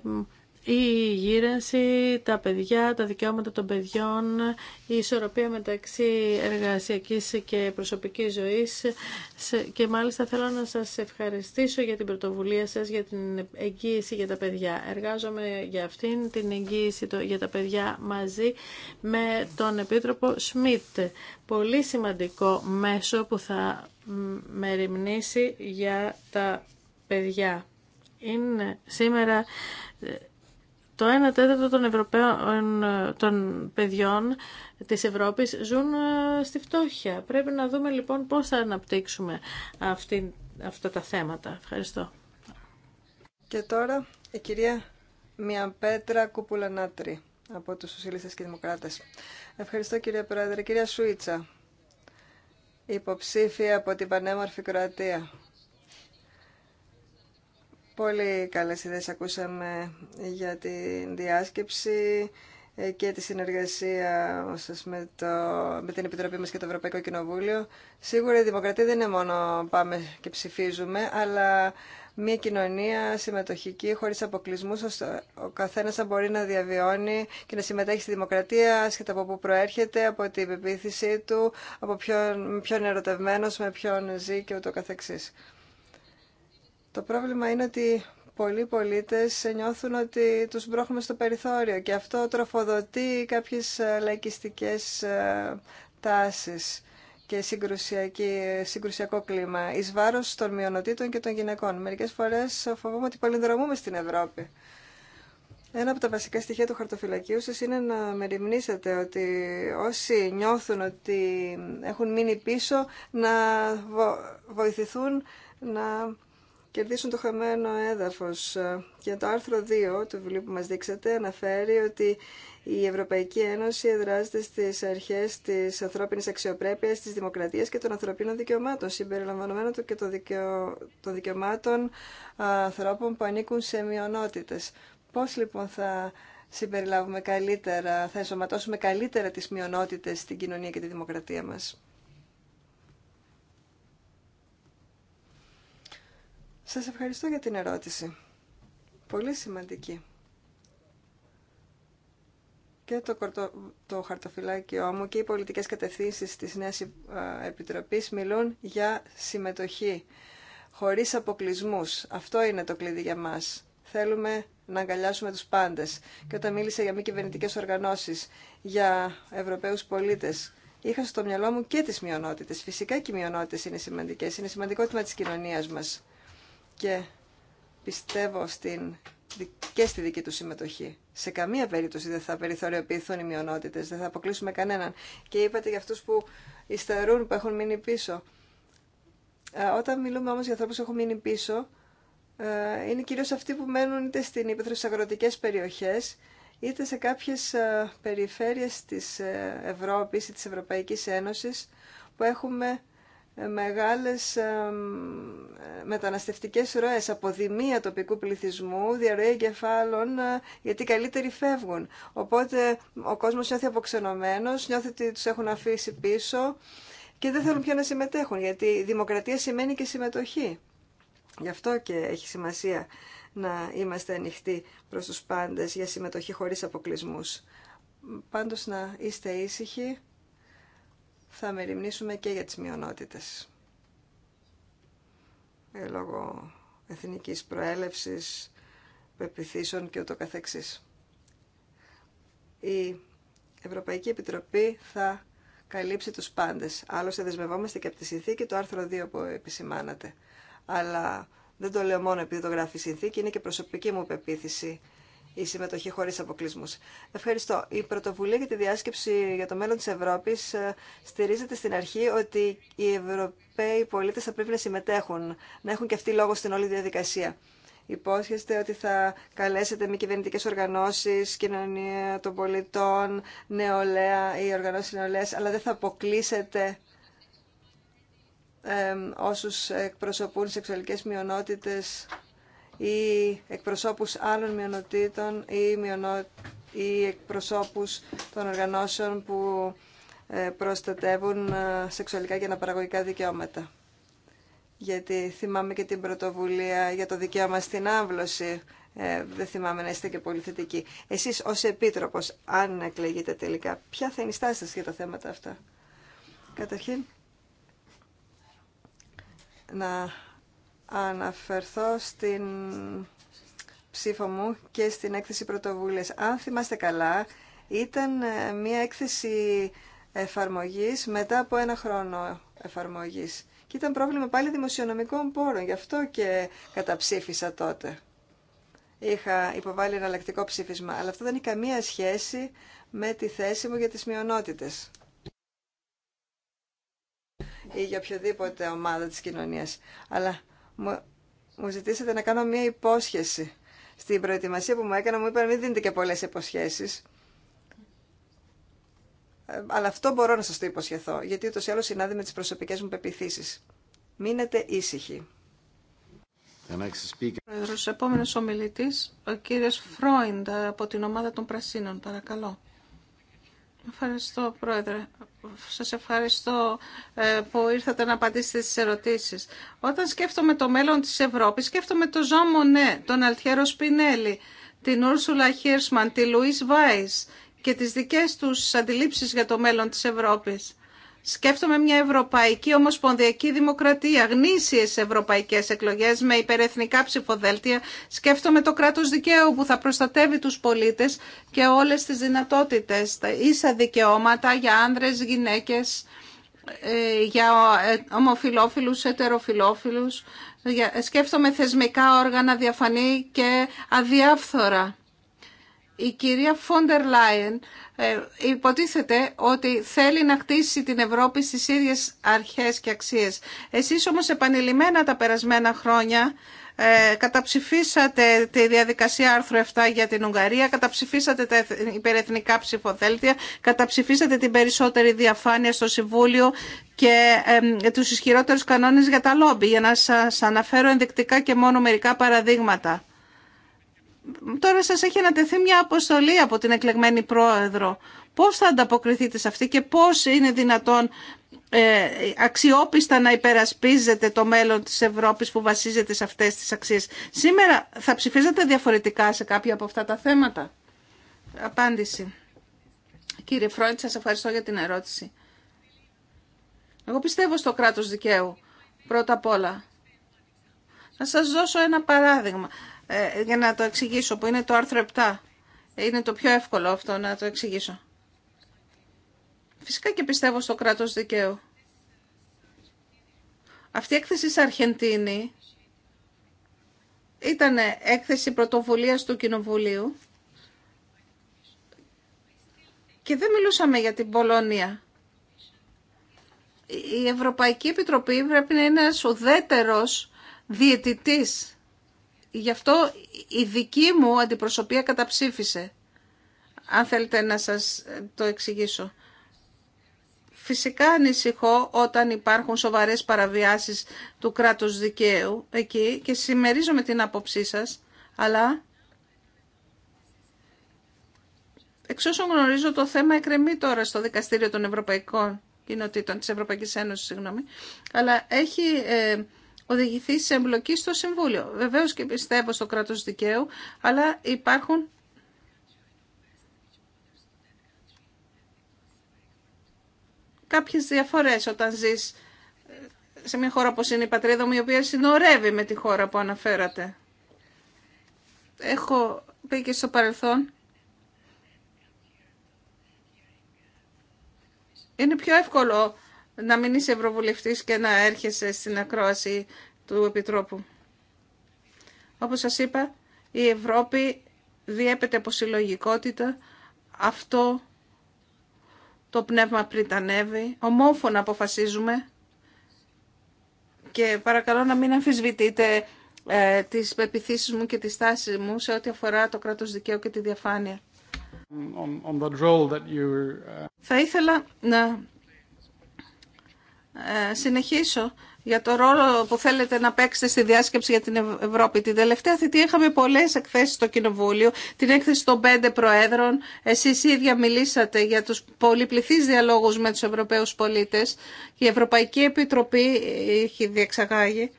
η γύρανση, τα παιδιά, τα δικαιώματα των παιδιών, η ισορροπία μεταξύ εργασιακής και προσωπικής ζωής και μάλιστα θέλω να σας ευχαριστήσω για την πρωτοβουλία σας για την εγγύηση για τα παιδιά. Εργάζομαι για αυτήν την εγγύηση για τα παιδιά μαζί με τον Επίτροπο Σμιτ. Πολύ σημαντικό μέσο που θα μεριμνήσει για τα παιδιά. Είναι σήμερα ε, το 1 τέταρτο των, Ευρωπαίων, των παιδιών της Ευρώπης ζουν ε, στη φτώχεια. Πρέπει να δούμε λοιπόν πώς θα αναπτύξουμε αυτά τα θέματα. Ευχαριστώ. Και τώρα η κυρία Μια Πέτρα Κουπουλανάτρη από τους Σοσιαλιστές και Δημοκράτες. Ευχαριστώ κυρία Πρόεδρε. Κυρία Σουίτσα, υποψήφια από την πανέμορφη Κροατία. Πολύ καλές ιδέες ακούσαμε για την διάσκεψη ε, και τη συνεργασία σας με, το, με την Επιτροπή μας και το Ευρωπαϊκό Κοινοβούλιο. Σίγουρα η δημοκρατία δεν είναι μόνο πάμε και ψηφίζουμε, αλλά μια κοινωνία συμμετοχική, χωρίς αποκλεισμούς, ώστε ο καθένας να μπορεί να διαβιώνει και να συμμετέχει στη δημοκρατία, άσχετα από πού προέρχεται, από την πεποίθησή του, από ποιον, ποιον ερωτευμένος, με ποιον ζει και ούτω καθεξής. Το πρόβλημα είναι ότι πολλοί πολίτες νιώθουν ότι τους μπρώχνουμε στο περιθώριο και αυτό τροφοδοτεί κάποιες ε, λαϊκιστικές ε, τάσεις και συγκρουσιακό κλίμα εις βάρος των μειονοτήτων και των γυναικών. Μερικές φορές φοβούμαι ότι πολυδρομούμε στην Ευρώπη. Ένα από τα βασικά στοιχεία του χαρτοφυλακίου σας είναι να μεριμνήσετε ότι όσοι νιώθουν ότι έχουν μείνει πίσω να βοηθηθούν να κερδίσουν το χαμένο έδαφος. Ε, και το άρθρο 2 του βιβλίου που μας δείξατε αναφέρει ότι η Ευρωπαϊκή Ένωση εδράζεται στις αρχές της ανθρώπινης αξιοπρέπειας, της δημοκρατίας και των ανθρωπίνων δικαιωμάτων, συμπεριλαμβανομένων και των, δικαιω... των δικαιωμάτων ανθρώπων που ανήκουν σε μειονότητες. Πώς λοιπόν θα συμπεριλάβουμε καλύτερα, θα ενσωματώσουμε καλύτερα τις μειονότητες στην κοινωνία και τη δημοκρατία μας. Σας ευχαριστώ για την ερώτηση. Πολύ σημαντική. Και το, κορτο, το χαρτοφυλάκιό μου και οι πολιτικές κατευθύνσεις της Νέας Επιτροπής μιλούν για συμμετοχή, χωρίς αποκλεισμούς. Αυτό είναι το κλειδί για μας. Θέλουμε να αγκαλιάσουμε τους πάντες. Και όταν μίλησα για μη κυβερνητικέ οργανώσεις, για Ευρωπαίους πολίτες, είχα στο μυαλό μου και τις μειονότητες. Φυσικά και οι μειονότητες είναι σημαντικές. Είναι σημαντικό της κοινωνίας μας και πιστεύω στην, και στη δική του συμμετοχή. Σε καμία περίπτωση δεν θα περιθωριοποιηθούν οι μειονότητε, δεν θα αποκλείσουμε κανέναν. Και είπατε για αυτού που υστερούν, που έχουν μείνει πίσω. Ε, όταν μιλούμε όμω για ανθρώπου που έχουν μείνει πίσω, ε, είναι κυρίω αυτοί που μένουν είτε στην ύπεθρο στι αγροτικέ περιοχέ, είτε σε κάποιε ε, περιφέρειες τη Ευρώπη ή τη Ευρωπαϊκή Ένωση, που έχουμε ε, μεγάλες ε, μεταναστευτικές ροές, δημία τοπικού πληθυσμού, διαρροή εγκεφάλων, ε, γιατί οι καλύτεροι φεύγουν. Οπότε ο κόσμος νιώθει αποξενωμένος, νιώθει ότι τους έχουν αφήσει πίσω και δεν θέλουν πια να συμμετέχουν, γιατί η δημοκρατία σημαίνει και συμμετοχή. Γι' αυτό και έχει σημασία να είμαστε ανοιχτοί προς τους πάντες για συμμετοχή χωρίς αποκλεισμούς. Πάντως να είστε ήσυχοι θα μεριμνήσουμε και για τις μειονότητες. Ε, λόγω εθνικής προέλευσης, πεπιθήσεων και ούτω Η Ευρωπαϊκή Επιτροπή θα καλύψει τους πάντες. Άλλωστε δεσμευόμαστε και από τη συνθήκη το άρθρο 2 που επισημάνατε. Αλλά δεν το λέω μόνο επειδή το γράφει η συνθήκη, είναι και προσωπική μου πεποίθηση η συμμετοχή χωρί αποκλεισμού. Ευχαριστώ. Η πρωτοβουλία για τη διάσκεψη για το μέλλον τη Ευρώπη ε, στηρίζεται στην αρχή ότι οι Ευρωπαίοι πολίτε θα πρέπει να συμμετέχουν, να έχουν και αυτοί λόγο στην όλη διαδικασία. Υπόσχεστε ότι θα καλέσετε μη κυβερνητικέ οργανώσει, κοινωνία των πολιτών, νεολαία ή οργανώσει νεολαία, αλλά δεν θα αποκλείσετε ε, όσους εκπροσωπούν σεξουαλικές μειονότητες ή εκπροσώπους άλλων μειονοτήτων ή, μειονο... ή εκπροσώπους των οργανώσεων που ε, προστατεύουν ε, σεξουαλικά και αναπαραγωγικά δικαιώματα. Γιατί θυμάμαι και την πρωτοβουλία για το δικαίωμα στην άμβλωση. Ε, δεν θυμάμαι να είστε και πολύ θετικοί. Εσείς ως Επίτροπος, αν εκλεγείτε τελικά, ποια θα είναι η στάση σας για τα θέματα αυτά. Καταρχήν, να αναφερθώ στην ψήφο μου και στην έκθεση πρωτοβούλες. Αν θυμάστε καλά, ήταν ε, μια έκθεση εφαρμογής μετά από ένα χρόνο εφαρμογής. Και ήταν πρόβλημα πάλι δημοσιονομικών πόρων, γι' αυτό και καταψήφισα τότε. Είχα υποβάλει εναλλακτικό ψήφισμα, αλλά αυτό δεν είχε καμία σχέση με τη θέση μου για τις μειονότητες ή για οποιοδήποτε ομάδα της κοινωνίας. Αλλά μου ζητήσατε να κάνω μία υπόσχεση. Στην προετοιμασία που μου έκανα μου είπαν μην δίνετε και πολλές υποσχέσεις. Ε, αλλά αυτό μπορώ να σας το υποσχεθώ, γιατί ούτως ή άλλως συνάδει με τις προσωπικές μου πεπιθήσεις. Μείνετε ήσυχοι. ο επόμενος ομιλητής, ο κύριος Φρόιντα από την ομάδα των Πρασίνων, παρακαλώ. Ευχαριστώ, Πρόεδρε. Σας ευχαριστώ ε, που ήρθατε να απαντήσετε στις ερωτήσεις. Όταν σκέφτομαι το μέλλον της Ευρώπης, σκέφτομαι το Ζαν Μονέ, τον Αλτιέρο Σπινέλη, την Ούρσουλα Χίρσμαν, τη Λουίς Βάις και τις δικές τους αντιλήψεις για το μέλλον της Ευρώπης. Σκέφτομαι μια Ευρωπαϊκή Ομοσπονδιακή Δημοκρατία, γνήσιες ευρωπαϊκές εκλογές με υπερεθνικά ψηφοδέλτια. Σκέφτομαι το κράτος δικαίου που θα προστατεύει τους πολίτες και όλες τις δυνατότητε τα ίσα δικαιώματα για άνδρες, γυναίκες, ε, για ε, ομοφιλόφιλους, ετεροφιλόφιλους. Σκέφτομαι θεσμικά όργανα διαφανή και αδιάφθορα η κυρία Φόντερ Λάιεν ε, υποτίθεται ότι θέλει να χτίσει την Ευρώπη στις ίδιες αρχές και αξίες. Εσείς όμως επανειλημμένα τα περασμένα χρόνια ε, καταψηφίσατε τη διαδικασία άρθρου 7 για την Ουγγαρία, καταψηφίσατε τα υπερεθνικά ψηφοδέλτια, καταψηφίσατε την περισσότερη διαφάνεια στο Συμβούλιο και ε, τους ισχυρότερους κανόνες για τα λόμπι, για να σας αναφέρω ενδεικτικά και μόνο μερικά παραδείγματα τώρα σας έχει ανατεθεί μια αποστολή από την εκλεγμένη πρόεδρο. Πώς θα ανταποκριθείτε σε αυτή και πώς είναι δυνατόν ε, αξιόπιστα να υπερασπίζετε το μέλλον της Ευρώπης που βασίζεται σε αυτές τις αξίες. Σήμερα θα ψηφίζετε διαφορετικά σε κάποια από αυτά τα θέματα. Απάντηση. Κύριε Φρόντ, σας ευχαριστώ για την ερώτηση. Εγώ πιστεύω στο κράτος δικαίου, πρώτα απ' όλα. Να σας δώσω ένα παράδειγμα. Ε, για να το εξηγήσω, που είναι το άρθρο 7. Είναι το πιο εύκολο αυτό να το εξηγήσω. Φυσικά και πιστεύω στο κράτος δικαίου. Αυτή η έκθεση σε Αρχεντίνη ήταν έκθεση πρωτοβουλίας του Κοινοβουλίου και δεν μιλούσαμε για την Πολωνία. Η Ευρωπαϊκή Επιτροπή πρέπει να είναι ένας ουδέτερος διαιτητής Γι' αυτό η δική μου αντιπροσωπεία καταψήφισε. Αν θέλετε να σας το εξηγήσω. Φυσικά ανησυχώ όταν υπάρχουν σοβαρές παραβιάσεις του κράτους δικαίου εκεί και συμμερίζομαι την άποψή σας, αλλά εξ όσων γνωρίζω το θέμα εκρεμεί τώρα στο Δικαστήριο των Ευρωπαϊκών Κοινοτήτων της Ευρωπαϊκής Ένωσης, συγγνώμη, αλλά έχει... Ε, οδηγηθεί σε εμπλοκή στο Συμβούλιο. Βεβαίως και πιστεύω στο κράτος δικαίου, αλλά υπάρχουν κάποιες διαφορές όταν ζεις σε μια χώρα όπως είναι η πατρίδα μου, η οποία συνορεύει με τη χώρα που αναφέρατε. Έχω πει και στο παρελθόν. Είναι πιο εύκολο να μην είσαι ευρωβουλευτής και να έρχεσαι στην ακρόαση του Επιτρόπου. Όπως σας είπα, η Ευρώπη διέπεται από συλλογικότητα. Αυτό το πνεύμα πριτανεύει. Ομόφωνα αποφασίζουμε και παρακαλώ να μην αμφισβητείτε ε, τις πεπιθήσεις μου και τις στάσεις μου σε ό,τι αφορά το κράτος δικαίου και τη διαφάνεια. Ε, Θα ήθελα να ε, συνεχίσω για το ρόλο που θέλετε να παίξετε στη διάσκεψη για την Ευρώπη. Την τελευταία θητή είχαμε πολλές εκθέσει στο Κοινοβούλιο, την έκθεση των πέντε προέδρων. Εσείς ίδια μιλήσατε για τους πολυπληθείς διαλόγους με τους Ευρωπαίους πολίτες. Η Ευρωπαϊκή Επιτροπή έχει διεξαγάγει.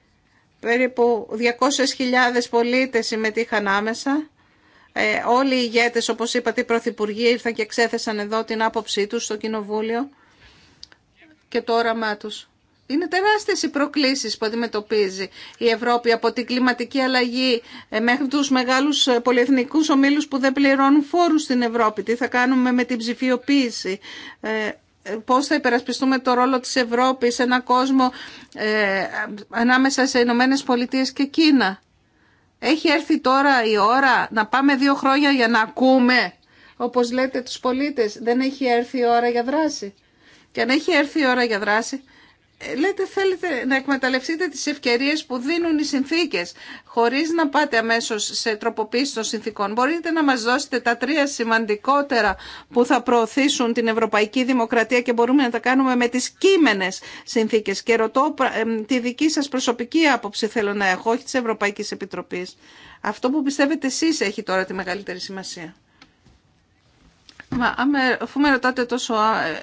Περίπου 200.000 πολίτε συμμετείχαν άμεσα. Ε, όλοι οι ηγέτες, όπως είπατε, οι πρωθυπουργοί ήρθαν και εξέθεσαν εδώ την άποψή του στο Κοινοβούλιο και το όραμά Είναι τεράστιες οι προκλήσεις που αντιμετωπίζει η Ευρώπη από την κλιματική αλλαγή ε, μέχρι τους μεγάλους ε, πολυεθνικούς ομίλους που δεν πληρώνουν φόρους στην Ευρώπη. Τι θα κάνουμε με την ψηφιοποίηση, ε, πώς θα υπερασπιστούμε το ρόλο της Ευρώπης σε έναν κόσμο ανάμεσα σε Ηνωμένε Πολιτείες και Κίνα. Έχει έρθει τώρα η ώρα να πάμε δύο χρόνια για να ακούμε, όπως λέτε τους πολίτες. Δεν έχει έρθει η ώρα για δράση και αν έχει έρθει η ώρα για δράση, ε, λέτε θέλετε να εκμεταλλευτείτε τις ευκαιρίες που δίνουν οι συνθήκες χωρίς να πάτε αμέσως σε τροποποίηση των συνθήκων. Μπορείτε να μας δώσετε τα τρία σημαντικότερα που θα προωθήσουν την ευρωπαϊκή δημοκρατία και μπορούμε να τα κάνουμε με τις κείμενες συνθήκες. Και ρωτώ τη δική σας προσωπική άποψη θέλω να έχω, όχι της Ευρωπαϊκής Επιτροπής. Αυτό που πιστεύετε εσείς έχει τώρα τη μεγαλύτερη σημασία. Μα, αφού με ρωτάτε τόσο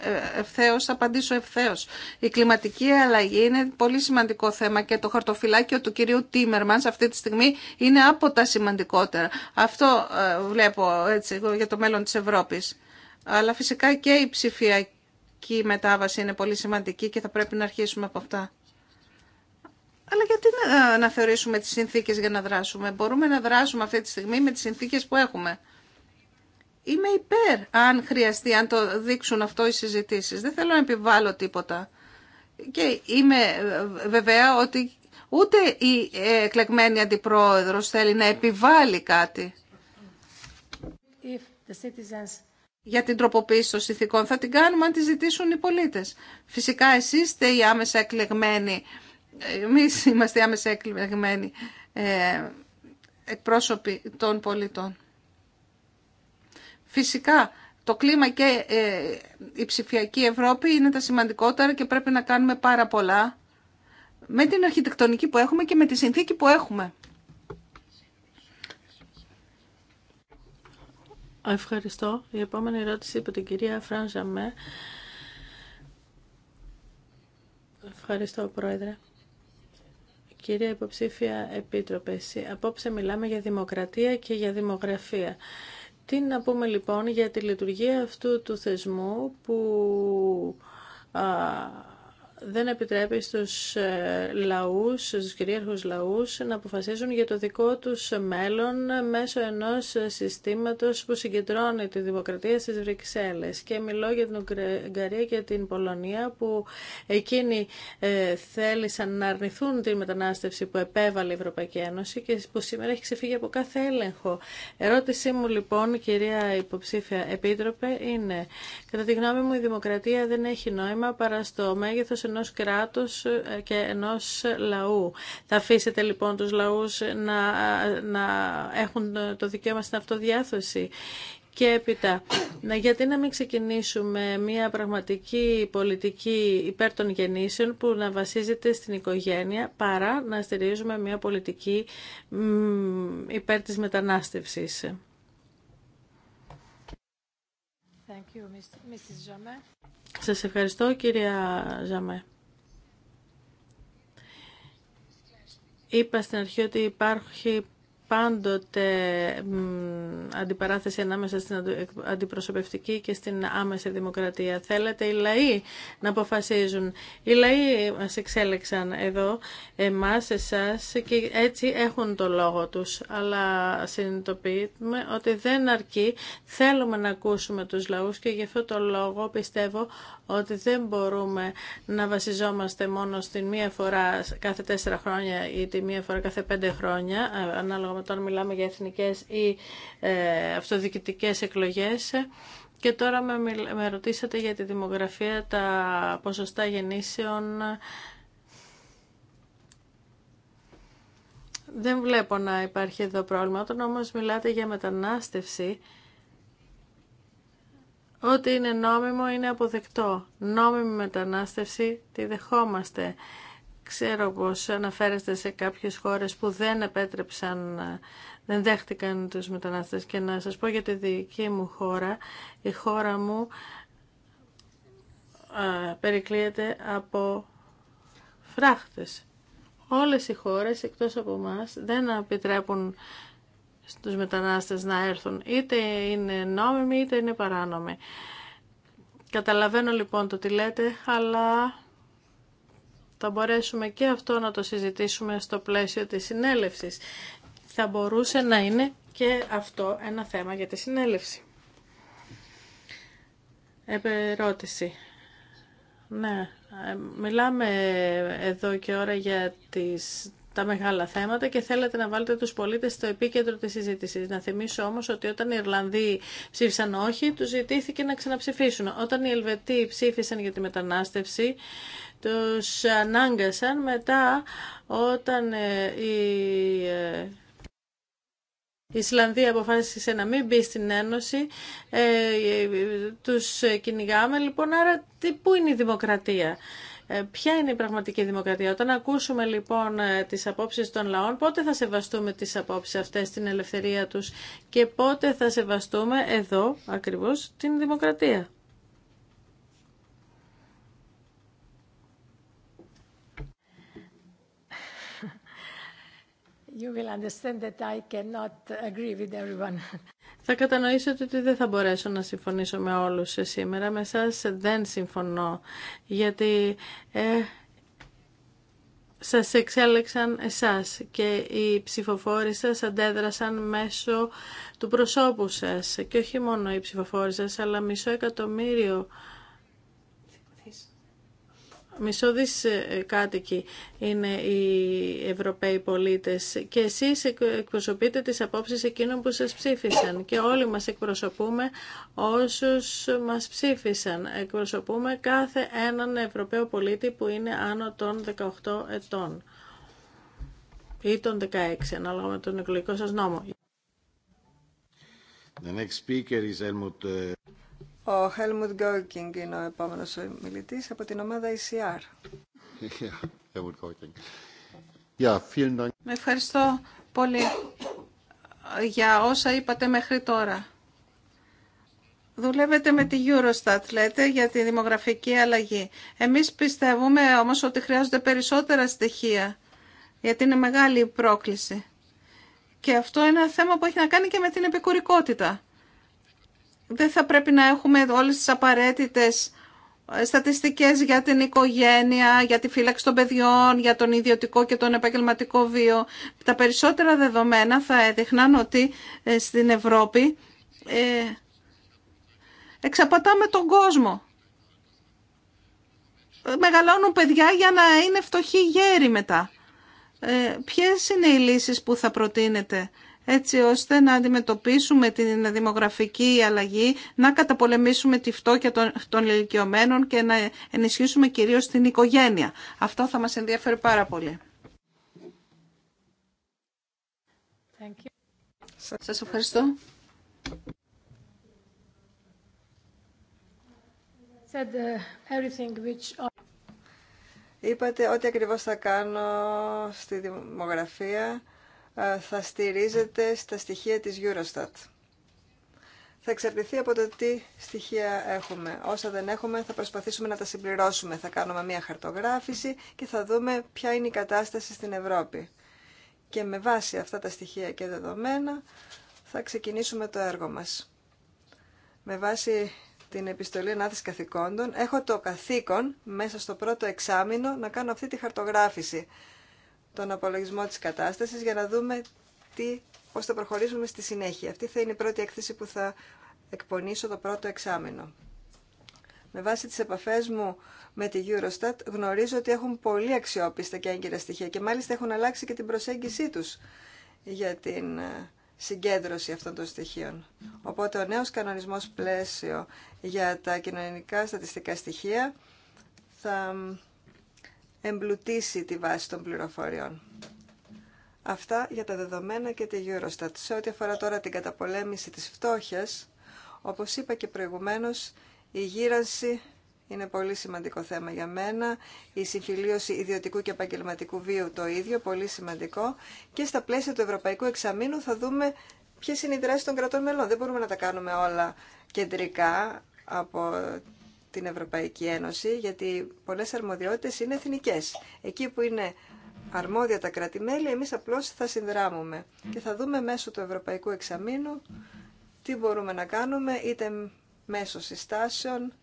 ε, ε, ευθέω, θα απαντήσω ευθέω. Η κλιματική αλλαγή είναι πολύ σημαντικό θέμα και το χαρτοφυλάκιο του κυρίου Τίμερμαν αυτή τη στιγμή είναι από τα σημαντικότερα. Αυτό ε, βλέπω έτσι, για το μέλλον της Ευρώπης. Αλλά φυσικά και η ψηφιακή μετάβαση είναι πολύ σημαντική και θα πρέπει να αρχίσουμε από αυτά. Αλλά γιατί να θεωρήσουμε τις συνθήκες για να δράσουμε. Μπορούμε να δράσουμε αυτή τη στιγμή με τις συνθήκες που έχουμε. Είμαι υπέρ αν χρειαστεί, αν το δείξουν αυτό οι συζητήσει. Δεν θέλω να επιβάλλω τίποτα. Και είμαι βεβαία ότι ούτε η ε, εκλεγμένη αντιπρόεδρος θέλει να επιβάλλει κάτι. Για την τροποποίηση των συνθηκών θα την κάνουμε αν τη ζητήσουν οι πολίτες. Φυσικά εσείς είστε οι άμεσα εκλεγμένοι. Εμεί είμαστε οι άμεσα εκλεγμένοι ε, εκπρόσωποι των πολιτών. Φυσικά, το κλίμα και ε, η ψηφιακή Ευρώπη είναι τα σημαντικότερα και πρέπει να κάνουμε πάρα πολλά με την αρχιτεκτονική που έχουμε και με τη συνθήκη που έχουμε. Ευχαριστώ. Η επόμενη ερώτηση από την κυρία Φράνζα Με. Ευχαριστώ, Πρόεδρε. Κυρία Υποψήφια Επίτροπε, απόψε μιλάμε για δημοκρατία και για δημογραφία. Τι να πούμε λοιπόν για τη λειτουργία αυτού του θεσμού που δεν επιτρέπει στους ε, λαούς, στους κυρίαρχους λαούς να αποφασίζουν για το δικό τους μέλλον μέσω ενός συστήματος που συγκεντρώνει τη δημοκρατία στις Βρυξέλλες. Και μιλώ για την Ουγγαρία και την Πολωνία που εκείνοι ε, θέλησαν να αρνηθούν την μετανάστευση που επέβαλε η Ευρωπαϊκή Ένωση και που σήμερα έχει ξεφύγει από κάθε έλεγχο. Ερώτησή μου λοιπόν, κυρία υποψήφια Επίτροπε, είναι κατά τη γνώμη μου η δημοκρατία δεν έχει νόημα παρά στο μέγεθος ενός κράτους ε, και ενός λαού. Θα αφήσετε λοιπόν τους λαούς να, να έχουν το δικαίωμα στην αυτοδιάθεση. Και έπειτα, γιατί να μην ξεκινήσουμε μια πραγματική πολιτική υπέρ των γεννήσεων που να βασίζεται στην οικογένεια παρά να στηρίζουμε μια πολιτική υπέρ της μετανάστευσης. Σα Σας ευχαριστώ κυρία Ζαμέ. Είπα στην αρχή ότι υπάρχει πάντοτε αντιπαράθεση ανάμεσα στην αντιπροσωπευτική και στην άμεση δημοκρατία. Θέλετε οι λαοί να αποφασίζουν. Οι λαοί μας εξέλεξαν εδώ, εμάς, εσάς και έτσι έχουν το λόγο τους. Αλλά συνειδητοποιούμε ότι δεν αρκεί. Θέλουμε να ακούσουμε τους λαούς και γι' αυτό το λόγο πιστεύω ότι δεν μπορούμε να βασιζόμαστε μόνο στην μία φορά κάθε τέσσερα χρόνια ή τη μία φορά κάθε πέντε χρόνια, ανάλογα με όταν μιλάμε για εθνικές ή ε, αυτοδιοικητικές εκλογές. Και τώρα με, με ρωτήσατε για τη δημογραφία, τα ποσοστά γεννήσεων. Δεν βλέπω να υπάρχει εδώ πρόβλημα. Όταν όμως μιλάτε για μετανάστευση, ό,τι είναι νόμιμο είναι αποδεκτό. Νόμιμη μετανάστευση τη δεχόμαστε. Ξέρω πως αναφέρεστε σε κάποιες χώρες που δεν επέτρεψαν, δεν δέχτηκαν τους μετανάστες και να σας πω για τη δική μου χώρα. Η χώρα μου ε, περικλείεται από φράχτες. Όλες οι χώρες εκτός από μας δεν επιτρέπουν στους μετανάστες να έρθουν. Είτε είναι νόμιμοι είτε είναι παράνομοι. Καταλαβαίνω λοιπόν το τι λέτε, αλλά θα μπορέσουμε και αυτό να το συζητήσουμε στο πλαίσιο της συνέλευσης. Θα μπορούσε να είναι και αυτό ένα θέμα για τη συνέλευση. Επερώτηση. Ναι, ε, μιλάμε εδώ και ώρα για τις, τα μεγάλα θέματα και θέλετε να βάλετε τους πολίτες στο επίκεντρο της συζήτησης. Να θυμίσω όμως ότι όταν οι Ιρλανδοί ψήφισαν όχι, τους ζητήθηκε να ξαναψηφίσουν. Όταν οι Ελβετοί ψήφισαν για τη μετανάστευση, τους ανάγκασαν μετά όταν ε, ε, η Ισλανδία αποφάσισε να μην μπει στην Ένωση, ε, ε, τους κυνηγάμε. Λοιπόν, άρα τι, πού είναι η δημοκρατία. Ε, ποια είναι η πραγματική δημοκρατία. Όταν ακούσουμε λοιπόν ε, τις απόψεις των λαών, πότε θα σεβαστούμε τις απόψεις αυτές, την ελευθερία τους και πότε θα σεβαστούμε εδώ ακριβώς την δημοκρατία. Θα κατανοήσετε ότι δεν θα μπορέσω να συμφωνήσω με όλους σήμερα. Με σας δεν συμφωνώ, γιατί ε, σας εξέλεξαν εσάς και οι ψηφοφόροι σας αντέδρασαν μέσω του προσώπου σας και όχι μόνο οι ψηφοφόροι σας, αλλά μισό εκατομμύριο Μισό ε, ε, κάτοικοι είναι οι Ευρωπαίοι πολίτες και εσείς εκπροσωπείτε τις απόψεις εκείνων που σας ψήφισαν και όλοι μας εκπροσωπούμε όσους μας ψήφισαν. Εκπροσωπούμε κάθε έναν Ευρωπαίο πολίτη που είναι άνω των 18 ετών ή των 16, ανάλογα με τον εκλογικό σας νόμο. Ε, ο Χέλμουντ Γκόκινγκ είναι ο επόμενο μιλητή από την ομάδα ECR. με ευχαριστώ πολύ για όσα είπατε μέχρι τώρα. Δουλεύετε με τη Eurostat, λέτε, για τη δημογραφική αλλαγή. Εμείς πιστεύουμε όμως ότι χρειάζονται περισσότερα στοιχεία, γιατί είναι μεγάλη η πρόκληση. Και αυτό είναι ένα θέμα που έχει να κάνει και με την επικουρικότητα δεν θα πρέπει να έχουμε όλες τις απαραίτητες ε, στατιστικές για την οικογένεια, για τη φύλαξη των παιδιών, για τον ιδιωτικό και τον επαγγελματικό βίο. Τα περισσότερα δεδομένα θα έδειχναν ότι ε, στην Ευρώπη ε, εξαπατάμε τον κόσμο. Μεγαλώνουν παιδιά για να είναι φτωχοί γέροι μετά. Ποιες είναι οι λύσεις που θα προτείνετε έτσι ώστε να αντιμετωπίσουμε την δημογραφική αλλαγή, να καταπολεμήσουμε τη φτώχεια των ηλικιωμένων και να ενισχύσουμε κυρίως την οικογένεια. Αυτό θα μας ενδιαφέρει πάρα πολύ. Thank ευχαριστώ. Uh, Είπατε ό,τι ακριβώς θα κάνω στη δημογραφία ε, θα στηρίζεται στα στοιχεία της Eurostat. Θα εξαρτηθεί από το τι στοιχεία έχουμε. Όσα δεν έχουμε θα προσπαθήσουμε να τα συμπληρώσουμε. Θα κάνουμε μια χαρτογράφηση και θα δούμε ποια είναι η κατάσταση στην Ευρώπη. Και με βάση αυτά τα στοιχεία και δεδομένα θα ξεκινήσουμε το έργο μας. Με βάση την επιστολή ανάθεση καθηκόντων, έχω το καθήκον μέσα στο πρώτο εξάμεινο να κάνω αυτή τη χαρτογράφηση τον απολογισμό της κατάστασης για να δούμε τι, πώς θα προχωρήσουμε στη συνέχεια. Αυτή θα είναι η πρώτη έκθεση που θα εκπονήσω το πρώτο εξάμεινο. Με βάση τις επαφές μου με τη Eurostat γνωρίζω ότι έχουν πολύ αξιόπιστα και έγκυρα στοιχεία και μάλιστα έχουν αλλάξει και την προσέγγισή τους για την ε, συγκέντρωση αυτών των στοιχείων. Οπότε ο νέος κανονισμός πλαίσιο για τα κοινωνικά στατιστικά στοιχεία θα εμπλουτίσει τη βάση των πληροφοριών. Αυτά για τα δεδομένα και τη Eurostat. Σε ό,τι αφορά τώρα την καταπολέμηση της φτώχειας, όπως είπα και προηγουμένως, η γύρανση είναι πολύ σημαντικό θέμα για μένα. Η συμφιλίωση ιδιωτικού και επαγγελματικού βίου το ίδιο, πολύ σημαντικό. Και στα πλαίσια του Ευρωπαϊκού Εξαμήνου θα δούμε ποιε είναι οι δράσει των κρατών μελών. Δεν μπορούμε να τα κάνουμε όλα κεντρικά από την Ευρωπαϊκή Ένωση, γιατί πολλέ αρμοδιότητες είναι εθνικέ. Εκεί που είναι αρμόδια τα κράτη-μέλη, εμείς απλώς θα συνδράμουμε και θα δούμε μέσω του Ευρωπαϊκού Εξαμήνου τι μπορούμε να κάνουμε, είτε μέσω συστάσεων,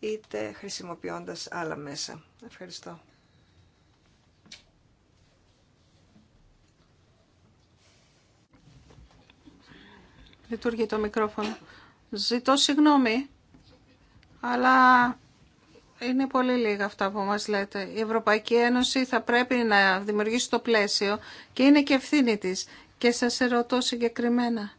είτε χρησιμοποιώντας άλλα μέσα. Ευχαριστώ. Λειτουργεί το μικρόφωνο. Ζητώ συγγνώμη αλλά είναι πολύ λίγα αυτά που μας λέτε. Η Ευρωπαϊκή Ένωση θα πρέπει να δημιουργήσει το πλαίσιο και είναι και ευθύνη της. Και σας ερωτώ συγκεκριμένα.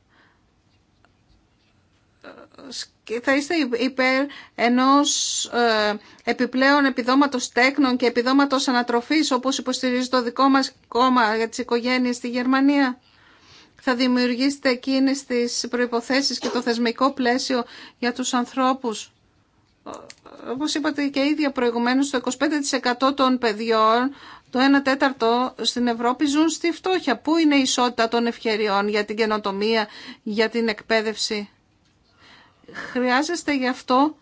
Ε, θα είστε υπέρ ενός ε, επιπλέον επιδόματος τέκνων και επιδόματος ανατροφής όπως υποστηρίζει το δικό μας κόμμα για τις οικογένειες στη Γερμανία. Θα δημιουργήσετε εκείνες τις προϋποθέσεις και το θεσμικό πλαίσιο για τους ανθρώπους όπως είπατε και ίδια προηγουμένως, το 25% των παιδιών, το 1 τέταρτο στην Ευρώπη ζουν στη φτώχεια. Πού είναι η ισότητα των ευκαιριών για την καινοτομία, για την εκπαίδευση. Χρειάζεστε γι' αυτό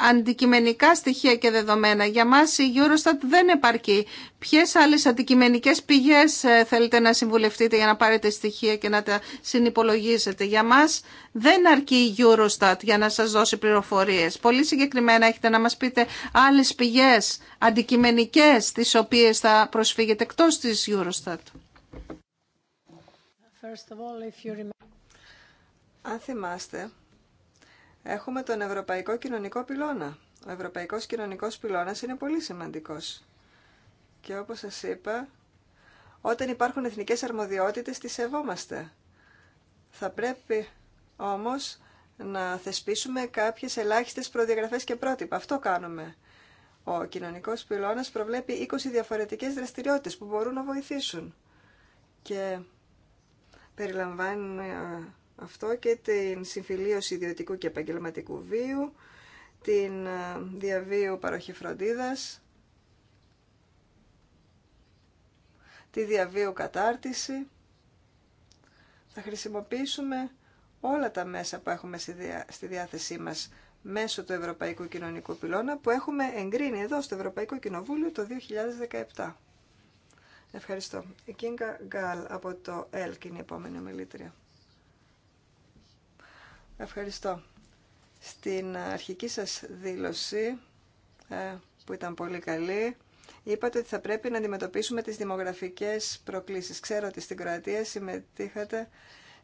αντικειμενικά στοιχεία και δεδομένα. Για μας η Eurostat δεν επαρκεί. Ποιες άλλες αντικειμενικές πηγές ε, θέλετε να συμβουλευτείτε για να πάρετε στοιχεία και να τα συνυπολογίσετε. Για μας δεν αρκεί η Eurostat για να σας δώσει πληροφορίες. Πολύ συγκεκριμένα έχετε να μας πείτε άλλες πηγές αντικειμενικές τις οποίες θα προσφύγετε εκτός τη Eurostat. Αν θυμάστε, Έχουμε τον Ευρωπαϊκό Κοινωνικό Πυλώνα. Ο Ευρωπαϊκός Κοινωνικός Πυλώνας είναι πολύ σημαντικός. Και όπως σας είπα, όταν υπάρχουν εθνικές αρμοδιότητες, τις σεβόμαστε. Θα πρέπει όμως να θεσπίσουμε κάποιες ελάχιστες προδιαγραφές και πρότυπα. Αυτό κάνουμε. Ο κοινωνικός πυλώνας προβλέπει 20 διαφορετικές δραστηριότητες που μπορούν να βοηθήσουν. Και περιλαμβάνει ε, αυτό και την συμφιλίωση ιδιωτικού και επαγγελματικού βίου, την ε, διαβίου παροχή φροντίδας, τη διαβίου κατάρτιση. Θα χρησιμοποιήσουμε όλα τα μέσα που έχουμε στη διάθεσή μας μέσω του Ευρωπαϊκού Κοινωνικού Πυλώνα που έχουμε εγκρίνει εδώ στο Ευρωπαϊκό Κοινοβούλιο το 2017. Ευχαριστώ. Η Κίνκα Γκάλ από το ΕΛΚ είναι η επόμενη ομιλήτρια. Ευχαριστώ. Στην αρχική σας δήλωση, ε, που ήταν πολύ καλή, είπατε ότι θα πρέπει να αντιμετωπίσουμε τις δημογραφικές προκλήσεις. Ξέρω ότι στην Κροατία συμμετείχατε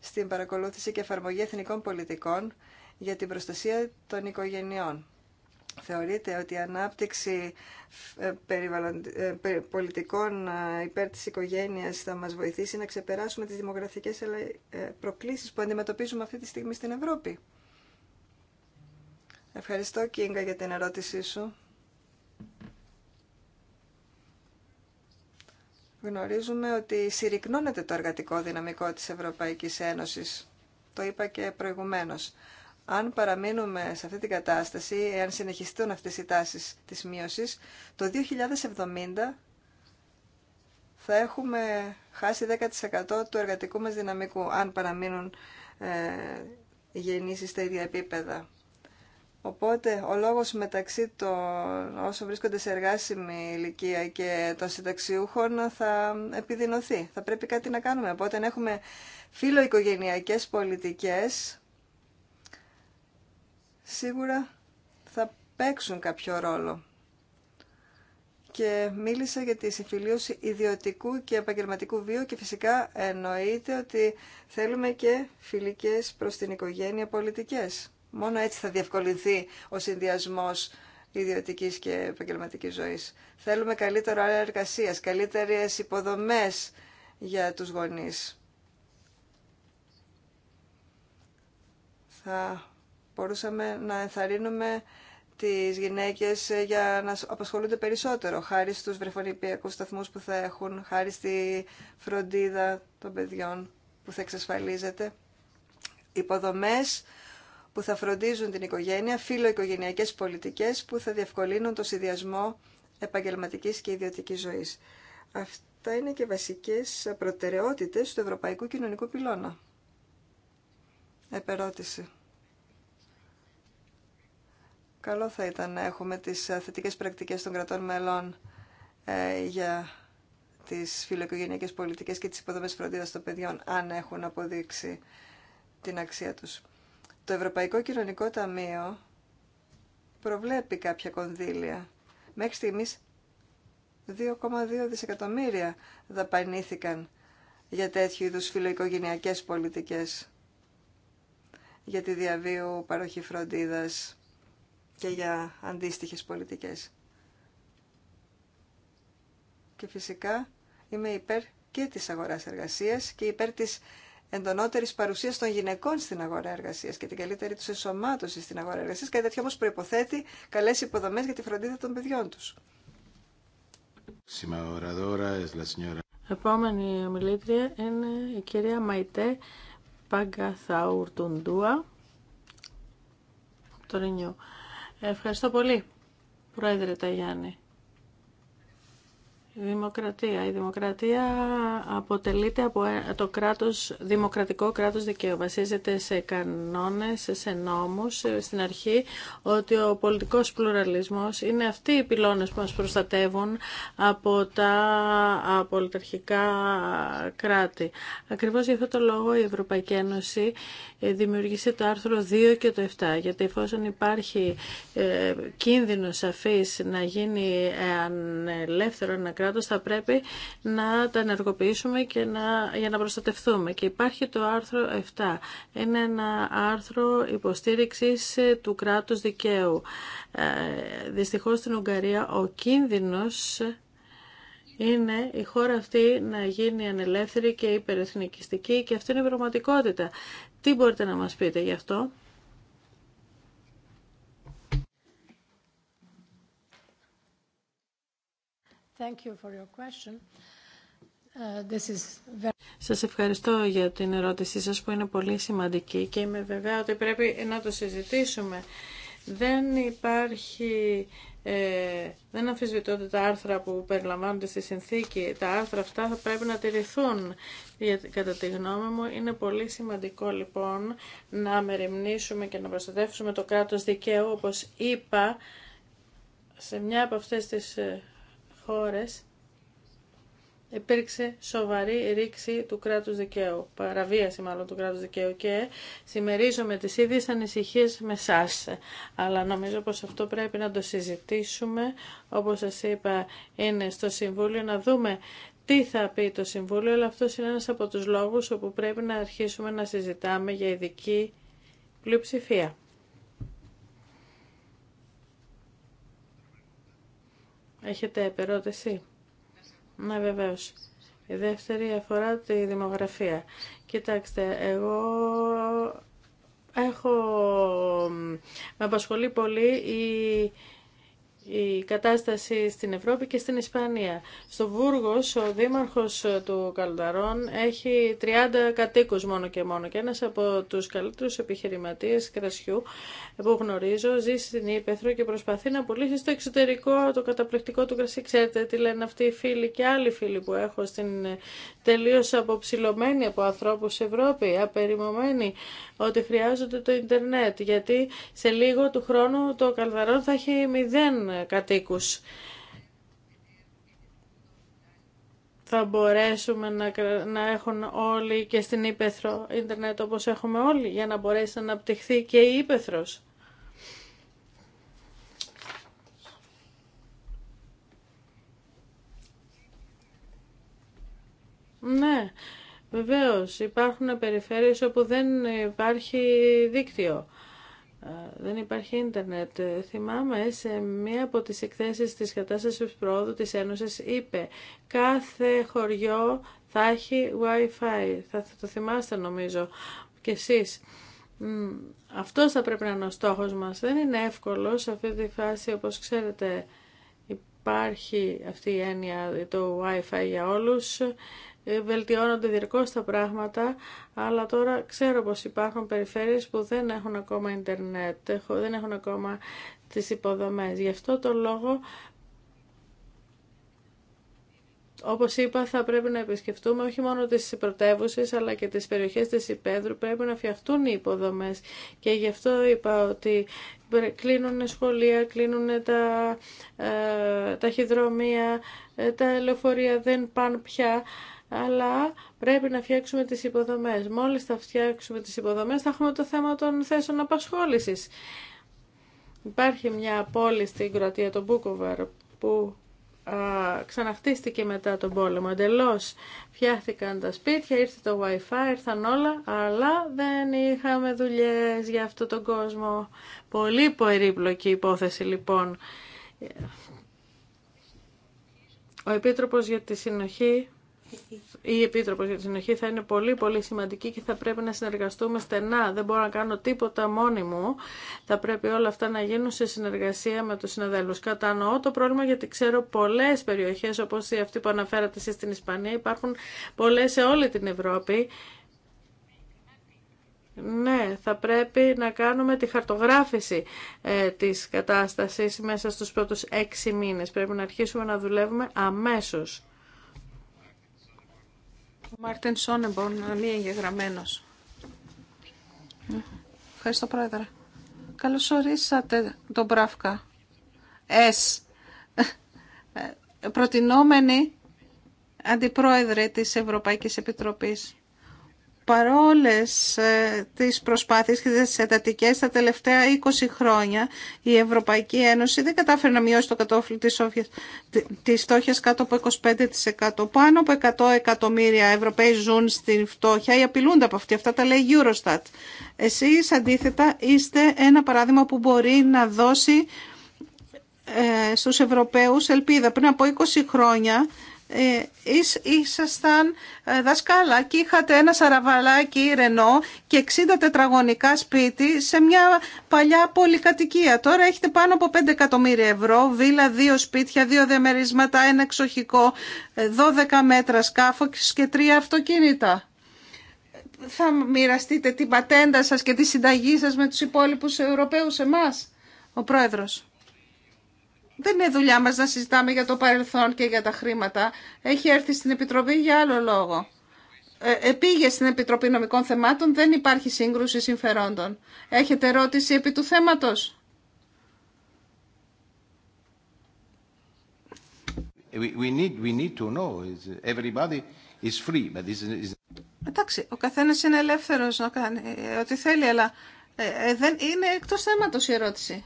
στην παρακολούθηση και εφαρμογή εθνικών πολιτικών για την προστασία των οικογενειών. Θεωρείτε ότι η ανάπτυξη ε, ε, πολιτικών ε, υπέρ της οικογένειας θα μας βοηθήσει να ξεπεράσουμε τις δημογραφικές προκλήσεις που αντιμετωπίζουμε αυτή τη στιγμή στην Ευρώπη. Ευχαριστώ, Κίνγκα, για την ερώτησή σου. Γνωρίζουμε ότι συρρυκνώνεται το εργατικό δυναμικό της Ευρωπαϊκής Ένωσης. Το είπα και προηγουμένως αν παραμείνουμε σε αυτή την κατάσταση, εάν συνεχιστούν αυτές οι τάσεις της μείωσης, το 2070 θα έχουμε χάσει 10% του εργατικού μας δυναμικού, αν παραμείνουν ε, οι γεννήσεις στα ίδια επίπεδα. Οπότε ο λόγος μεταξύ των όσων βρίσκονται σε εργάσιμη ηλικία και των συνταξιούχων θα επιδεινωθεί. Θα πρέπει κάτι να κάνουμε. Οπότε αν έχουμε φιλοοικογενειακές πολιτικές σίγουρα θα παίξουν κάποιο ρόλο. Και μίλησα για τη συμφιλίωση ιδιωτικού και επαγγελματικού βίου και φυσικά εννοείται ότι θέλουμε και φιλικές προς την οικογένεια πολιτικές. Μόνο έτσι θα διευκολυνθεί ο συνδυασμός ιδιωτικής και επαγγελματικής ζωής. Θέλουμε καλύτερο άλλα εργασία, καλύτερες υποδομές για τους γονείς. Θα μπορούσαμε να ενθαρρύνουμε τις γυναίκες ε, για να απασχολούνται περισσότερο, χάρη στους βρεφονιπιακούς σταθμούς που θα έχουν, χάρη στη φροντίδα των παιδιών που θα εξασφαλίζεται. Υποδομές που θα φροντίζουν την οικογένεια, φιλοοικογενειακές πολιτικές που θα διευκολύνουν το συνδυασμό επαγγελματικής και ιδιωτικής ζωής. Αυτά είναι και βασικές προτεραιότητες του Ευρωπαϊκού Κοινωνικού Πυλώνα. Επερώτηση καλό θα ήταν να έχουμε τις ε, θετικές πρακτικές των κρατών μελών ε, για τις φιλοοικογενειακές πολιτικές και τις υποδομές φροντίδας των παιδιών, αν έχουν αποδείξει την αξία τους. Το Ευρωπαϊκό Κοινωνικό Ταμείο προβλέπει κάποια κονδύλια. Μέχρι στιγμής 2,2 δισεκατομμύρια δαπανήθηκαν για τέτοιου είδους φιλοοικογενειακές πολιτικές, για τη διαβίου παροχή φροντίδας, και για αντίστοιχες πολιτικές. Και φυσικά είμαι υπέρ και της αγοράς εργασίας και υπέρ της εντονότερης παρουσίας των γυναικών στην αγορά εργασίας και την καλύτερη τους ενσωμάτωση στην αγορά εργασίας. Κάτι τέτοιο όμως προϋποθέτει καλές υποδομές για τη φροντίδα των παιδιών τους. Επόμενη ομιλήτρια είναι η κυρία Μαϊτέ Παγκαθαουρτουντούα. Το Ευχαριστώ πολύ, Πρόεδρε Ταγιάννη. Η δημοκρατία. Η δημοκρατία αποτελείται από ε, το κράτος, δημοκρατικό κράτος δικαίου. Βασίζεται σε κανόνες, σε νόμους, ε, στην αρχή ότι ο πολιτικός πλουραλισμός είναι αυτοί οι πυλώνες που μας προστατεύουν από τα απολυταρχικά κράτη. κράτη. Ακριβώς για αυτό το λόγο η Ευρωπαϊκή Ένωση ε, δημιούργησε το άρθρο 2 και το 7, γιατί εφόσον υπάρχει ε, κίνδυνο σαφή να γίνει ε, ανελεύθερο ένα κράτος, θα πρέπει να τα ενεργοποιήσουμε και να, για να προστατευτούμε. Και υπάρχει το άρθρο 7. Είναι ένα άρθρο υποστήριξη ε, του κράτου δικαίου. Ε, δυστυχώς στην Ουγγαρία ο κίνδυνο είναι η χώρα αυτή να γίνει ανελεύθερη και υπερεθνικιστική και αυτή είναι η πραγματικότητα. Τι μπορείτε να μας πείτε γι' αυτό. Thank you for your uh, This is very... Σας ευχαριστώ για την ερώτησή σας που είναι πολύ σημαντική και είμαι βεβαία ότι πρέπει να το συζητήσουμε. Δεν υπάρχει ε, δεν ότι τα άρθρα που περιλαμβάνονται στη συνθήκη. Τα άρθρα αυτά θα πρέπει να τηρηθούν. κατά τη γνώμη μου είναι πολύ σημαντικό λοιπόν να μεριμνήσουμε και να προστατεύσουμε το κράτος δικαίου όπως είπα σε μια από αυτές τις ε, χώρες υπήρξε σοβαρή ρήξη του κράτους δικαίου, παραβίαση μάλλον του κράτους δικαίου και συμμερίζομαι τις ίδιες ανησυχίες με σας, Αλλά νομίζω πως αυτό πρέπει να το συζητήσουμε, όπως σας είπα είναι στο Συμβούλιο, να δούμε τι θα πει το Συμβούλιο, αλλά αυτό είναι ένας από τους λόγους όπου πρέπει να αρχίσουμε να συζητάμε για ειδική πλειοψηφία. Έχετε επερώτηση. Ναι, βεβαίω. Η δεύτερη αφορά τη δημογραφία. Κοιτάξτε, εγώ έχω... Με απασχολεί πολύ η η κατάσταση στην Ευρώπη και στην Ισπανία. Στο Βούργος ο δήμαρχος του Καλδαρών έχει 30 κατοίκους μόνο και μόνο και ένας από τους καλύτερους επιχειρηματίες κρασιού που γνωρίζω ζει στην Ήπεθρο και προσπαθεί να πουλήσει στο εξωτερικό το καταπληκτικό του κρασί. Ξέρετε τι λένε αυτοί οι φίλοι και άλλοι φίλοι που έχω στην τελείω αποψηλωμένη από ανθρώπους Ευρώπη, απεριμωμένη ότι χρειάζονται το ίντερνετ γιατί σε λίγο του χρόνου το Καλδαρόν θα έχει μηδέν κατοίκους. Θα μπορέσουμε να, να έχουν όλοι και στην Ήπεθρο ίντερνετ όπως έχουμε όλοι για να μπορέσει να αναπτυχθεί και η Ήπεθρος. Ναι, βεβαίως υπάρχουν περιφέρειες όπου δεν υπάρχει δίκτυο δεν υπάρχει ίντερνετ. Θυμάμαι σε μία από τις εκθέσεις της κατάστασης πρόοδου της Ένωσης είπε «Κάθε χωριό θα έχει Wi-Fi». Θα το θυμάστε νομίζω κι εσείς. Αυτός θα πρέπει να είναι ο στόχος μας. Δεν είναι εύκολο σε αυτή τη φάση, όπως ξέρετε, υπάρχει αυτή η έννοια το Wi-Fi για όλους ε, βελτιώνονται διαρκώς τα πράγματα, αλλά τώρα ξέρω πως υπάρχουν περιφέρειες που δεν έχουν ακόμα ίντερνετ, δεν έχουν ακόμα τις υποδομές. Γι' αυτό το λόγο όπως είπα, θα πρέπει να επισκεφτούμε όχι μόνο τις πρωτεύουσε, αλλά και τις περιοχές της υπέδρου. Πρέπει να φτιαχτούν οι υποδομές και γι' αυτό είπα ότι κλείνουν σχολεία, κλείνουν τα ε, ταχυδρομεία, ε, τα λεωφορεία δεν πάνε πια αλλά πρέπει να φτιάξουμε τις υποδομές. Μόλις θα φτιάξουμε τις υποδομές θα έχουμε το θέμα των θέσεων απασχόλησης. Υπάρχει μια πόλη στην Κροατία, το Μπούκοβαρ, που ξαναχτίστηκε μετά τον πόλεμο εντελώ. Φτιάχτηκαν τα σπίτια, ήρθε το Wi-Fi, ήρθαν όλα, αλλά δεν είχαμε δουλειές για αυτόν τον κόσμο. Πολύ περίπλοκη υπόθεση λοιπόν. Ο Επίτροπος για τη Συνοχή η επίτροπο για τη Συνοχή θα είναι πολύ πολύ σημαντική και θα πρέπει να συνεργαστούμε στενά. Δεν μπορώ να κάνω τίποτα μόνη μου. Θα πρέπει όλα αυτά να γίνουν σε συνεργασία με τους συναδέλφους. Κατανοώ το πρόβλημα γιατί ξέρω πολλές περιοχές όπως η αυτή που αναφέρατε εσείς στην Ισπανία. Υπάρχουν πολλές σε όλη την Ευρώπη. Ναι, θα πρέπει να κάνουμε τη χαρτογράφηση ε, της κατάστασης μέσα στους πρώτους έξι μήνες. Πρέπει να αρχίσουμε να δουλεύουμε αμέσως. Μάρτιν Σόνεμπον, μη εγγεγραμμένο. Ευχαριστώ, Πρόεδρε. Καλωσορίσατε ορίσατε τον Μπράφκα. Εσ. Ε, προτινόμενη Αντιπρόεδρε της Ευρωπαϊκής Επιτροπής παρόλες ε, τις προσπάθειες και τις εντατικές τα τελευταία 20 χρόνια η Ευρωπαϊκή Ένωση δεν κατάφερε να μειώσει το κατόφλι της, όφιας, της φτώχειας κάτω από 25%. Πάνω από 100 εκατομμύρια Ευρωπαίοι ζουν στην φτώχεια ή απειλούνται από αυτή. Αυτά τα λέει Eurostat. Εσείς αντίθετα είστε ένα παράδειγμα που μπορεί να δώσει ε, στους Ευρωπαίους ελπίδα. Πριν από 20 χρόνια ε, ήσασταν ε, δασκάλα και είχατε ένα σαραβαλάκι ρενό και 60 τετραγωνικά σπίτι σε μια παλιά πολυκατοικία. Τώρα έχετε πάνω από 5 εκατομμύρια ευρώ, βίλα, δύο σπίτια, δύο διαμερίσματα, ένα εξοχικό, 12 ε, μέτρα σκάφος και τρία αυτοκίνητα. Θα μοιραστείτε την πατέντα σας και τη συνταγή σας με τους υπόλοιπους Ευρωπαίους εμάς, ο Πρόεδρος. Δεν είναι δουλειά μας να συζητάμε για το παρελθόν και για τα χρήματα. Έχει έρθει στην Επιτροπή για άλλο λόγο. Ε, στην Επιτροπή Νομικών Θεμάτων, δεν υπάρχει σύγκρουση συμφερόντων. Έχετε ερώτηση επί του θέματος. We need, we need to know. Everybody is free, but this is... Εντάξει, ο καθένας είναι ελεύθερος να κάνει ε, ό,τι θέλει, αλλά ε, ε, δεν είναι εκτός θέματος η ερώτηση.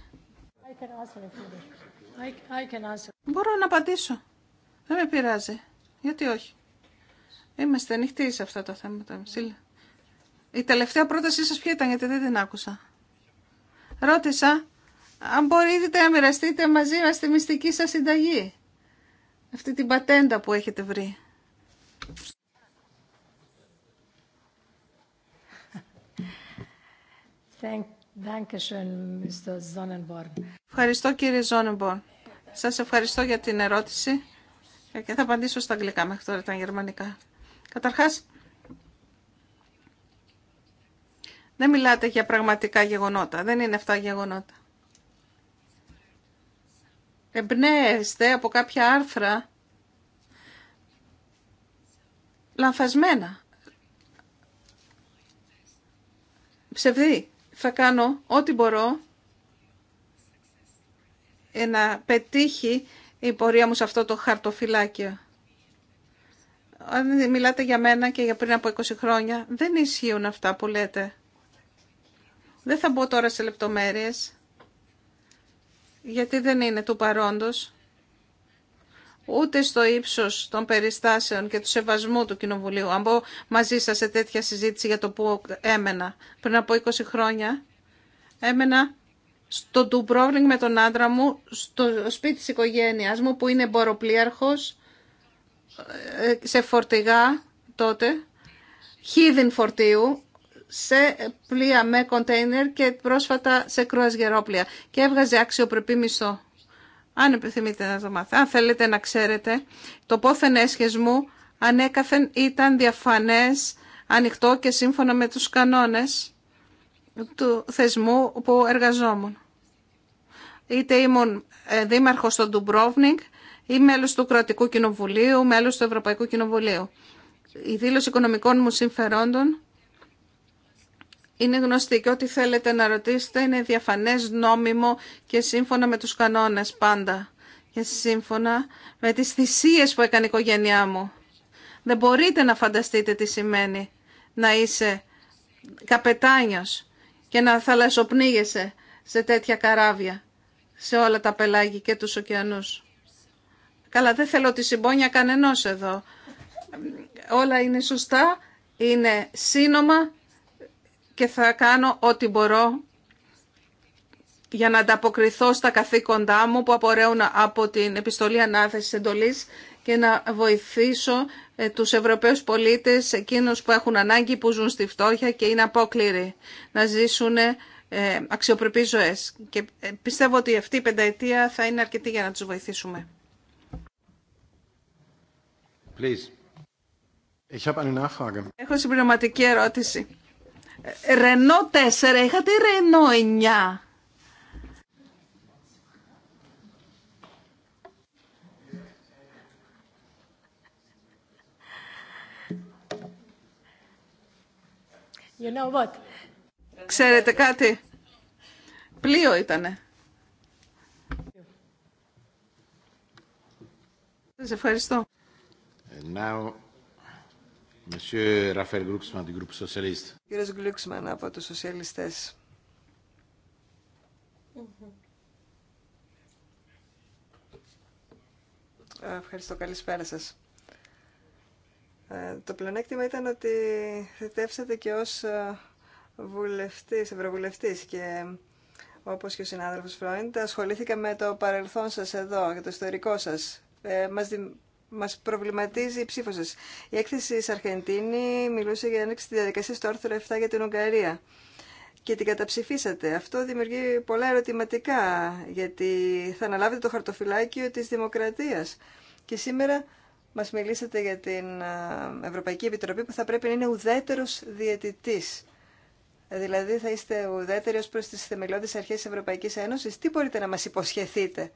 Μπορώ να απαντήσω. Δεν με πειράζει. Γιατί όχι. Είμαστε ανοιχτοί σε αυτά τα θέματα. Η τελευταία πρότασή σας ποια ήταν, γιατί δεν την άκουσα. Ρώτησα αν μπορείτε να μοιραστείτε μαζί μας τη μυστική σας συνταγή. Αυτή την πατέντα που έχετε βρει. Thank Ευχαριστώ κύριε Ζόνεμπορν. Σας ευχαριστώ για την ερώτηση και θα απαντήσω στα αγγλικά μέχρι τώρα τα γερμανικά. Καταρχάς, δεν μιλάτε για πραγματικά γεγονότα. Δεν είναι αυτά γεγονότα. Εμπνέεστε από κάποια άρθρα λανθασμένα. Ψευδή θα κάνω ό,τι μπορώ να πετύχει η πορεία μου σε αυτό το χαρτοφυλάκιο. Αν μιλάτε για μένα και για πριν από 20 χρόνια, δεν ισχύουν αυτά που λέτε. Δεν θα μπω τώρα σε λεπτομέρειες, γιατί δεν είναι του παρόντος ούτε στο ύψο των περιστάσεων και του σεβασμού του Κοινοβουλίου. Αν πω μαζί σα σε τέτοια συζήτηση για το που έμενα πριν από 20 χρόνια, έμενα στο Ντουμπρόβλινγκ με τον άντρα μου, στο σπίτι τη οικογένεια μου που είναι εμποροπλίαρχος, ε, σε φορτηγά τότε, χίδιν φορτίου, σε πλοία με κοντέινερ και πρόσφατα σε κρουαζιερόπλια και έβγαζε αξιοπρεπή μισθό αν επιθυμείτε να το μάθετε, αν θέλετε να ξέρετε, το πόθεν έσχες μου ανέκαθεν ήταν διαφανές, ανοιχτό και σύμφωνα με τους κανόνες του θεσμού που εργαζόμουν. Είτε ήμουν ε, δήμαρχος στο Ντουμπρόβνικ ή μέλος του Κρατικού Κοινοβουλίου, μέλος του Ευρωπαϊκού Κοινοβουλίου. Η δήλωση οικονομικών μου συμφερόντων είναι γνωστή και ό,τι θέλετε να ρωτήσετε είναι διαφανές, νόμιμο και σύμφωνα με τους κανόνες πάντα και σύμφωνα με τις θυσίες που έκανε η οικογένειά μου. Δεν μπορείτε να φανταστείτε τι σημαίνει να είσαι καπετάνιος και να θαλασσοπνίγεσαι σε τέτοια καράβια, σε όλα τα πελάγια και τους ωκεανούς. Καλά, δεν θέλω τη συμπόνια κανενός εδώ. Όλα είναι σωστά, είναι σύνομα και θα κάνω ό,τι μπορώ για να ανταποκριθώ στα καθήκοντά μου που απορρέουν από την επιστολή ανάθεσης εντολής και να βοηθήσω ε, τους Ευρωπαίους πολίτες, εκείνους που έχουν ανάγκη, που ζουν στη φτώχεια και είναι απόκληροι να ζήσουν ε, αξιοπρεπείς ζωές. Και ε, πιστεύω ότι αυτή η πενταετία θα είναι αρκετή για να τους βοηθήσουμε. Please. Ich habe Έχω συμπληρωματική ερώτηση. Ρενό 4, είχατε Ρενό 9. You know what? Ξέρετε κάτι. Πλοίο ήτανε. Σας ευχαριστώ. And now... Κύριε Γκλουξμαν από τους σοσιαλιστές. Ε, ευχαριστώ. Καλησπέρα σας. Ε, το πλεονέκτημα ήταν ότι θετεύσατε και ως ε, βουλευτής, ευρωβουλευτής και όπως και ο συνάδελφος Φρόιντ ασχολήθηκα με το παρελθόν σας εδώ, για το ιστορικό σας. μας δι... Μα προβληματίζει η ψήφο σα. Η έκθεση Αρχεντίνη μιλούσε για άνοιξη τη διαδικασία στο άρθρο 7 για την Ουγγαρία και την καταψηφίσατε. Αυτό δημιουργεί πολλά ερωτηματικά γιατί θα αναλάβετε το χαρτοφυλάκιο τη δημοκρατία. Και σήμερα μα μιλήσατε για την Ευρωπαϊκή Επιτροπή που θα πρέπει να είναι ουδέτερο διαιτητής. Δηλαδή θα είστε ουδέτεροι ως προς τις θεμελιώδεις αρχές της Ευρωπαϊκής Ένωσης. Τι μπορείτε να μας υποσχεθείτε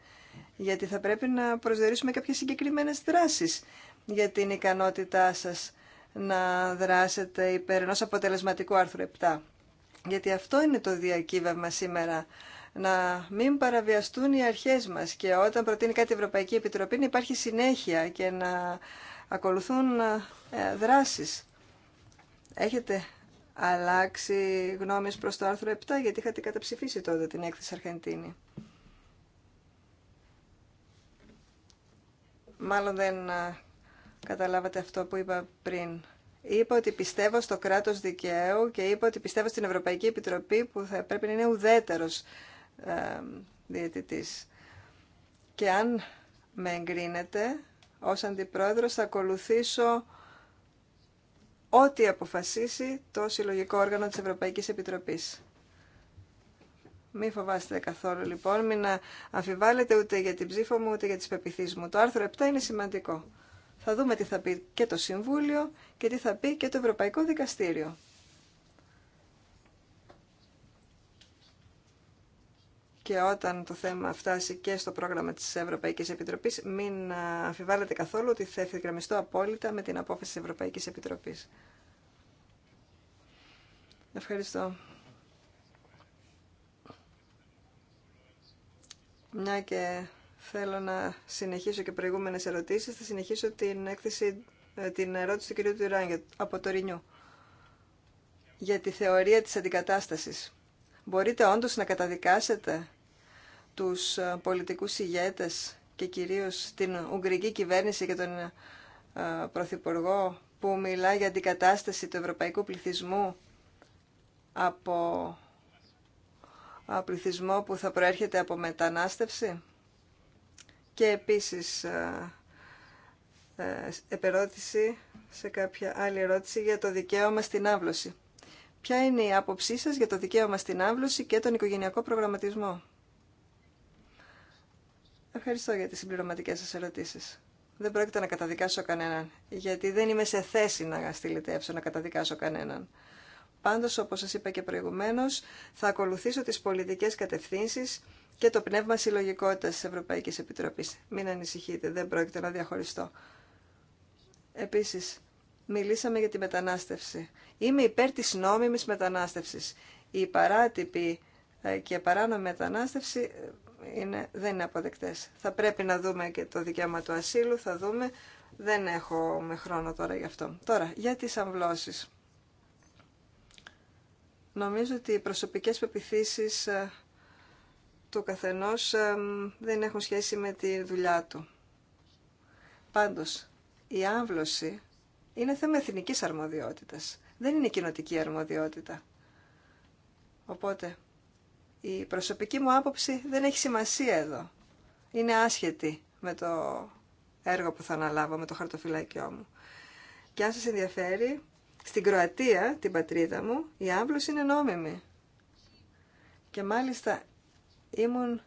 γιατί θα πρέπει να προσδιορίσουμε κάποιες συγκεκριμένες δράσεις για την ικανότητά σας να δράσετε υπέρ ενός αποτελεσματικού άρθρου 7. Γιατί αυτό είναι το διακύβευμα σήμερα, να μην παραβιαστούν οι αρχές μας και όταν προτείνει κάτι η Ευρωπαϊκή Επιτροπή να υπάρχει συνέχεια και να ακολουθούν ε, δράσεις. Έχετε αλλάξει γνώμες προς το άρθρο 7 γιατί είχατε καταψηφίσει τότε την έκθεση Αρχεντίνη. μάλλον δεν καταλάβατε αυτό που είπα πριν. Είπα ότι πιστεύω στο κράτος δικαίου και είπα ότι πιστεύω στην Ευρωπαϊκή Επιτροπή που θα πρέπει να είναι ουδέτερος α, ε, διαιτητής. Και αν με εγκρίνετε ως αντιπρόεδρος θα ακολουθήσω ό,τι αποφασίσει το συλλογικό όργανο της Ευρωπαϊκής Επιτροπής. Μην φοβάστε καθόλου λοιπόν, μην αμφιβάλλετε ούτε για την ψήφο μου ούτε για τις πεπιθείς μου. Το άρθρο 7 είναι σημαντικό. Θα δούμε τι θα πει και το Συμβούλιο και τι θα πει και το Ευρωπαϊκό Δικαστήριο. Και όταν το θέμα φτάσει και στο πρόγραμμα της Ευρωπαϊκής Επιτροπής, μην αμφιβάλλετε καθόλου ότι θα ευθυγραμμιστώ απόλυτα με την απόφαση της Ευρωπαϊκής Επιτροπής. Ευχαριστώ. Μια και θέλω να συνεχίσω και προηγούμενες ερωτήσεις, θα συνεχίσω την, έκθεση, ε, την ερώτηση του κ. Τουράν από το Ρινιού για τη θεωρία της αντικατάστασης. Μπορείτε όντως να καταδικάσετε τους ε, πολιτικούς ηγέτες και κυρίως την Ουγγρική κυβέρνηση και τον ε, Πρωθυπουργό που μιλά για αντικατάσταση του ευρωπαϊκού πληθυσμού από πληθυσμό που θα προέρχεται από μετανάστευση. Και επίσης ε, επερώτηση σε κάποια άλλη ερώτηση για το δικαίωμα στην άβλωση. Ποια είναι η άποψή σας για το δικαίωμα στην άβλωση και τον οικογενειακό προγραμματισμό. Ευχαριστώ για τις συμπληρωματικές σας ερωτήσεις. Δεν πρόκειται να καταδικάσω κανέναν, γιατί δεν είμαι σε θέση να στείλετε έψω να καταδικάσω κανέναν. Πάντως, όπως σας είπα και προηγουμένως, θα ακολουθήσω τις πολιτικές κατευθύνσεις και το πνεύμα συλλογικότητας της Ευρωπαϊκής Επιτροπής. Μην ανησυχείτε, δεν πρόκειται να διαχωριστώ. Επίσης, μιλήσαμε για τη μετανάστευση. Είμαι υπέρ της νόμιμης μετανάστευσης. Η παράτυπη ε, και παράνομη μετανάστευση ε, είναι, δεν είναι αποδεκτές. Θα πρέπει να δούμε και το δικαίωμα του ασύλου, θα δούμε. Δεν έχω με χρόνο τώρα γι' αυτό. Τώρα, για τις αμβλώσεις. Νομίζω ότι οι προσωπικές πεπιθήσεις ε, του καθενός ε, δεν έχουν σχέση με τη δουλειά του. Πάντως, η άμβλωση είναι θέμα εθνικής αρμοδιότητας. Δεν είναι κοινοτική αρμοδιότητα. Οπότε, η προσωπική μου άποψη δεν έχει σημασία εδώ. Είναι άσχετη με το έργο που θα αναλάβω, με το χαρτοφυλάκιό μου. Και αν σας ενδιαφέρει, στην Κροατία, την πατρίδα μου, η άμβλωση είναι νόμιμη. Και μάλιστα ήμουν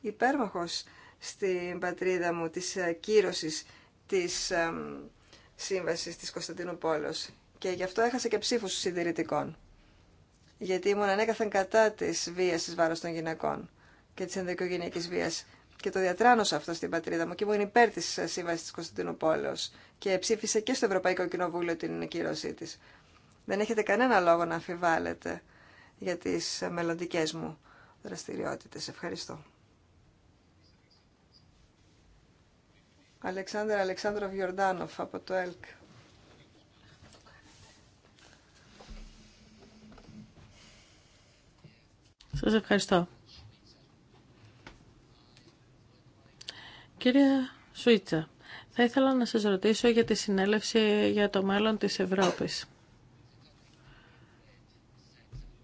υπέρμαχος στην πατρίδα μου της ε, κύρωσης της σύμβασης της Κωνσταντίνου Και γι' αυτό έχασα και ψήφους συντηρητικών. Γιατί ήμουν ανέκαθεν κατά της βίας της βάρος των γυναικών και της ενδοικογενειακής βίας και το διατράνωσα αυτό στην πατρίδα μου και ήμουν υπέρ τη σύμβαση τη Κωνσταντινούπολεω και ψήφισε και στο Ευρωπαϊκό Κοινοβούλιο την κύρωσή τη. Δεν έχετε κανένα λόγο να αμφιβάλλετε για τι μελλοντικέ μου δραστηριότητε. Ευχαριστώ. Αλεξάνδρα Αλεξάνδρο Γιορτάνοφ από το ΕΛΚ. Σας ευχαριστώ. Κυρία Σουίτσα, θα ήθελα να σας ρωτήσω για τη συνέλευση για το μέλλον της Ευρώπης.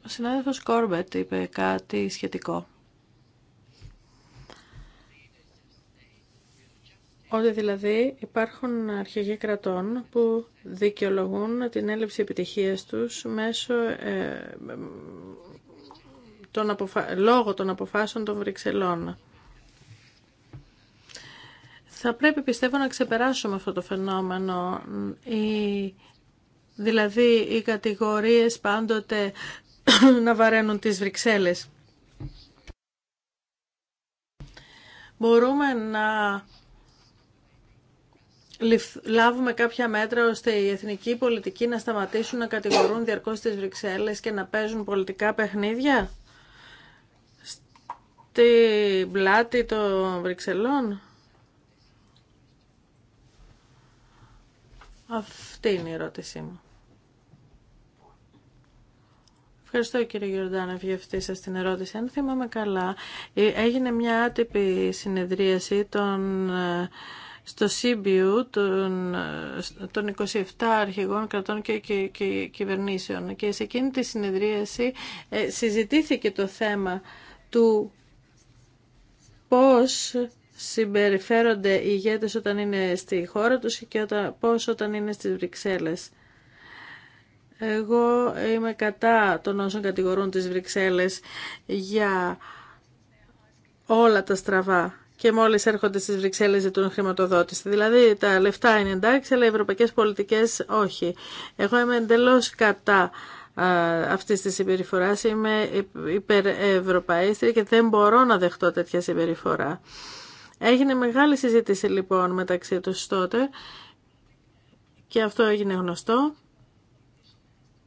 Ο συνάδελφος Κόρμπετ είπε κάτι σχετικό. Ότι δηλαδή υπάρχουν αρχηγοί κρατών που δικαιολογούν την έλευση επιτυχίας τους μέσω, ε, των αποφα... λόγω των αποφάσεων των Βρυξελών. Θα πρέπει πιστεύω να ξεπεράσουμε αυτό το φαινόμενο. Η... Δηλαδή οι κατηγορίες πάντοτε να βαραίνουν τις Βρυξέλλες. Μπορούμε να λάβουμε κάποια μέτρα ώστε οι εθνικοί πολιτικοί να σταματήσουν να κατηγορούν διαρκώς τις Βρυξέλλες και να παίζουν πολιτικά παιχνίδια στην πλάτη των Βρυξελών. Αυτή είναι η ερώτησή μου. Ευχαριστώ κύριε Γιουρντάνευ για αυτή σας την ερώτηση. Αν θυμάμαι καλά, ε, έγινε μια άτυπη συνεδρίαση των, ε, στο ΣΥΜΠΙΟΥ των, ε, των 27 αρχηγών κρατών και, και, και κυβερνήσεων. Και σε εκείνη τη συνεδρίαση συζητήθηκε το θέμα του πώς συμπεριφέρονται οι ηγέτες όταν είναι στη χώρα τους και όταν, πώς όταν είναι στις Βρυξέλλες. Εγώ είμαι κατά των όσων κατηγορούν τις Βρυξέλλες για όλα τα στραβά και μόλις έρχονται στις Βρυξέλλες ζητούν χρηματοδότηση. Δηλαδή τα λεφτά είναι εντάξει, αλλά οι ευρωπαϊκέ πολιτικέ όχι. Εγώ είμαι εντελώ κατά αυτή τη συμπεριφορά. Είμαι υπερευρωπαίστρια και δεν μπορώ να δεχτώ τέτοια συμπεριφορά. Έγινε μεγάλη συζήτηση λοιπόν μεταξύ τους τότε και αυτό έγινε γνωστό.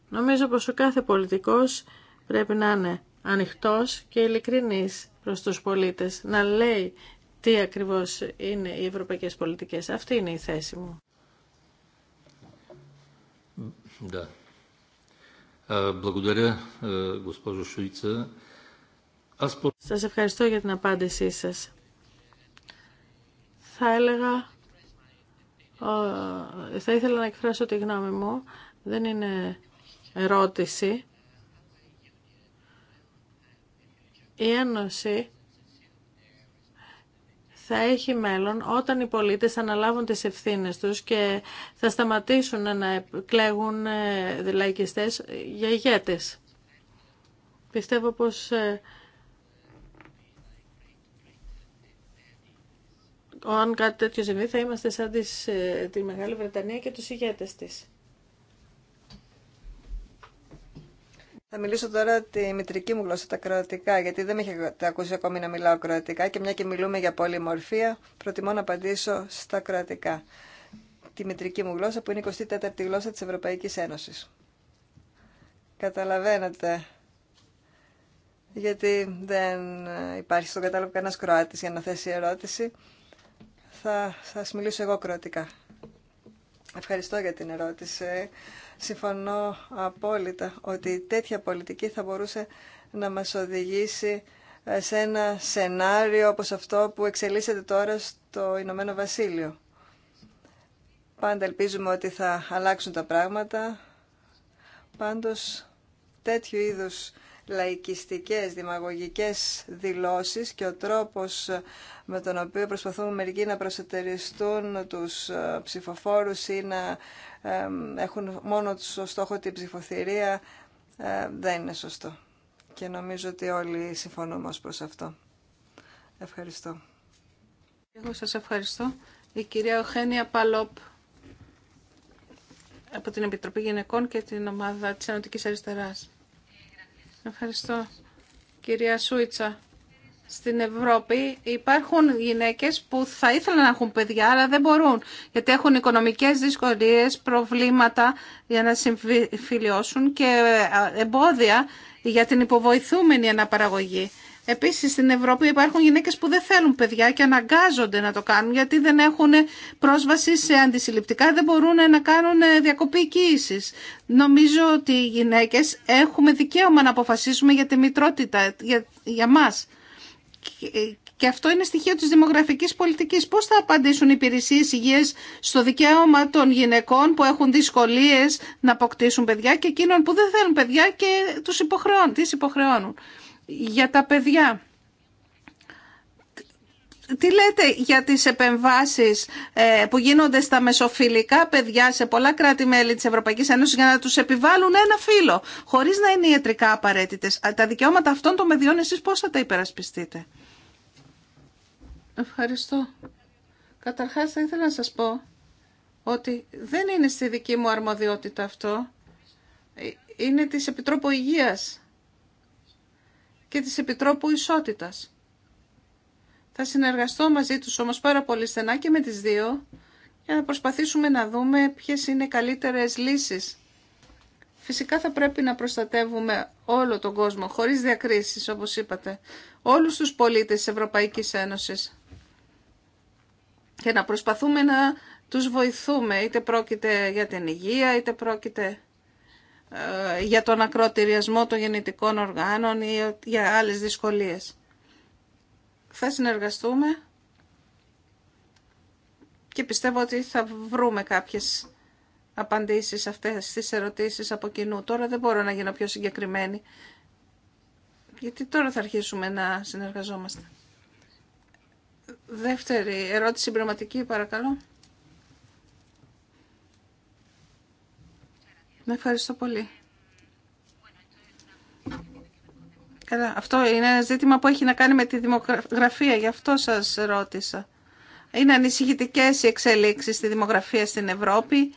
Νομίζω πως ο κάθε πολιτικός πρέπει να είναι ανοιχτός και ειλικρινής προς τους πολίτες, να λέει τι ακριβώς είναι οι ευρωπαϊκές πολιτικές. Αυτή είναι η θέση μου. Да. Ε, ε, σας ευχαριστώ για την απάντησή σας θα έλεγα, θα ήθελα να εκφράσω τη γνώμη μου, δεν είναι ερώτηση. Η Ένωση θα έχει μέλλον όταν οι πολίτες αναλάβουν τις ευθύνες τους και θα σταματήσουν να κλέγουν ε, λαϊκιστές για ηγέτες. Πιστεύω πως ε, αν κάτι τέτοιο συμβεί θα είμαστε σαν τις, ε, τη Μεγάλη Βρετανία και τους ηγέτες της. Θα μιλήσω τώρα τη μητρική μου γλώσσα, τα κροατικά, γιατί δεν με έχετε ακούσει ακόμη να μιλάω κροατικά και μια και μιλούμε για πολυμορφία, προτιμώ να απαντήσω στα κροατικά. Τη μητρική μου γλώσσα που είναι η 24η γλώσσα της Ευρωπαϊκής Ένωσης. Καταλαβαίνετε, γιατί δεν υπάρχει στον κατάλογο κανένας Κροάτης για να θέσει ερώτηση. Θα σας μιλήσω εγώ κροατικά. Ευχαριστώ για την ερώτηση. Συμφωνώ απόλυτα ότι τέτοια πολιτική θα μπορούσε να μας οδηγήσει ε, σε ένα σενάριο όπως αυτό που εξελίσσεται τώρα στο Ηνωμένο Βασίλειο. Πάντα ελπίζουμε ότι θα αλλάξουν τα πράγματα. Πάντως τέτοιου είδους λαϊκιστικές, δημαγωγικές δηλώσεις και ο τρόπος με τον οποίο προσπαθούν μερικοί να προσετεριστούν τους ε, ψηφοφόρους ή να ε, έχουν μόνο τους στόχο την ψηφοθυρία ε, δεν είναι σωστό. Και νομίζω ότι όλοι συμφωνούμε ως προς αυτό. Ευχαριστώ. Εγώ σας ευχαριστώ. Η κυρία Οχένια Παλόπ από την Επιτροπή Γυναικών και την ομάδα της Ενωτικής Αριστεράς. Ευχαριστώ. Κυρία Σούιτσα, στην Ευρώπη υπάρχουν γυναίκες που θα ήθελαν να έχουν παιδιά, αλλά δεν μπορούν, γιατί έχουν οικονομικές δυσκολίες, προβλήματα για να συμφιλιώσουν και ε, εμπόδια για την υποβοηθούμενη αναπαραγωγή. Επίση, στην Ευρώπη υπάρχουν γυναίκε που δεν θέλουν παιδιά και αναγκάζονται να το κάνουν γιατί δεν έχουν πρόσβαση σε αντισυλληπτικά, δεν μπορούν να κάνουν ε, διακοπή κοίηση. Νομίζω ότι οι γυναίκε έχουμε δικαίωμα να αποφασίσουμε για τη μητρότητα, για, για ε, Και αυτό είναι στοιχείο της δημογραφικής πολιτικής. Πώς θα απαντήσουν οι υπηρεσίες υγείας στο δικαίωμα των γυναικών που έχουν δυσκολίες να αποκτήσουν παιδιά και εκείνων που δεν θέλουν παιδιά και τους υποχρεώνουν, τις υποχρεώνουν για τα παιδιά. Τι λέτε για τις επεμβάσεις ε, που γίνονται στα μεσοφιλικά παιδιά σε πολλά κράτη-μέλη της Ευρωπαϊκής Ένωσης για να τους επιβάλλουν ένα φύλλο, χωρίς να είναι ιατρικά απαραίτητες. Τα δικαιώματα αυτών των παιδιών εσείς πώς θα τα υπερασπιστείτε. Ευχαριστώ. Καταρχάς θα ήθελα να σας πω ότι δεν είναι στη δική μου αρμοδιότητα αυτό. Ε, είναι της Επιτρόπου Υγείας και της Επιτρόπου Ισότητας. Θα συνεργαστώ μαζί τους όμως πάρα πολύ στενά και με τις δύο για να προσπαθήσουμε να δούμε ποιες είναι οι καλύτερες λύσεις. Φυσικά θα πρέπει να προστατεύουμε όλο τον κόσμο, χωρίς διακρίσεις όπως είπατε, όλους τους πολίτες της Ευρωπαϊκής Ένωσης και να προσπαθούμε να τους βοηθούμε, είτε πρόκειται για την υγεία, είτε πρόκειται ε, για τον ακροτηριασμό των γεννητικών οργάνων ή για άλλες δυσκολίες. Θα συνεργαστούμε και πιστεύω ότι θα βρούμε κάποιες απαντήσεις αυτές τις ερωτήσεις από κοινού. Τώρα δεν μπορώ να γίνω πιο συγκεκριμένη, γιατί τώρα θα αρχίσουμε να συνεργαζόμαστε. Δεύτερη ερώτηση πραγματική, παρακαλώ. Ευχαριστώ πολύ. Καλά, αυτό είναι ένα ζήτημα που έχει να κάνει με τη δημογραφία, γι' αυτό σας ρώτησα. Είναι ανησυχητικές οι εξελίξεις στη δημογραφία στην Ευρώπη.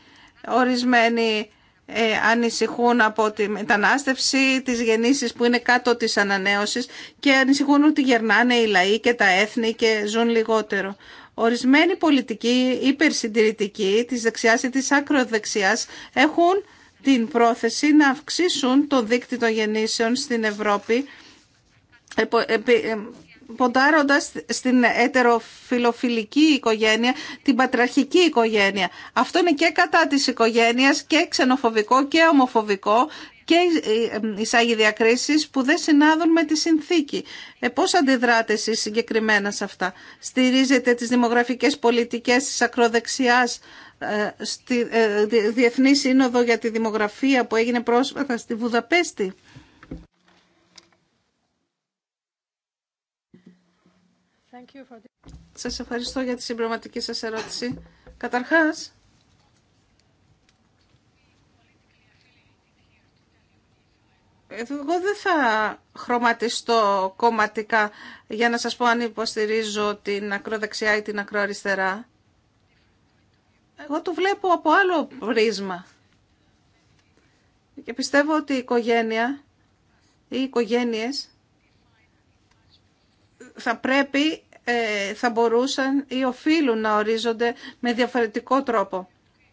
Ορισμένοι ε, ανησυχούν από τη μετανάστευση, τις γεννήσεις που είναι κάτω της ανανέωσης και ανησυχούν ότι γερνάνε οι λαοί και τα έθνη και ζουν λιγότερο. Ορισμένοι πολιτικοί υπερσυντηρητικοί της δεξιάς ή της ακροδεξιάς έχουν την πρόθεση να αυξήσουν το δίκτυο των γεννήσεων στην Ευρώπη ε, ποντάροντας στην ετεροφιλοφιλική οικογένεια, την πατραρχική οικογένεια. Αυτό είναι και κατά της οικογένειας και ξενοφοβικό και ομοφοβικό και ε, εισάγει διακρίσεις που δεν συνάδουν με τη συνθήκη. Ε, πώς αντιδράτε εσείς συγκεκριμένα σε αυτά. Στηρίζετε τις δημογραφικές πολιτικές της ακροδεξιάς ε, στη ε, Διεθνή Σύνοδο για τη Δημογραφία που έγινε πρόσφατα στη Βουδαπέστη. Thank Σας ευχαριστώ για τη συμπληρωματική σας ερώτηση. Καταρχάς, εγώ δεν θα χρωματιστώ κομματικά για να σας πω αν υποστηρίζω την ακροδεξιά ή την ακροαριστερά. Εγώ το βλέπω από άλλο πρίσμα. Και πιστεύω ότι η οικογένεια ή οι οικογένειες θα πρέπει, ε, θα μπορούσαν ή οφείλουν να ορίζονται με διαφορετικό τρόπο.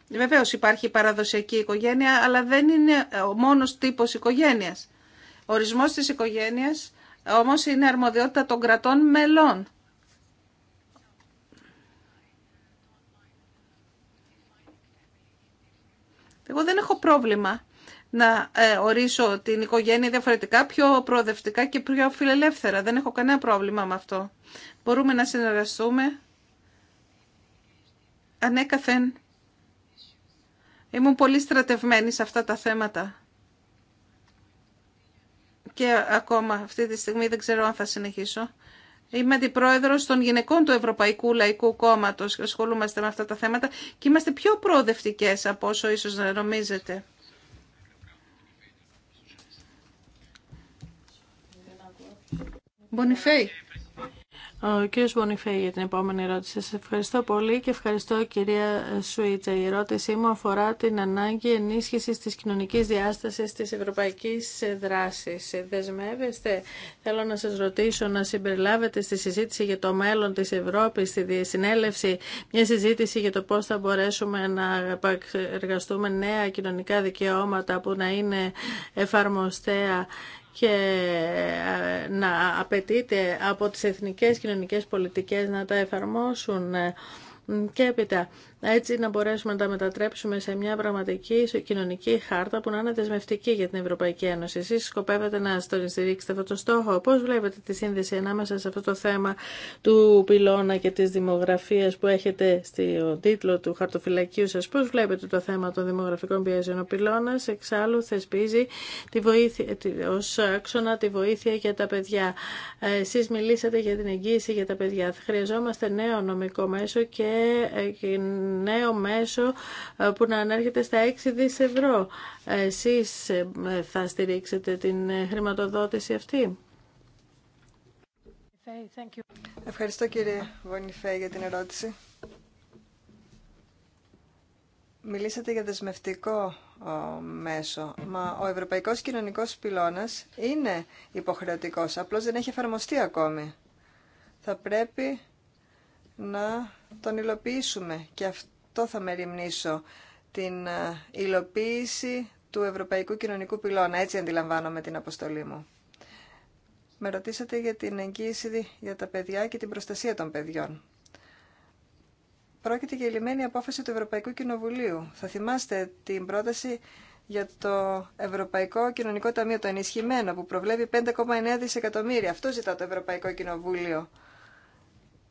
Βεβαίω υπάρχει η παραδοσιακή οικογένεια, αλλά δεν είναι ο μόνος τύπος οικογένειας. Ο ορισμός της οικογένειας όμως είναι αρμοδιότητα των κρατών μελών. Εγώ δεν έχω πρόβλημα να ε, ορίσω την οικογένεια διαφορετικά, πιο προοδευτικά και πιο φιλελεύθερα. Δεν έχω κανένα πρόβλημα με αυτό. Μπορούμε να συνεργαστούμε. Ανέκαθεν ήμουν πολύ στρατευμένη σε αυτά τα θέματα. Και ακόμα αυτή τη στιγμή δεν ξέρω αν θα συνεχίσω. Είμαι αντιπρόεδρο των γυναικών του Ευρωπαϊκού Λαϊκού Κόμματο και ασχολούμαστε με αυτά τα θέματα και είμαστε πιο προοδευτικέ από όσο ίσω να νομίζετε. Μπονιφέη. Ο κύριος Μπονιφέη για την επόμενη ερώτηση. Σας ευχαριστώ πολύ και ευχαριστώ κυρία Σουίτσα. Η ερώτησή μου αφορά την ανάγκη ενίσχυσης της κοινωνικής διάστασης της ευρωπαϊκής δράσης. Δεσμεύεστε, θέλω να σας ρωτήσω, να συμπεριλάβετε στη συζήτηση για το μέλλον της Ευρώπης, στη συνέλευση, μια συζήτηση για το πώς θα μπορέσουμε να εργαστούμε νέα κοινωνικά δικαιώματα που να είναι εφαρμοστέα και ε, να απαιτείται από τις εθνικές κοινωνικές πολιτικές να τα εφαρμόσουν ε, και έπειτα έτσι να μπορέσουμε να τα μετατρέψουμε σε μια πραγματική κοινωνική χάρτα που να είναι δεσμευτική για την Ευρωπαϊκή Ένωση. Εσείς σκοπεύετε να στον στηρίξετε αυτό το στόχο. Πώς βλέπετε τη σύνδεση ανάμεσα σε αυτό το θέμα του πυλώνα και της δημογραφίας που έχετε στο τίτλο του χαρτοφυλακίου σας. Πώς βλέπετε το θέμα των δημογραφικών πιέσεων. Ο πυλώνας εξάλλου θεσπίζει τη βοήθεια, ως άξονα τη βοήθεια για τα παιδιά. Εσείς μιλήσατε για την εγγύηση για τα παιδιά. Χρειαζόμαστε νέο νομικό μέσο και ε, νέο μέσο ε, που να ανέρχεται στα 6 δις ευρώ. Εσείς ε, θα στηρίξετε την ε, χρηματοδότηση αυτή. Ευχαριστώ κύριε Βονιφέ για την ερώτηση. Μιλήσατε για δεσμευτικό μέσο, μα ο Ευρωπαϊκός Κοινωνικός Πυλώνας είναι υποχρεωτικός, απλώς δεν έχει εφαρμοστεί ακόμη. Θα πρέπει να τον υλοποιήσουμε και αυτό θα μεριμνήσω την ε, υλοποίηση του Ευρωπαϊκού Κοινωνικού Πυλώνα. Έτσι αντιλαμβάνομαι την αποστολή μου. Με ρωτήσατε για την εγγύηση για τα παιδιά και την προστασία των παιδιών. Πρόκειται για λιμένη απόφαση του Ευρωπαϊκού Κοινοβουλίου. Θα θυμάστε την πρόταση για το Ευρωπαϊκό Κοινωνικό Ταμείο, το ενισχυμένο, που προβλέπει 5,9 δισεκατομμύρια. Αυτό ζητά το Ευρωπαϊκό Κοινοβούλιο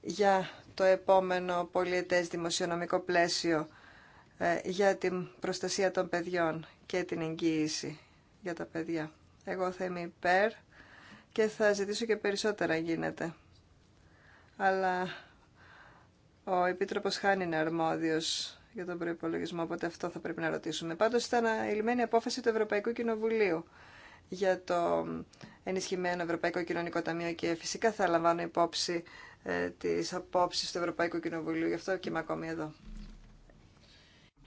για το επόμενο πολιετές δημοσιονομικό πλαίσιο ε, για την προστασία των παιδιών και την εγγύηση για τα παιδιά. Εγώ θα είμαι υπέρ και θα ζητήσω και περισσότερα γίνεται. Αλλά ο Επίτροπος Χάν είναι αρμόδιος για τον προϋπολογισμό, οπότε αυτό θα πρέπει να ρωτήσουμε. Πάντως ήταν η απόφαση του Ευρωπαϊκού Κοινοβουλίου για το ενισχυμένο Ευρωπαϊκό Κοινωνικό Ταμείο και φυσικά θα λαμβάνω υπόψη ε, τις απόψεις του Ευρωπαϊκού Κοινοβουλίου. Γι' αυτό και είμαι ακόμη εδώ.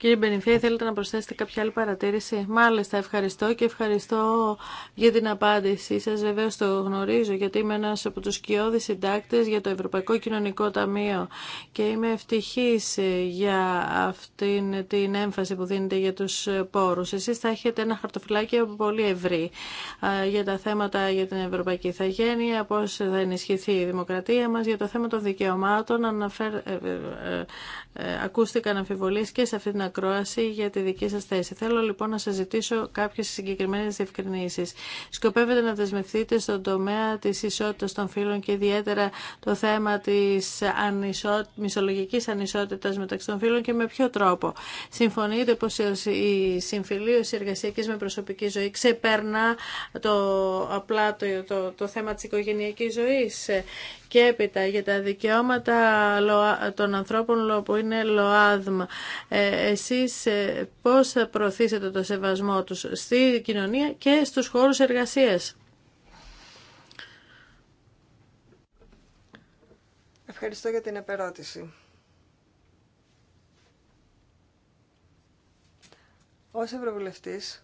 Κύριε Μπενιφέ, θέλετε να προσθέσετε κάποια άλλη παρατήρηση. Μάλιστα, ευχαριστώ και ευχαριστώ για την απάντησή σα. Βεβαίω το γνωρίζω, γιατί είμαι ένα από του σκιώδει συντάκτε για το Ευρωπαϊκό Κοινωνικό Ταμείο και είμαι ευτυχή ε, για αυτήν την έμφαση που δίνετε για του πόρου. Εσεί θα έχετε ένα χαρτοφυλάκιο πολύ ευρύ ε, για τα θέματα για την Ευρωπαϊκή Ιθαγένεια, πώ θα ενισχυθεί η δημοκρατία μα, για το θέμα των δικαιωμάτων. Αναφέρ... Ε, ε, ακούστηκαν αμφιβολίες και σε αυτή την ακρόαση για τη δική σας θέση. Θέλω λοιπόν να σας ζητήσω κάποιες συγκεκριμένες διευκρινήσεις. Σκοπεύετε να δεσμευτείτε στον τομέα της ισότητας των φύλων και ιδιαίτερα το θέμα της ανισο... μισολογικής ανισότητας μεταξύ των φύλων και με ποιο τρόπο. Συμφωνείτε πως η συμφιλίωση εργασιακής με προσωπική ζωή ξεπερνά το απλά το, το, το θέμα της οικογενειακής ζωής και έπειτα για τα δικαιώματα των ανθρώπων που είναι ΛΟΑΔΜΑ. Ε, εσείς ε, πώς θα προωθήσετε το σεβασμό τους στη κοινωνία και στους χώρους εργασίας. Ευχαριστώ για την επερώτηση. Ως Ευρωβουλευτής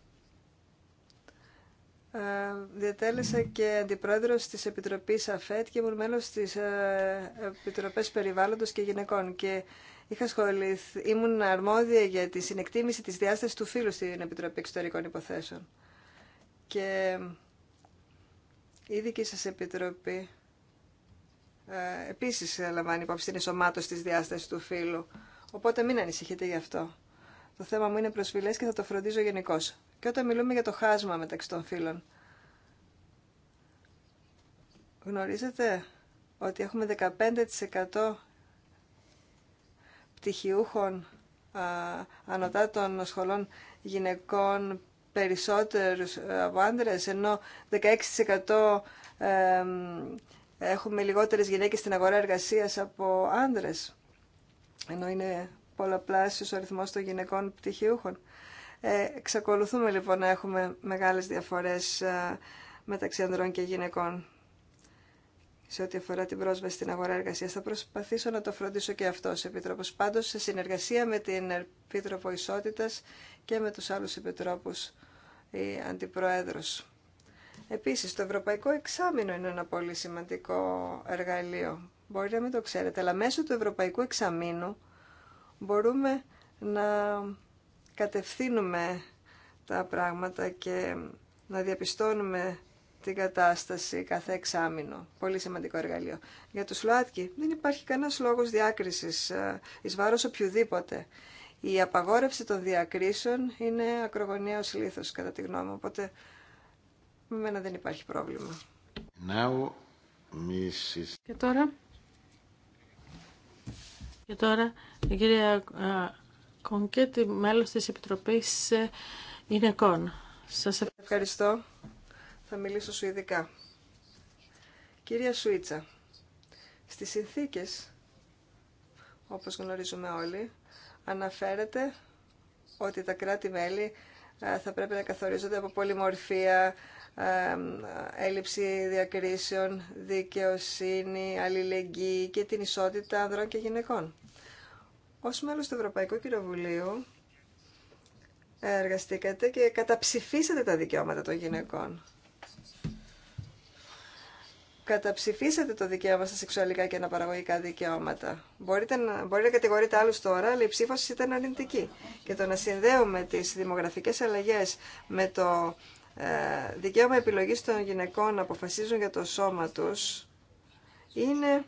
ε, διατέλεσα και αντιπρόεδρος της Επιτροπής ΑΦΕΤ και ήμουν μέλος της ε, Επιτροπές Περιβάλλοντος και Γυναικών και είχα ασχοληθεί, ήμουν αρμόδια για τη συνεκτίμηση της διάστασης του φύλου στην Επιτροπή Εξωτερικών Υποθέσεων. Και η δική σας Επιτροπή ε, επίσης λαμβάνει υπόψη την ενσωμάτωση της διάστασης του φύλου. Οπότε μην ανησυχείτε γι' αυτό. Το θέμα μου είναι προσφυλές και θα το φροντίζω γενικώ και όταν μιλούμε για το χάσμα μεταξύ των φύλων. Γνωρίζετε ότι έχουμε 15% πτυχιούχων α, ανωτά των σχολών γυναικών περισσότερους ε, από άντρες, ενώ 16% ε, έχουμε λιγότερες γυναίκες στην αγορά εργασίας από άντρες, ενώ είναι πολλαπλάσιος ο αριθμός των γυναικών πτυχιούχων. Ε, εξακολουθούμε λοιπόν να έχουμε μεγάλες διαφορές ε, μεταξύ ανδρών και γυναικών σε ό,τι αφορά την πρόσβαση στην αγορά εργασίας. Θα προσπαθήσω να το φροντίσω και αυτό σε Επίτροπος. Πάντως, σε συνεργασία με την Επίτροπο Ισότητας και με τους άλλους Επιτρόπους ή Αντιπροέδρος. Επίσης, το Ευρωπαϊκό Εξάμεινο είναι ένα πολύ σημαντικό εργαλείο. Μπορεί να μην το ξέρετε, αλλά μέσω του Ευρωπαϊκού Εξαμήνου μπορούμε να κατευθύνουμε τα πράγματα και να διαπιστώνουμε την κατάσταση κάθε εξάμεινο. Πολύ σημαντικό εργαλείο. Για τους ΛΟΑΤΚΙ δεν υπάρχει κανένας λόγος διάκρισης ε, εις βάρος οποιοδήποτε. Η απαγόρευση των διακρίσεων είναι ακρογωνιαίος λήθος κατά τη γνώμη μου, οπότε με μένα δεν υπάρχει πρόβλημα. Now, Mrs. Και τώρα... Και τώρα, η κυρία ε, και τη μέλος της Επιτροπής Γυναικών. Ε, Σας ευχαριστώ. Θα μιλήσω σου ειδικά. Κυρία Σουίτσα, στις συνθήκες, όπως γνωρίζουμε όλοι, αναφέρεται ότι τα κράτη-μέλη ε, θα πρέπει να καθορίζονται από πολυμορφία, ε, έλλειψη διακρίσεων, δικαιοσύνη, αλληλεγγύη και την ισότητα ανδρών και γυναικών. Ως μέλος του Ευρωπαϊκού Κοινοβουλίου εργαστήκατε και καταψηφίσατε τα δικαιώματα των γυναικών. Καταψηφίσατε το δικαίωμα στα σεξουαλικά και αναπαραγωγικά δικαιώματα. Μπορείτε να, μπορεί να κατηγορείτε άλλους τώρα, αλλά η ψήφωση ήταν αρνητική. Και το να συνδέουμε τις δημογραφικές αλλαγές με το ε, δικαίωμα επιλογής των γυναικών να αποφασίζουν για το σώμα τους είναι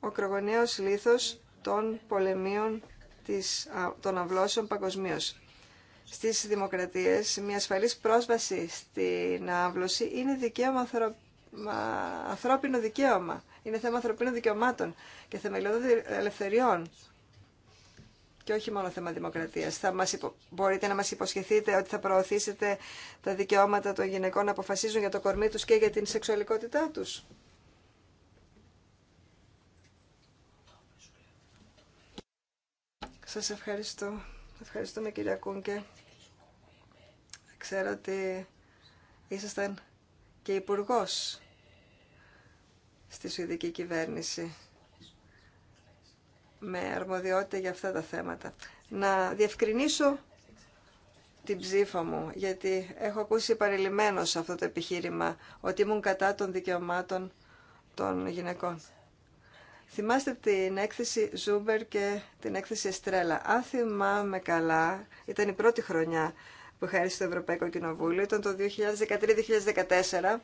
ο κρογονέος λήθος των πολεμίων της, των αυλώσεων παγκοσμίω. Στις δημοκρατίες μια ασφαλής πρόσβαση στην αύλωση είναι δικαίωμα ανθρώπινο δικαίωμα. Είναι θέμα ανθρωπίνων δικαιωμάτων και θεμελιώδων ελευθεριών και όχι μόνο θέμα δημοκρατίας. Θα μας Μπορείτε να μας υποσχεθείτε ότι θα προωθήσετε τα δικαιώματα των γυναικών να αποφασίζουν για το κορμί τους και για την σεξουαλικότητά τους. Σας ευχαριστώ. Ευχαριστούμε κυρία Κούνκε. Ξέρω ότι ήσασταν και υπουργό στη Σουηδική κυβέρνηση με αρμοδιότητα για αυτά τα θέματα. Να διευκρινίσω την ψήφα μου, γιατί έχω ακούσει παρελειμμένως αυτό το επιχείρημα ότι ήμουν κατά των δικαιωμάτων των γυναικών. Θυμάστε την έκθεση Ζούμπερ και την έκθεση Εστρέλα. Αν θυμάμαι καλά, ήταν η πρώτη χρονιά που χάρισε στο Ευρωπαϊκό Κοινοβούλιο, ήταν το 2013-2014,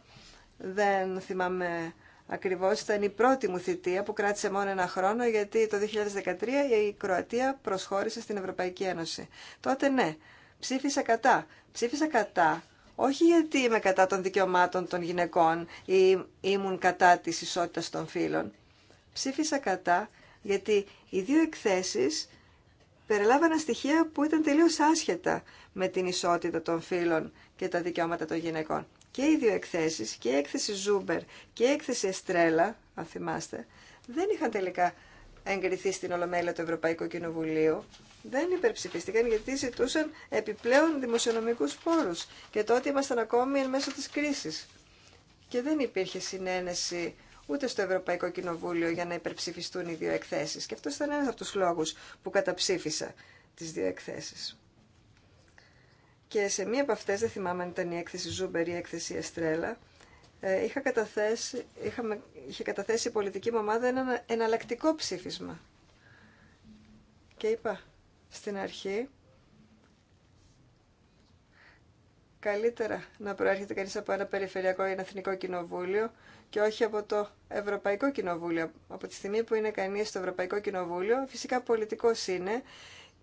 δεν θυμάμαι ακριβώς, ήταν η πρώτη μου θητεία που κράτησε μόνο ένα χρόνο, γιατί το 2013 η Κροατία προσχώρησε στην Ευρωπαϊκή Ένωση. Τότε ναι, ψήφισα κατά. Ψήφισα κατά όχι γιατί είμαι κατά των δικαιωμάτων των γυναικών ή ήμουν κατά της ισότητας των φίλων, Ψήφισα κατά γιατί οι δύο εκθέσεις περιλάβαναν στοιχεία που ήταν τελείως άσχετα με την ισότητα των φύλων και τα δικαιώματα των γυναικών. Και οι δύο εκθέσεις, και η έκθεση Ζούμπερ και η έκθεση Εστρέλα, αν θυμάστε, δεν είχαν τελικά εγκριθεί στην Ολομέλεια του Ευρωπαϊκού Κοινοβουλίου. Δεν υπερψηφίστηκαν γιατί ζητούσαν επιπλέον δημοσιονομικούς πόρους και τότε ήμασταν ακόμη εν μέσω της κρίσης. Και δεν υπήρχε συνένεση ούτε στο Ευρωπαϊκό Κοινοβούλιο για να υπερψηφιστούν οι δύο εκθέσεις. Και αυτό ήταν ένα από του λόγου που καταψήφισα τις δύο εκθέσει. Και σε μία από αυτέ δεν θυμάμαι αν ήταν η έκθεση Ζούμπερ ή η έκθεση Εστρέλα, ε, είχα καταθέσει, είχαμε, είχε καταθέσει η πολιτική μου ομάδα ένα εναλλακτικό ψήφισμα. Και είπα στην αρχή, καλύτερα να προέρχεται κανείς από ένα περιφερειακό ή ένα εθνικό κοινοβούλιο και όχι από το Ευρωπαϊκό Κοινοβούλιο. Από τη στιγμή που είναι κανείς στο Ευρωπαϊκό Κοινοβούλιο, φυσικά πολιτικός είναι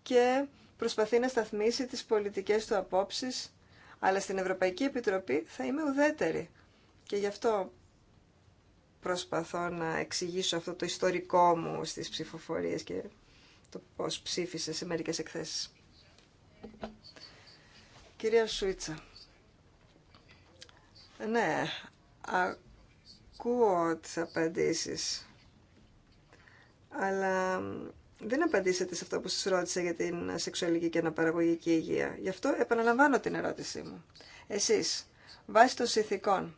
και προσπαθεί να σταθμίσει τις πολιτικές του απόψεις, αλλά στην Ευρωπαϊκή Επιτροπή θα είμαι ουδέτερη. Και γι' αυτό προσπαθώ να εξηγήσω αυτό το ιστορικό μου στις ψηφοφορίες και το πώς ψήφισε σε μερικές εκθέσεις. Κυρία Σουίτσα, ναι, ακούω τις απαντήσεις, αλλά δεν απαντήσατε σε αυτό που σας ρώτησα για την σεξουαλική και αναπαραγωγική υγεία. Γι' αυτό επαναλαμβάνω την ερώτησή μου. Εσείς, βάσει των συνθήκων,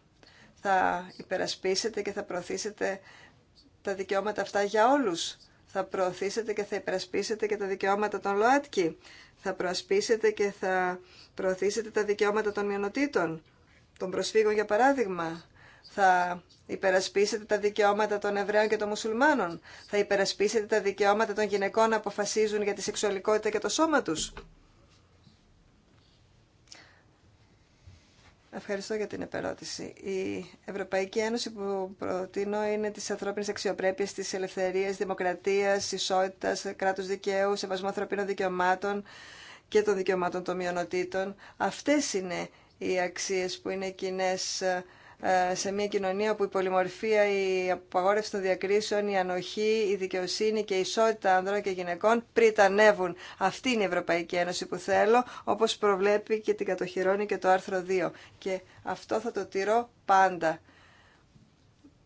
θα υπερασπίσετε και θα προωθήσετε τα δικαιώματα αυτά για όλους. Θα προωθήσετε και θα υπερασπίσετε και τα δικαιώματα των ΛΟΑΤΚΙ. Θα προασπίσετε και θα προωθήσετε τα δικαιώματα των μειονοτήτων, των προσφύγων για παράδειγμα. Θα υπερασπίσετε τα δικαιώματα των Εβραίων και των Μουσουλμάνων. Θα υπερασπίσετε τα δικαιώματα των γυναικών να αποφασίζουν για τη σεξουαλικότητα και το σώμα τους. Ευχαριστώ για την επερώτηση. Η Ευρωπαϊκή Ένωση που προτείνω είναι τη ανθρώπινη αξιοπρέπεια, τη ελευθερία, δημοκρατία, ισότητα, κράτου δικαίου, σεβασμό ανθρωπίνων δικαιωμάτων και των δικαιωμάτων των μειονοτήτων. Αυτέ είναι οι αξίε που είναι κοινέ ε, ε, σε μια κοινωνία που η πολυμορφία, η απαγόρευση των διακρίσεων, η ανοχή, η δικαιοσύνη και η ισότητα ανδρών και γυναικών πριτανεύουν. Αυτή είναι η Ευρωπαϊκή Ένωση που θέλω, όπως προβλέπει και την κατοχυρώνει και το άρθρο 2. Και αυτό θα το τηρώ πάντα.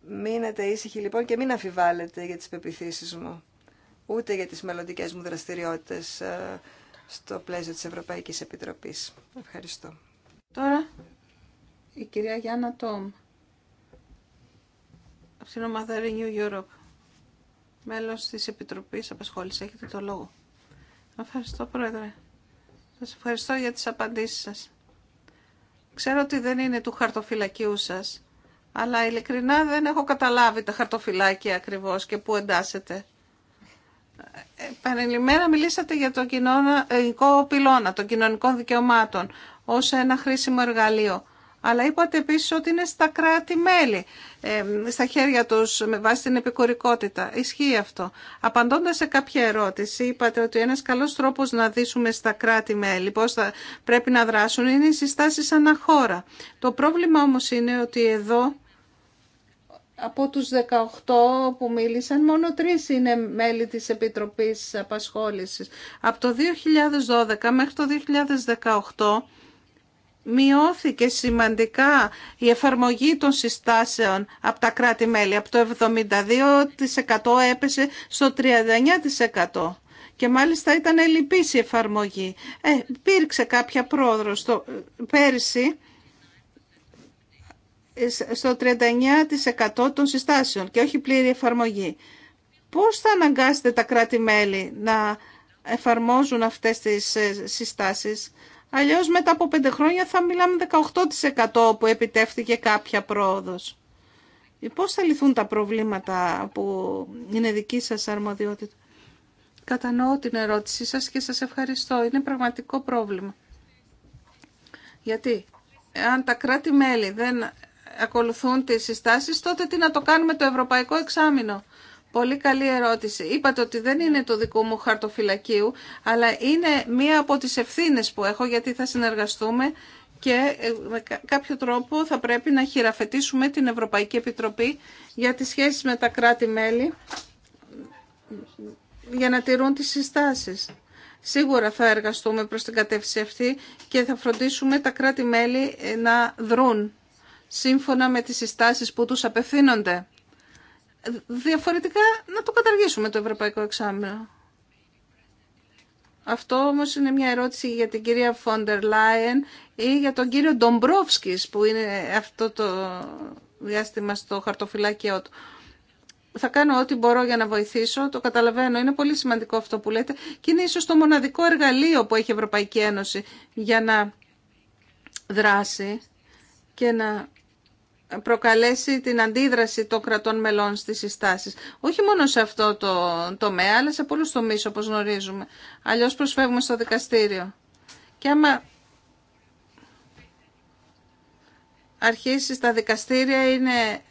Μείνετε ήσυχοι λοιπόν και μην αμφιβάλλετε για τις πεπιθήσεις μου, ούτε για τις μελλοντικέ μου δραστηριότητες ε, στο πλαίσιο της Ευρωπαϊκής Επιτροπής. Ευχαριστώ. Τώρα η κυρία Γιάννα Τόμ από την ομάδα Renew Europe, μέλος της Επιτροπής Απασχόλησης. Έχετε το λόγο. Ευχαριστώ, Πρόεδρε. Σας ευχαριστώ για τις απαντήσεις σας. Ξέρω ότι δεν είναι του χαρτοφυλακίου σας, αλλά ειλικρινά δεν έχω καταλάβει τα χαρτοφυλάκια ακριβώς και πού εντάσσετε. Πανελημέρα μιλήσατε για το κοινωνικό πυλώνα των κοινωνικών δικαιωμάτων ως ένα χρήσιμο εργαλείο αλλά είπατε επίσης ότι είναι στα κράτη-μέλη, στα χέρια τους με βάση την επικορικότητα. Ισχύει αυτό. Απαντώντας σε κάποια ερώτηση, είπατε ότι ένας καλός τρόπος να δείσουμε στα κράτη-μέλη πώς θα πρέπει να δράσουν είναι οι συστάσεις αναχώρα. Το πρόβλημα όμως είναι ότι εδώ από τους 18 που μίλησαν, μόνο τρεις είναι μέλη της Επιτροπής Απασχόλησης. Από το 2012 μέχρι το 2018 μειώθηκε σημαντικά η εφαρμογή των συστάσεων από τα κράτη-μέλη. Από το 72% έπεσε στο 39%. Και μάλιστα ήταν ελλειπής η εφαρμογή. Ε, υπήρξε κάποια πρόοδο στο, πέρυσι στο 39% των συστάσεων και όχι πλήρη εφαρμογή. Πώς θα αναγκάσετε τα κράτη-μέλη να εφαρμόζουν αυτές τις ε, συστάσεις Αλλιώς μετά από πέντε χρόνια θα μιλάμε 18% που επιτεύχθηκε κάποια πρόοδος. Ε, πώς θα λυθούν τα προβλήματα που είναι δική σας αρμοδιότητα. Κατανοώ την ερώτησή σας και σας ευχαριστώ. Είναι πραγματικό πρόβλημα. Γιατί αν τα κράτη-μέλη δεν ακολουθούν τις συστάσεις, τότε τι να το κάνουμε το ευρωπαϊκό εξάμεινο. Πολύ καλή ερώτηση. Είπατε ότι δεν είναι το δικό μου χαρτοφυλακίου, αλλά είναι μία από τις ευθύνες που έχω γιατί θα συνεργαστούμε και ε, με κάποιο τρόπο θα πρέπει να χειραφετήσουμε την Ευρωπαϊκή Επιτροπή για τις σχέσεις με τα κράτη-μέλη για να τηρούν τις συστάσεις. Σίγουρα θα εργαστούμε προς την κατεύθυνση αυτή και θα φροντίσουμε τα κράτη-μέλη ε, να δρούν σύμφωνα με τις συστάσεις που τους απευθύνονται διαφορετικά να το καταργήσουμε το Ευρωπαϊκό Εξάμεινο. Αυτό όμως είναι μια ερώτηση για την κυρία Φόντερ Λάιεν ή για τον κύριο Ντομπρόφσκης που είναι αυτό το διάστημα στο χαρτοφυλάκιό του. Θα κάνω ό,τι μπορώ για να βοηθήσω, το καταλαβαίνω, είναι πολύ σημαντικό αυτό που λέτε και είναι ίσως το μοναδικό εργαλείο που έχει η Ευρωπαϊκή Ένωση για να δράσει και να προκαλέσει την αντίδραση των κρατών μελών στις συστάσεις. Όχι μόνο σε αυτό το τομέα, αλλά σε πολλούς τομείς όπως γνωρίζουμε. Αλλιώς προσφεύγουμε στο δικαστήριο. Και άμα αρχίσει στα δικαστήρια είναι ε,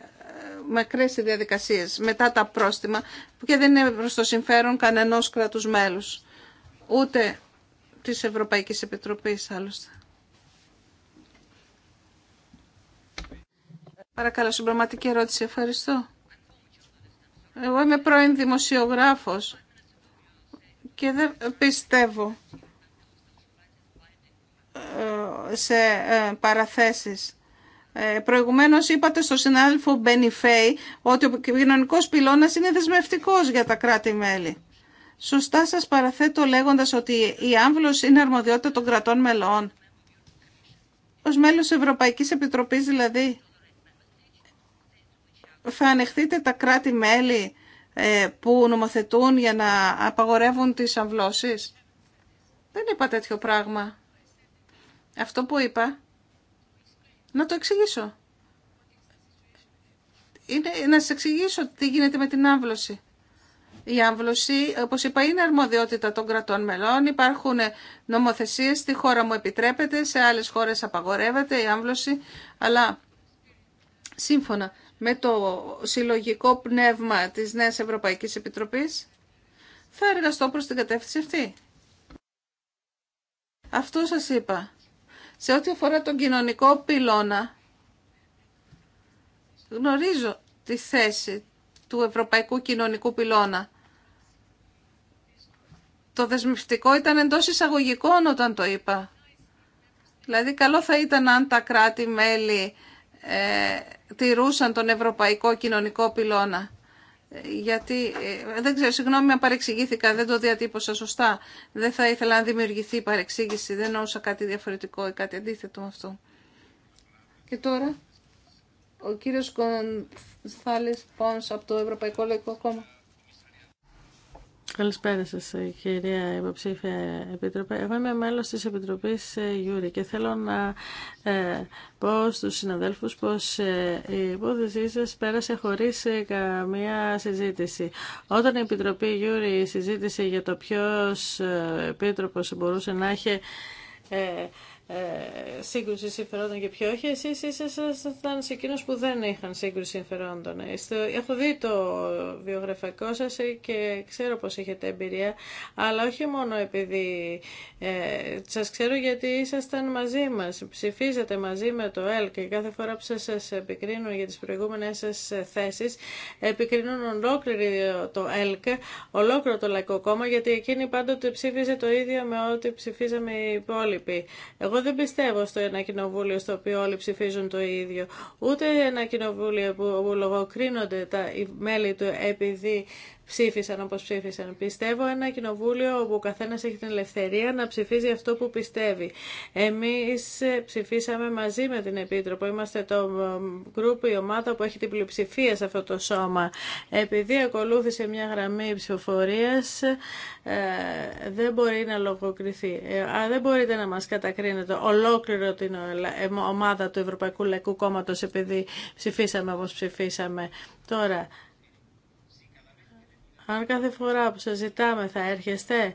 μακρές οι διαδικασίες μετά τα πρόστιμα και δεν είναι προς το συμφέρον κανενός κράτους μέλους. Ούτε της Ευρωπαϊκής Επιτροπής άλλωστε. Παρακαλώ, συμπραγματική ερώτηση. Ευχαριστώ. Εγώ είμαι πρώην δημοσιογράφος και δεν πιστεύω ε, σε ε, παραθέσεις. Ε, προηγουμένως είπατε στον συνάδελφο Μπενιφέη ότι ο κοινωνικός πυλώνας είναι δεσμευτικός για τα κράτη-μέλη. Σωστά σας παραθέτω λέγοντας ότι η άμβλος είναι αρμοδιότητα των κρατών μελών. Ως μέλος Ευρωπαϊκής Επιτροπής δηλαδή θα ανεχτείτε τα κράτη-μέλη ε, που νομοθετούν για να απαγορεύουν τις αμβλώσεις. Δεν είπα τέτοιο πράγμα. Αυτό που είπα, να το εξηγήσω. Είναι, να σας εξηγήσω τι γίνεται με την άμβλωση. Η άμβλωση, όπως είπα, είναι αρμοδιότητα των κρατών μελών. Υπάρχουν νομοθεσίες, στη χώρα μου επιτρέπεται, σε άλλες χώρες απαγορεύεται η άμβλωση, αλλά σύμφωνα με το συλλογικό πνεύμα της Νέας Ευρωπαϊκής Επιτροπής, θα εργαστώ προς την κατεύθυνση αυτή. Αυτό σας είπα. Σε ό,τι αφορά τον κοινωνικό πυλώνα, γνωρίζω τη θέση του Ευρωπαϊκού Κοινωνικού Πυλώνα. Το δεσμευτικό ήταν εντός εισαγωγικών όταν το είπα. Δηλαδή, καλό θα ήταν αν τα κράτη-μέλη ε, τηρούσαν τον ευρωπαϊκό κοινωνικό πυλώνα. Γιατί, ε, δεν ξέρω, συγγνώμη αν παρεξηγήθηκα, δεν το διατύπωσα σωστά. Δεν θα ήθελα να δημιουργηθεί παρεξήγηση, δεν νοούσα κάτι διαφορετικό ή κάτι αντίθετο με αυτό. Και τώρα, ο κύριος Κονθάλης Πόνς από το Ευρωπαϊκό Λαϊκό Κόμμα. Καλησπέρα σα, ε, κυρία υποψήφια Επίτροπε. Εγώ είμαι μέλο τη Επιτροπή ε, Γιούρι και θέλω να ε, πω στου συναδέλφου πω η υπόθεσή σα πέρασε χωρί καμία συζήτηση. Όταν η Επιτροπή Γιούρι συζήτησε για το ποιο επίτροπο μπορούσε να έχει ε, σύγκρουση συμφερόντων και ποιο όχι. Εσείς ήσασταν σε εκείνους που δεν είχαν σύγκρουση συμφερόντων. Έχω δει το βιογραφικό σας και ξέρω πως έχετε εμπειρία, αλλά όχι μόνο επειδή ε, σας ξέρω γιατί ήσασταν μαζί μας, ψηφίζατε μαζί με το ΕΛ και κάθε φορά που σας, επικρίνουν για τις προηγούμενες σας θέσεις, επικρίνουν ολόκληρο το ΕΛΚ, ολόκληρο το Λαϊκό Κόμμα, γιατί εκείνη πάντοτε ψήφιζε το ίδιο με ό,τι ψηφίζαμε οι υπόλοιποι. Εγώ δεν πιστεύω στο ένα κοινοβούλιο στο οποίο όλοι ψηφίζουν το ίδιο. Ούτε ένα κοινοβούλιο που λογοκρίνονται τα μέλη του επειδή ψήφισαν όπως ψήφισαν. Πιστεύω ένα κοινοβούλιο όπου ο καθένας έχει την ελευθερία να ψηφίζει αυτό που πιστεύει. Εμείς ε, ψηφίσαμε μαζί με την Επίτροπο. Είμαστε το γκρουπ, η ομάδα που έχει την πλειοψηφία σε αυτό το σώμα. Επειδή ακολούθησε μια γραμμή ψηφοφορία, ε, δεν μπορεί να λογοκριθεί. Ε, δεν μπορείτε να μας κατακρίνετε ολόκληρο την ομάδα του Ευρωπαϊκού Λαϊκού Κόμματος επειδή ψηφίσαμε όπως ψηφίσαμε. Τώρα, αν κάθε φορά που σας ζητάμε θα έρχεστε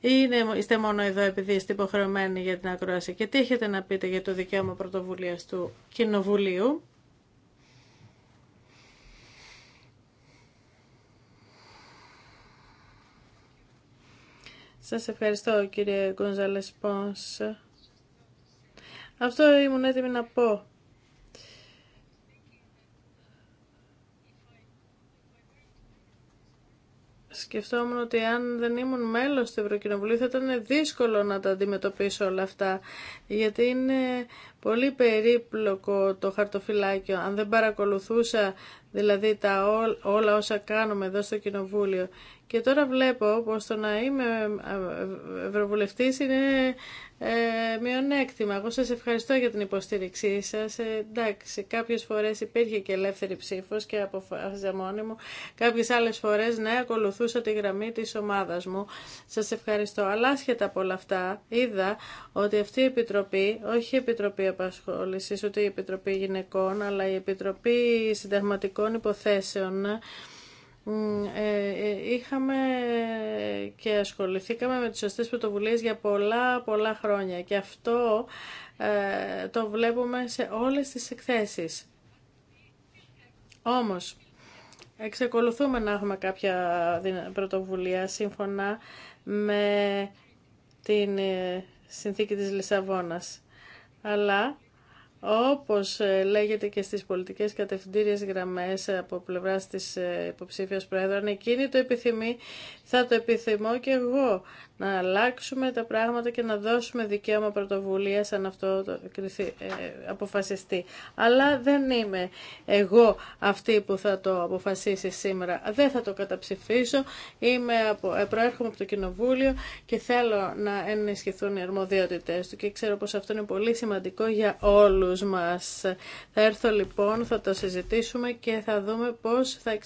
ή είστε μόνο εδώ επειδή είστε υποχρεωμένοι για την ακρόαση και τι έχετε να πείτε για το δικαίωμα πρωτοβουλίας του Κοινοβουλίου. Σας ευχαριστώ κύριε Γκονζάλες Πόνς. Αυτό ήμουν έτοιμη να πω. Σκεφτόμουν ότι αν δεν ήμουν μέλος του Ευρωκοινοβουλίου θα ήταν δύσκολο να τα αντιμετωπίσω όλα αυτά, γιατί είναι πολύ περίπλοκο το χαρτοφυλάκιο. Αν δεν παρακολουθούσα δηλαδή τα όλα όσα κάνουμε εδώ στο Κοινοβούλιο και τώρα βλέπω πως το να είμαι ευρωβουλευτής είναι ε, μειονέκτημα. Εγώ σας ευχαριστώ για την υποστήριξή σας. Ε, εντάξει, κάποιες φορές υπήρχε και ελεύθερη ψήφος και αποφάσιζα μόνη μου. Κάποιες άλλες φορές, ναι, ακολουθούσα τη γραμμή της ομάδας μου. Σας ευχαριστώ. Αλλά άσχετα από όλα αυτά, είδα ότι αυτή η Επιτροπή, όχι η Επιτροπή Απασχόλησης, ούτε η Επιτροπή Γυναικών, αλλά η Επιτροπή Συνταγματικών Υποθέσεων, ε, ε, είχαμε και ασχοληθήκαμε με τις σωστές πρωτοβουλίες για πολλά πολλά χρόνια και αυτό ε, το βλέπουμε σε όλες τις εκθέσεις. Όμως, εξεκολουθούμε να έχουμε κάποια πρωτοβουλία σύμφωνα με την συνθήκη της Λισαβόνας. Αλλά όπως ε, λέγεται και στις πολιτικές κατευθυντήριες γραμμές ε, από πλευράς της ε, υποψήφιας Πρόεδρου, εκείνη το επιθυμεί, θα το επιθυμώ και εγώ να αλλάξουμε τα πράγματα και να δώσουμε δικαίωμα πρωτοβουλία αν αυτό το ε, αποφασιστεί. Αλλά δεν είμαι εγώ αυτή που θα το αποφασίσει σήμερα. Δεν θα το καταψηφίσω. Είμαι από, ε, προέρχομαι από το Κοινοβούλιο και θέλω να ενισχυθούν οι αρμοδιότητες του και ξέρω πως αυτό είναι πολύ σημαντικό για όλους μας. Θα έρθω λοιπόν, θα το συζητήσουμε και θα δούμε πώς θα,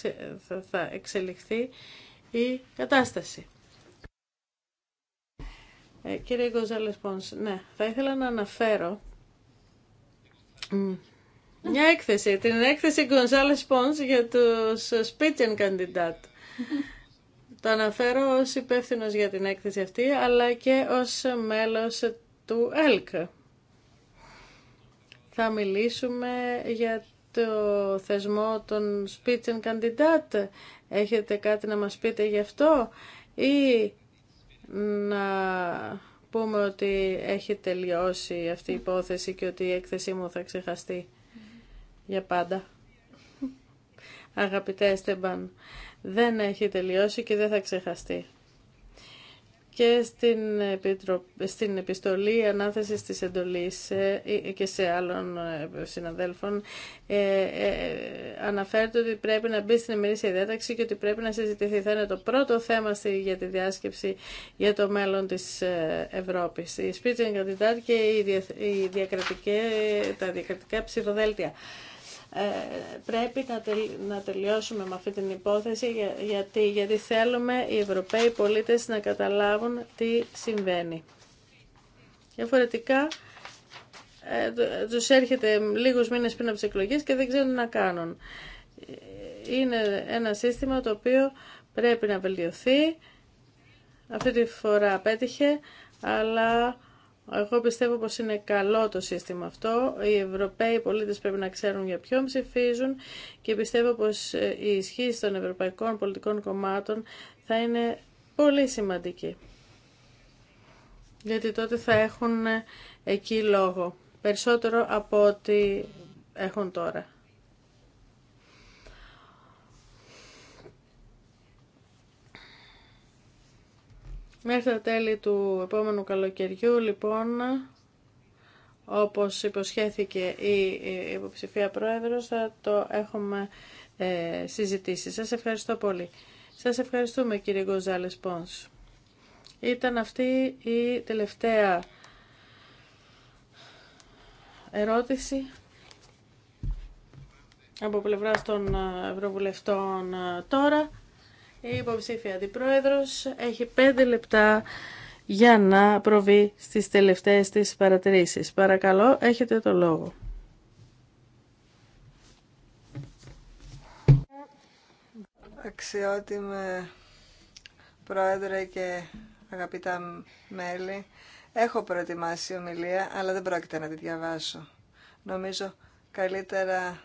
θα, θα εξελιχθεί η κατάσταση. Ε, κύριε Γκοζάλες Πόνς, ναι, θα ήθελα να αναφέρω μια έκθεση, την έκθεση Γκοζάλες Πόνς για τους καντιντάτ. Το αναφέρω ως υπεύθυνο για την έκθεση αυτή, αλλά και ως μέλος του ΕΛΚ. Θα μιλήσουμε για το θεσμό των καντιντάτ. Έχετε κάτι να μας πείτε γι' αυτό ή να πούμε ότι έχει τελειώσει αυτή η υπόθεση και ότι η έκθεσή μου θα ξεχαστεί για πάντα. Αγαπητέ Στεμπαν, δεν έχει τελειώσει και δεν θα ξεχαστεί και στην, επιστολή ανάθεση της εντολής ε, ε, και σε άλλων ε, συναδέλφων ε, αναφέρεται ότι πρέπει να μπει στην ημερήσια διάταξη και ότι πρέπει να συζητηθεί. Θα είναι το πρώτο θέμα στη, για τη διάσκεψη για το μέλλον της Ευρώπης. Η Spitzenkandidat και η, η τα διακρατικά ψηφοδέλτια. Ε, πρέπει να τελειώσουμε με αυτή την υπόθεση γιατί, γιατί θέλουμε οι Ευρωπαίοι πολίτες να καταλάβουν τι συμβαίνει. Διαφορετικά ε, τους έρχεται λίγους μήνες πριν από τις και δεν ξέρουν να κάνουν. Είναι ένα σύστημα το οποίο πρέπει να βελτιωθεί. Αυτή τη φορά απέτυχε, αλλά εγώ πιστεύω πως είναι καλό το σύστημα αυτό. Οι Ευρωπαίοι πολίτες πρέπει να ξέρουν για ποιον ψηφίζουν και πιστεύω πως ε, η ισχύ των ευρωπαϊκών πολιτικών κομμάτων θα είναι πολύ σημαντική. Γιατί τότε θα έχουν ε, εκεί λόγο. Περισσότερο από ό,τι έχουν τώρα. Μέχρι τα τέλη του επόμενου καλοκαιριού, λοιπόν, όπως υποσχέθηκε η υποψηφία πρόεδρος, θα το έχουμε ε, συζητήσει. Σας ευχαριστώ πολύ. Σας ευχαριστούμε κύριε Γκοζάλες Πόνς. Ήταν αυτή η τελευταία ερώτηση από πλευράς των ε, Ευρωβουλευτών ε, τώρα. Η υποψήφια αντιπρόεδρος έχει πέντε λεπτά για να προβεί στις τελευταίες της παρατηρήσεις. Παρακαλώ, έχετε το λόγο. Αξιότιμε πρόεδρε και αγαπητά μέλη, έχω προετοιμάσει ομιλία, αλλά δεν πρόκειται να τη διαβάσω. Νομίζω καλύτερα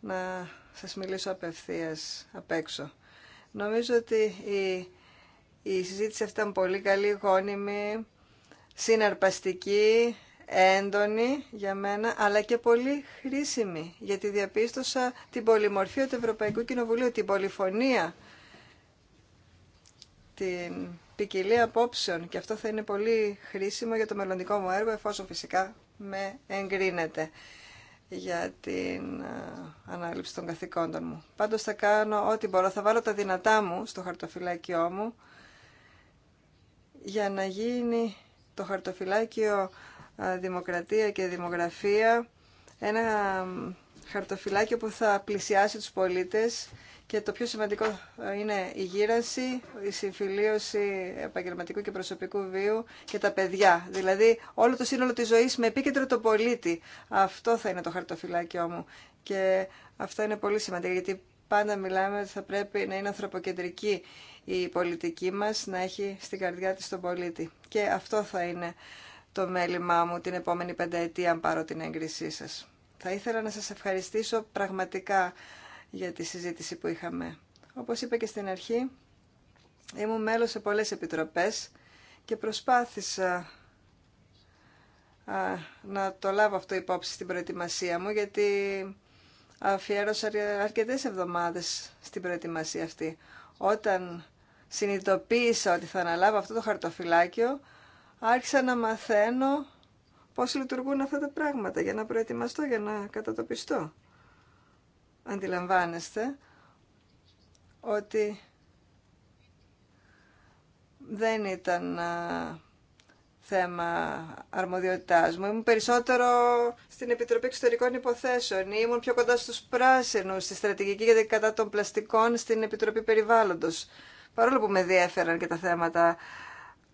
να σας μιλήσω απευθείας απ' έξω. Νομίζω ότι η, η συζήτηση αυτή ήταν πολύ καλή, γόνιμη, συναρπαστική, έντονη για μένα, αλλά και πολύ χρήσιμη, γιατί διαπίστωσα την πολυμορφία του Ευρωπαϊκού Κοινοβουλίου, την πολυφωνία, την ποικιλία απόψεων και αυτό θα είναι πολύ χρήσιμο για το μελλοντικό μου έργο, εφόσον φυσικά με εγκρίνεται για την ε, ανάληψη των καθηκόντων μου. Πάντως θα κάνω ό,τι μπορώ. Θα βάλω τα δυνατά μου στο χαρτοφυλάκιό μου για να γίνει το χαρτοφυλάκιο ε, Δημοκρατία και Δημογραφία ένα χαρτοφυλάκιο που θα πλησιάσει τους πολίτες και το πιο σημαντικό ε, είναι η γύρανση, η συμφιλίωση επαγγελματικού και προσωπικού βίου και τα παιδιά. Δηλαδή όλο το σύνολο της ζωής με επίκεντρο το πολίτη. Αυτό θα είναι το χαρτοφυλάκιό μου. Και αυτό είναι πολύ σημαντικό γιατί πάντα μιλάμε ότι θα πρέπει να είναι ανθρωποκεντρική η πολιτική μας, να έχει στην καρδιά της τον πολίτη. Και αυτό θα είναι το μέλημά μου την επόμενη πενταετία αν πάρω την έγκρισή σας. Θα ήθελα να σας ευχαριστήσω πραγματικά για τη συζήτηση που είχαμε. Όπως είπα και στην αρχή, ήμουν μέλος σε πολλές επιτροπές και προσπάθησα να το λάβω αυτό υπόψη στην προετοιμασία μου, γιατί αφιέρωσα αρκετές εβδομάδες στην προετοιμασία αυτή. Όταν συνειδητοποίησα ότι θα αναλάβω αυτό το χαρτοφυλάκιο, άρχισα να μαθαίνω πώς λειτουργούν αυτά τα πράγματα για να προετοιμαστώ, για να κατατοπιστώ αντιλαμβάνεστε ότι δεν ήταν θέμα αρμοδιότητάς μου. Ήμουν περισσότερο στην Επιτροπή Εξωτερικών Υποθέσεων ή ήμουν πιο κοντά στους πράσινους, στη στρατηγική για κατά των πλαστικών στην Επιτροπή Περιβάλλοντος. Παρόλο που με διέφεραν και τα θέματα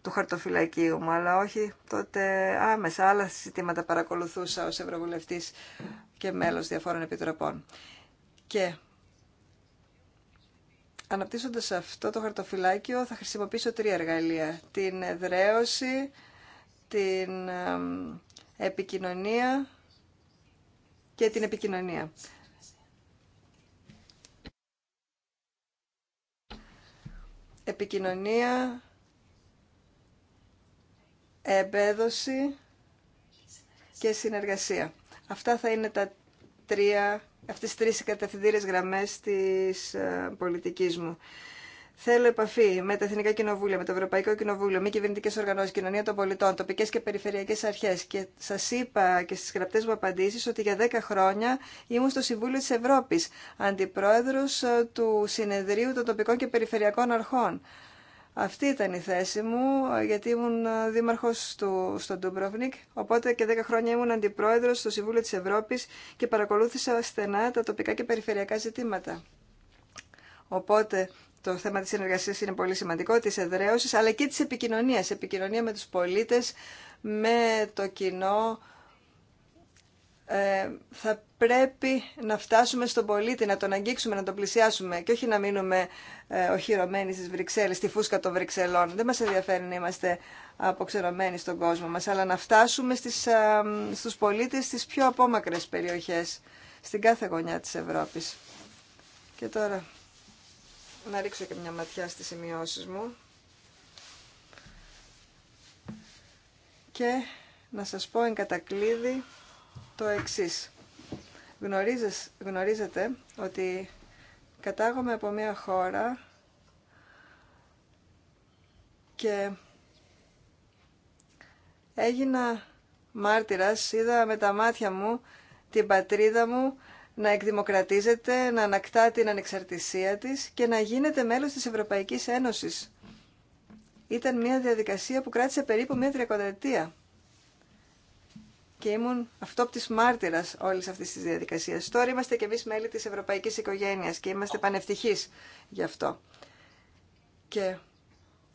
του χαρτοφυλακίου μου, αλλά όχι τότε άμεσα άλλα συστήματα παρακολουθούσα ως Ευρωβουλευτής και μέλος διαφόρων επιτροπών. Και αναπτύσσοντας αυτό το χαρτοφυλάκιο θα χρησιμοποιήσω τρία εργαλεία. Την εδραίωση, την επικοινωνία και την επικοινωνία. Επικοινωνία, εμπέδωση και συνεργασία. Αυτά θα είναι τα τρία αυτές τις τρεις κατευθυντήρες γραμμές της ε, πολιτικής μου. Θέλω επαφή με τα Εθνικά Κοινοβούλια, με το Ευρωπαϊκό Κοινοβούλιο, μη κυβερνητικέ οργανώσει, κοινωνία των πολιτών, τοπικέ και περιφερειακέ αρχέ. Και σα είπα και στι γραπτέ μου απαντήσει ότι για 10 χρόνια ήμουν στο Συμβούλιο τη Ευρώπη, αντιπρόεδρο ε, του Συνεδρίου των Τοπικών και Περιφερειακών Αρχών. Αυτή ήταν η θέση μου, γιατί ήμουν δήμαρχος του, στο Ντούμπροβνικ, οπότε και 10 χρόνια ήμουν αντιπρόεδρος στο Συμβούλιο της Ευρώπης και παρακολούθησα στενά τα τοπικά και περιφερειακά ζητήματα. Οπότε το θέμα της συνεργασίας είναι πολύ σημαντικό, της εδραίωσης, αλλά και της επικοινωνίας. Επικοινωνία με τους πολίτες, με το κοινό, ε, θα πρέπει να φτάσουμε στον πολίτη, να τον αγγίξουμε, να τον πλησιάσουμε και όχι να μείνουμε ε, οχυρωμένοι στις Βρυξέλλες, στη φούσκα των Βρυξελών. Δεν μας ενδιαφέρει να είμαστε αποξερωμένοι στον κόσμο μας, αλλά να φτάσουμε στις, ε, στους πολίτες στις πιο απόμακρες περιοχές, στην κάθε γωνιά της Ευρώπης. Και τώρα να ρίξω και μια ματιά στις σημειώσεις μου. Και να σας πω εν το εξής. Γνωρίζετε ότι κατάγομαι από μια χώρα και έγινα μάρτυρας, είδα με τα μάτια μου την πατρίδα μου να εκδημοκρατίζεται, να ανακτά την ανεξαρτησία της και να γίνεται μέλος της Ευρωπαϊκής Ένωσης. Ήταν μια διαδικασία που κράτησε περίπου μια τριακονταετία και ήμουν αυτόπτης μάρτυρας όλης αυτής της διαδικασίας. Τώρα είμαστε και εμείς μέλη της ευρωπαϊκής οικογένειας και είμαστε πανευτυχείς γι' αυτό. Και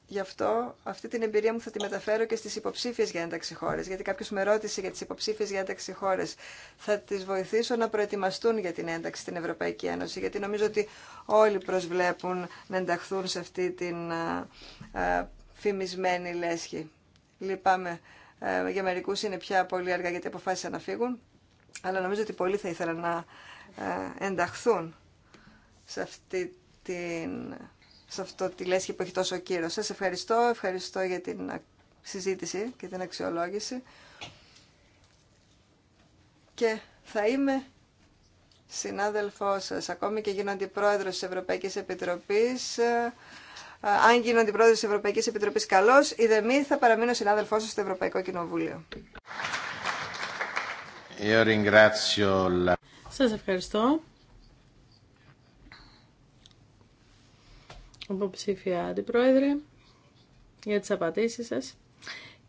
γι' αυτό αυτή την εμπειρία μου θα τη μεταφέρω και στις υποψήφιες για ένταξη χώρες, γιατί κάποιος με ρώτησε για τις υποψήφιες για ένταξη χώρες. Θα τις βοηθήσω να προετοιμαστούν για την ένταξη στην Ευρωπαϊκή Ένωση, γιατί νομίζω ότι όλοι προσβλέπουν να ενταχθούν σε αυτή την φημισμένη λέσχη. Λυπάμαι ε, για μερικούς είναι πια πολύ αργά γιατί αποφάσισαν να φύγουν, αλλά νομίζω ότι πολλοί θα ήθελαν να ε, ενταχθούν σε, αυτή αυτό τη λέσχη που έχει τόσο κύρος. Σας ευχαριστώ, ευχαριστώ για την συζήτηση και την αξιολόγηση και θα είμαι συνάδελφός σας, ακόμη και γίνονται πρόεδρος της Ευρωπαϊκής Επιτροπής, ε, ε, αν γίνω αντιπρόεδρο τη Ευρωπαϊκή Επιτροπή, καλώ. Η δεμή θα παραμείνω συνάδελφό σα στο Ευρωπαϊκό Κοινοβούλιο. Σα ευχαριστώ. Υποψήφια Αντιπρόεδρε, για τις απαντήσεις σας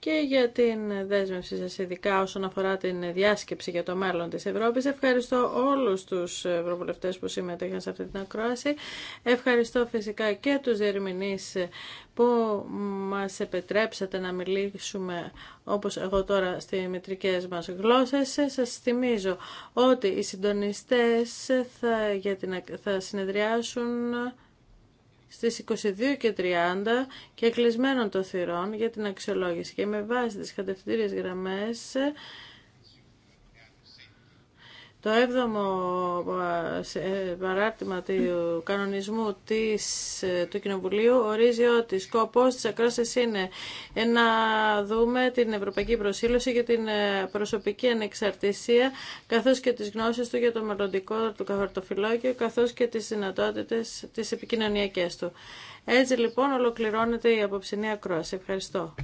και για την δέσμευση σας ειδικά όσον αφορά την διάσκεψη για το μέλλον της Ευρώπης. Ευχαριστώ όλους τους ευρωβουλευτές που συμμετείχαν σε αυτή την ακρόαση. Ευχαριστώ φυσικά και τους διερμηνείς που μας επιτρέψατε να μιλήσουμε όπως εγώ τώρα στις μητρικές μας γλώσσες. Σας θυμίζω ότι οι συντονιστές θα, για θα συνεδριάσουν στις 22 και 30 και κλεισμένων των θυρών για την αξιολόγηση και με βάση τις κατευθυντήριες γραμμές το έβδομο ε, ε, παράρτημα του κανονισμού της, ε, του Κοινοβουλίου ορίζει ότι σκοπός της ακρόσης είναι να δούμε την ευρωπαϊκή προσήλωση για την προσωπική ανεξαρτησία καθώς και τις γνώσεις του για το μελλοντικό του καθορτοφυλόγιο καθώς και τις δυνατότητες της επικοινωνιακές του. Έτσι λοιπόν ολοκληρώνεται η απόψηνή ακρόαση. Ευχαριστώ.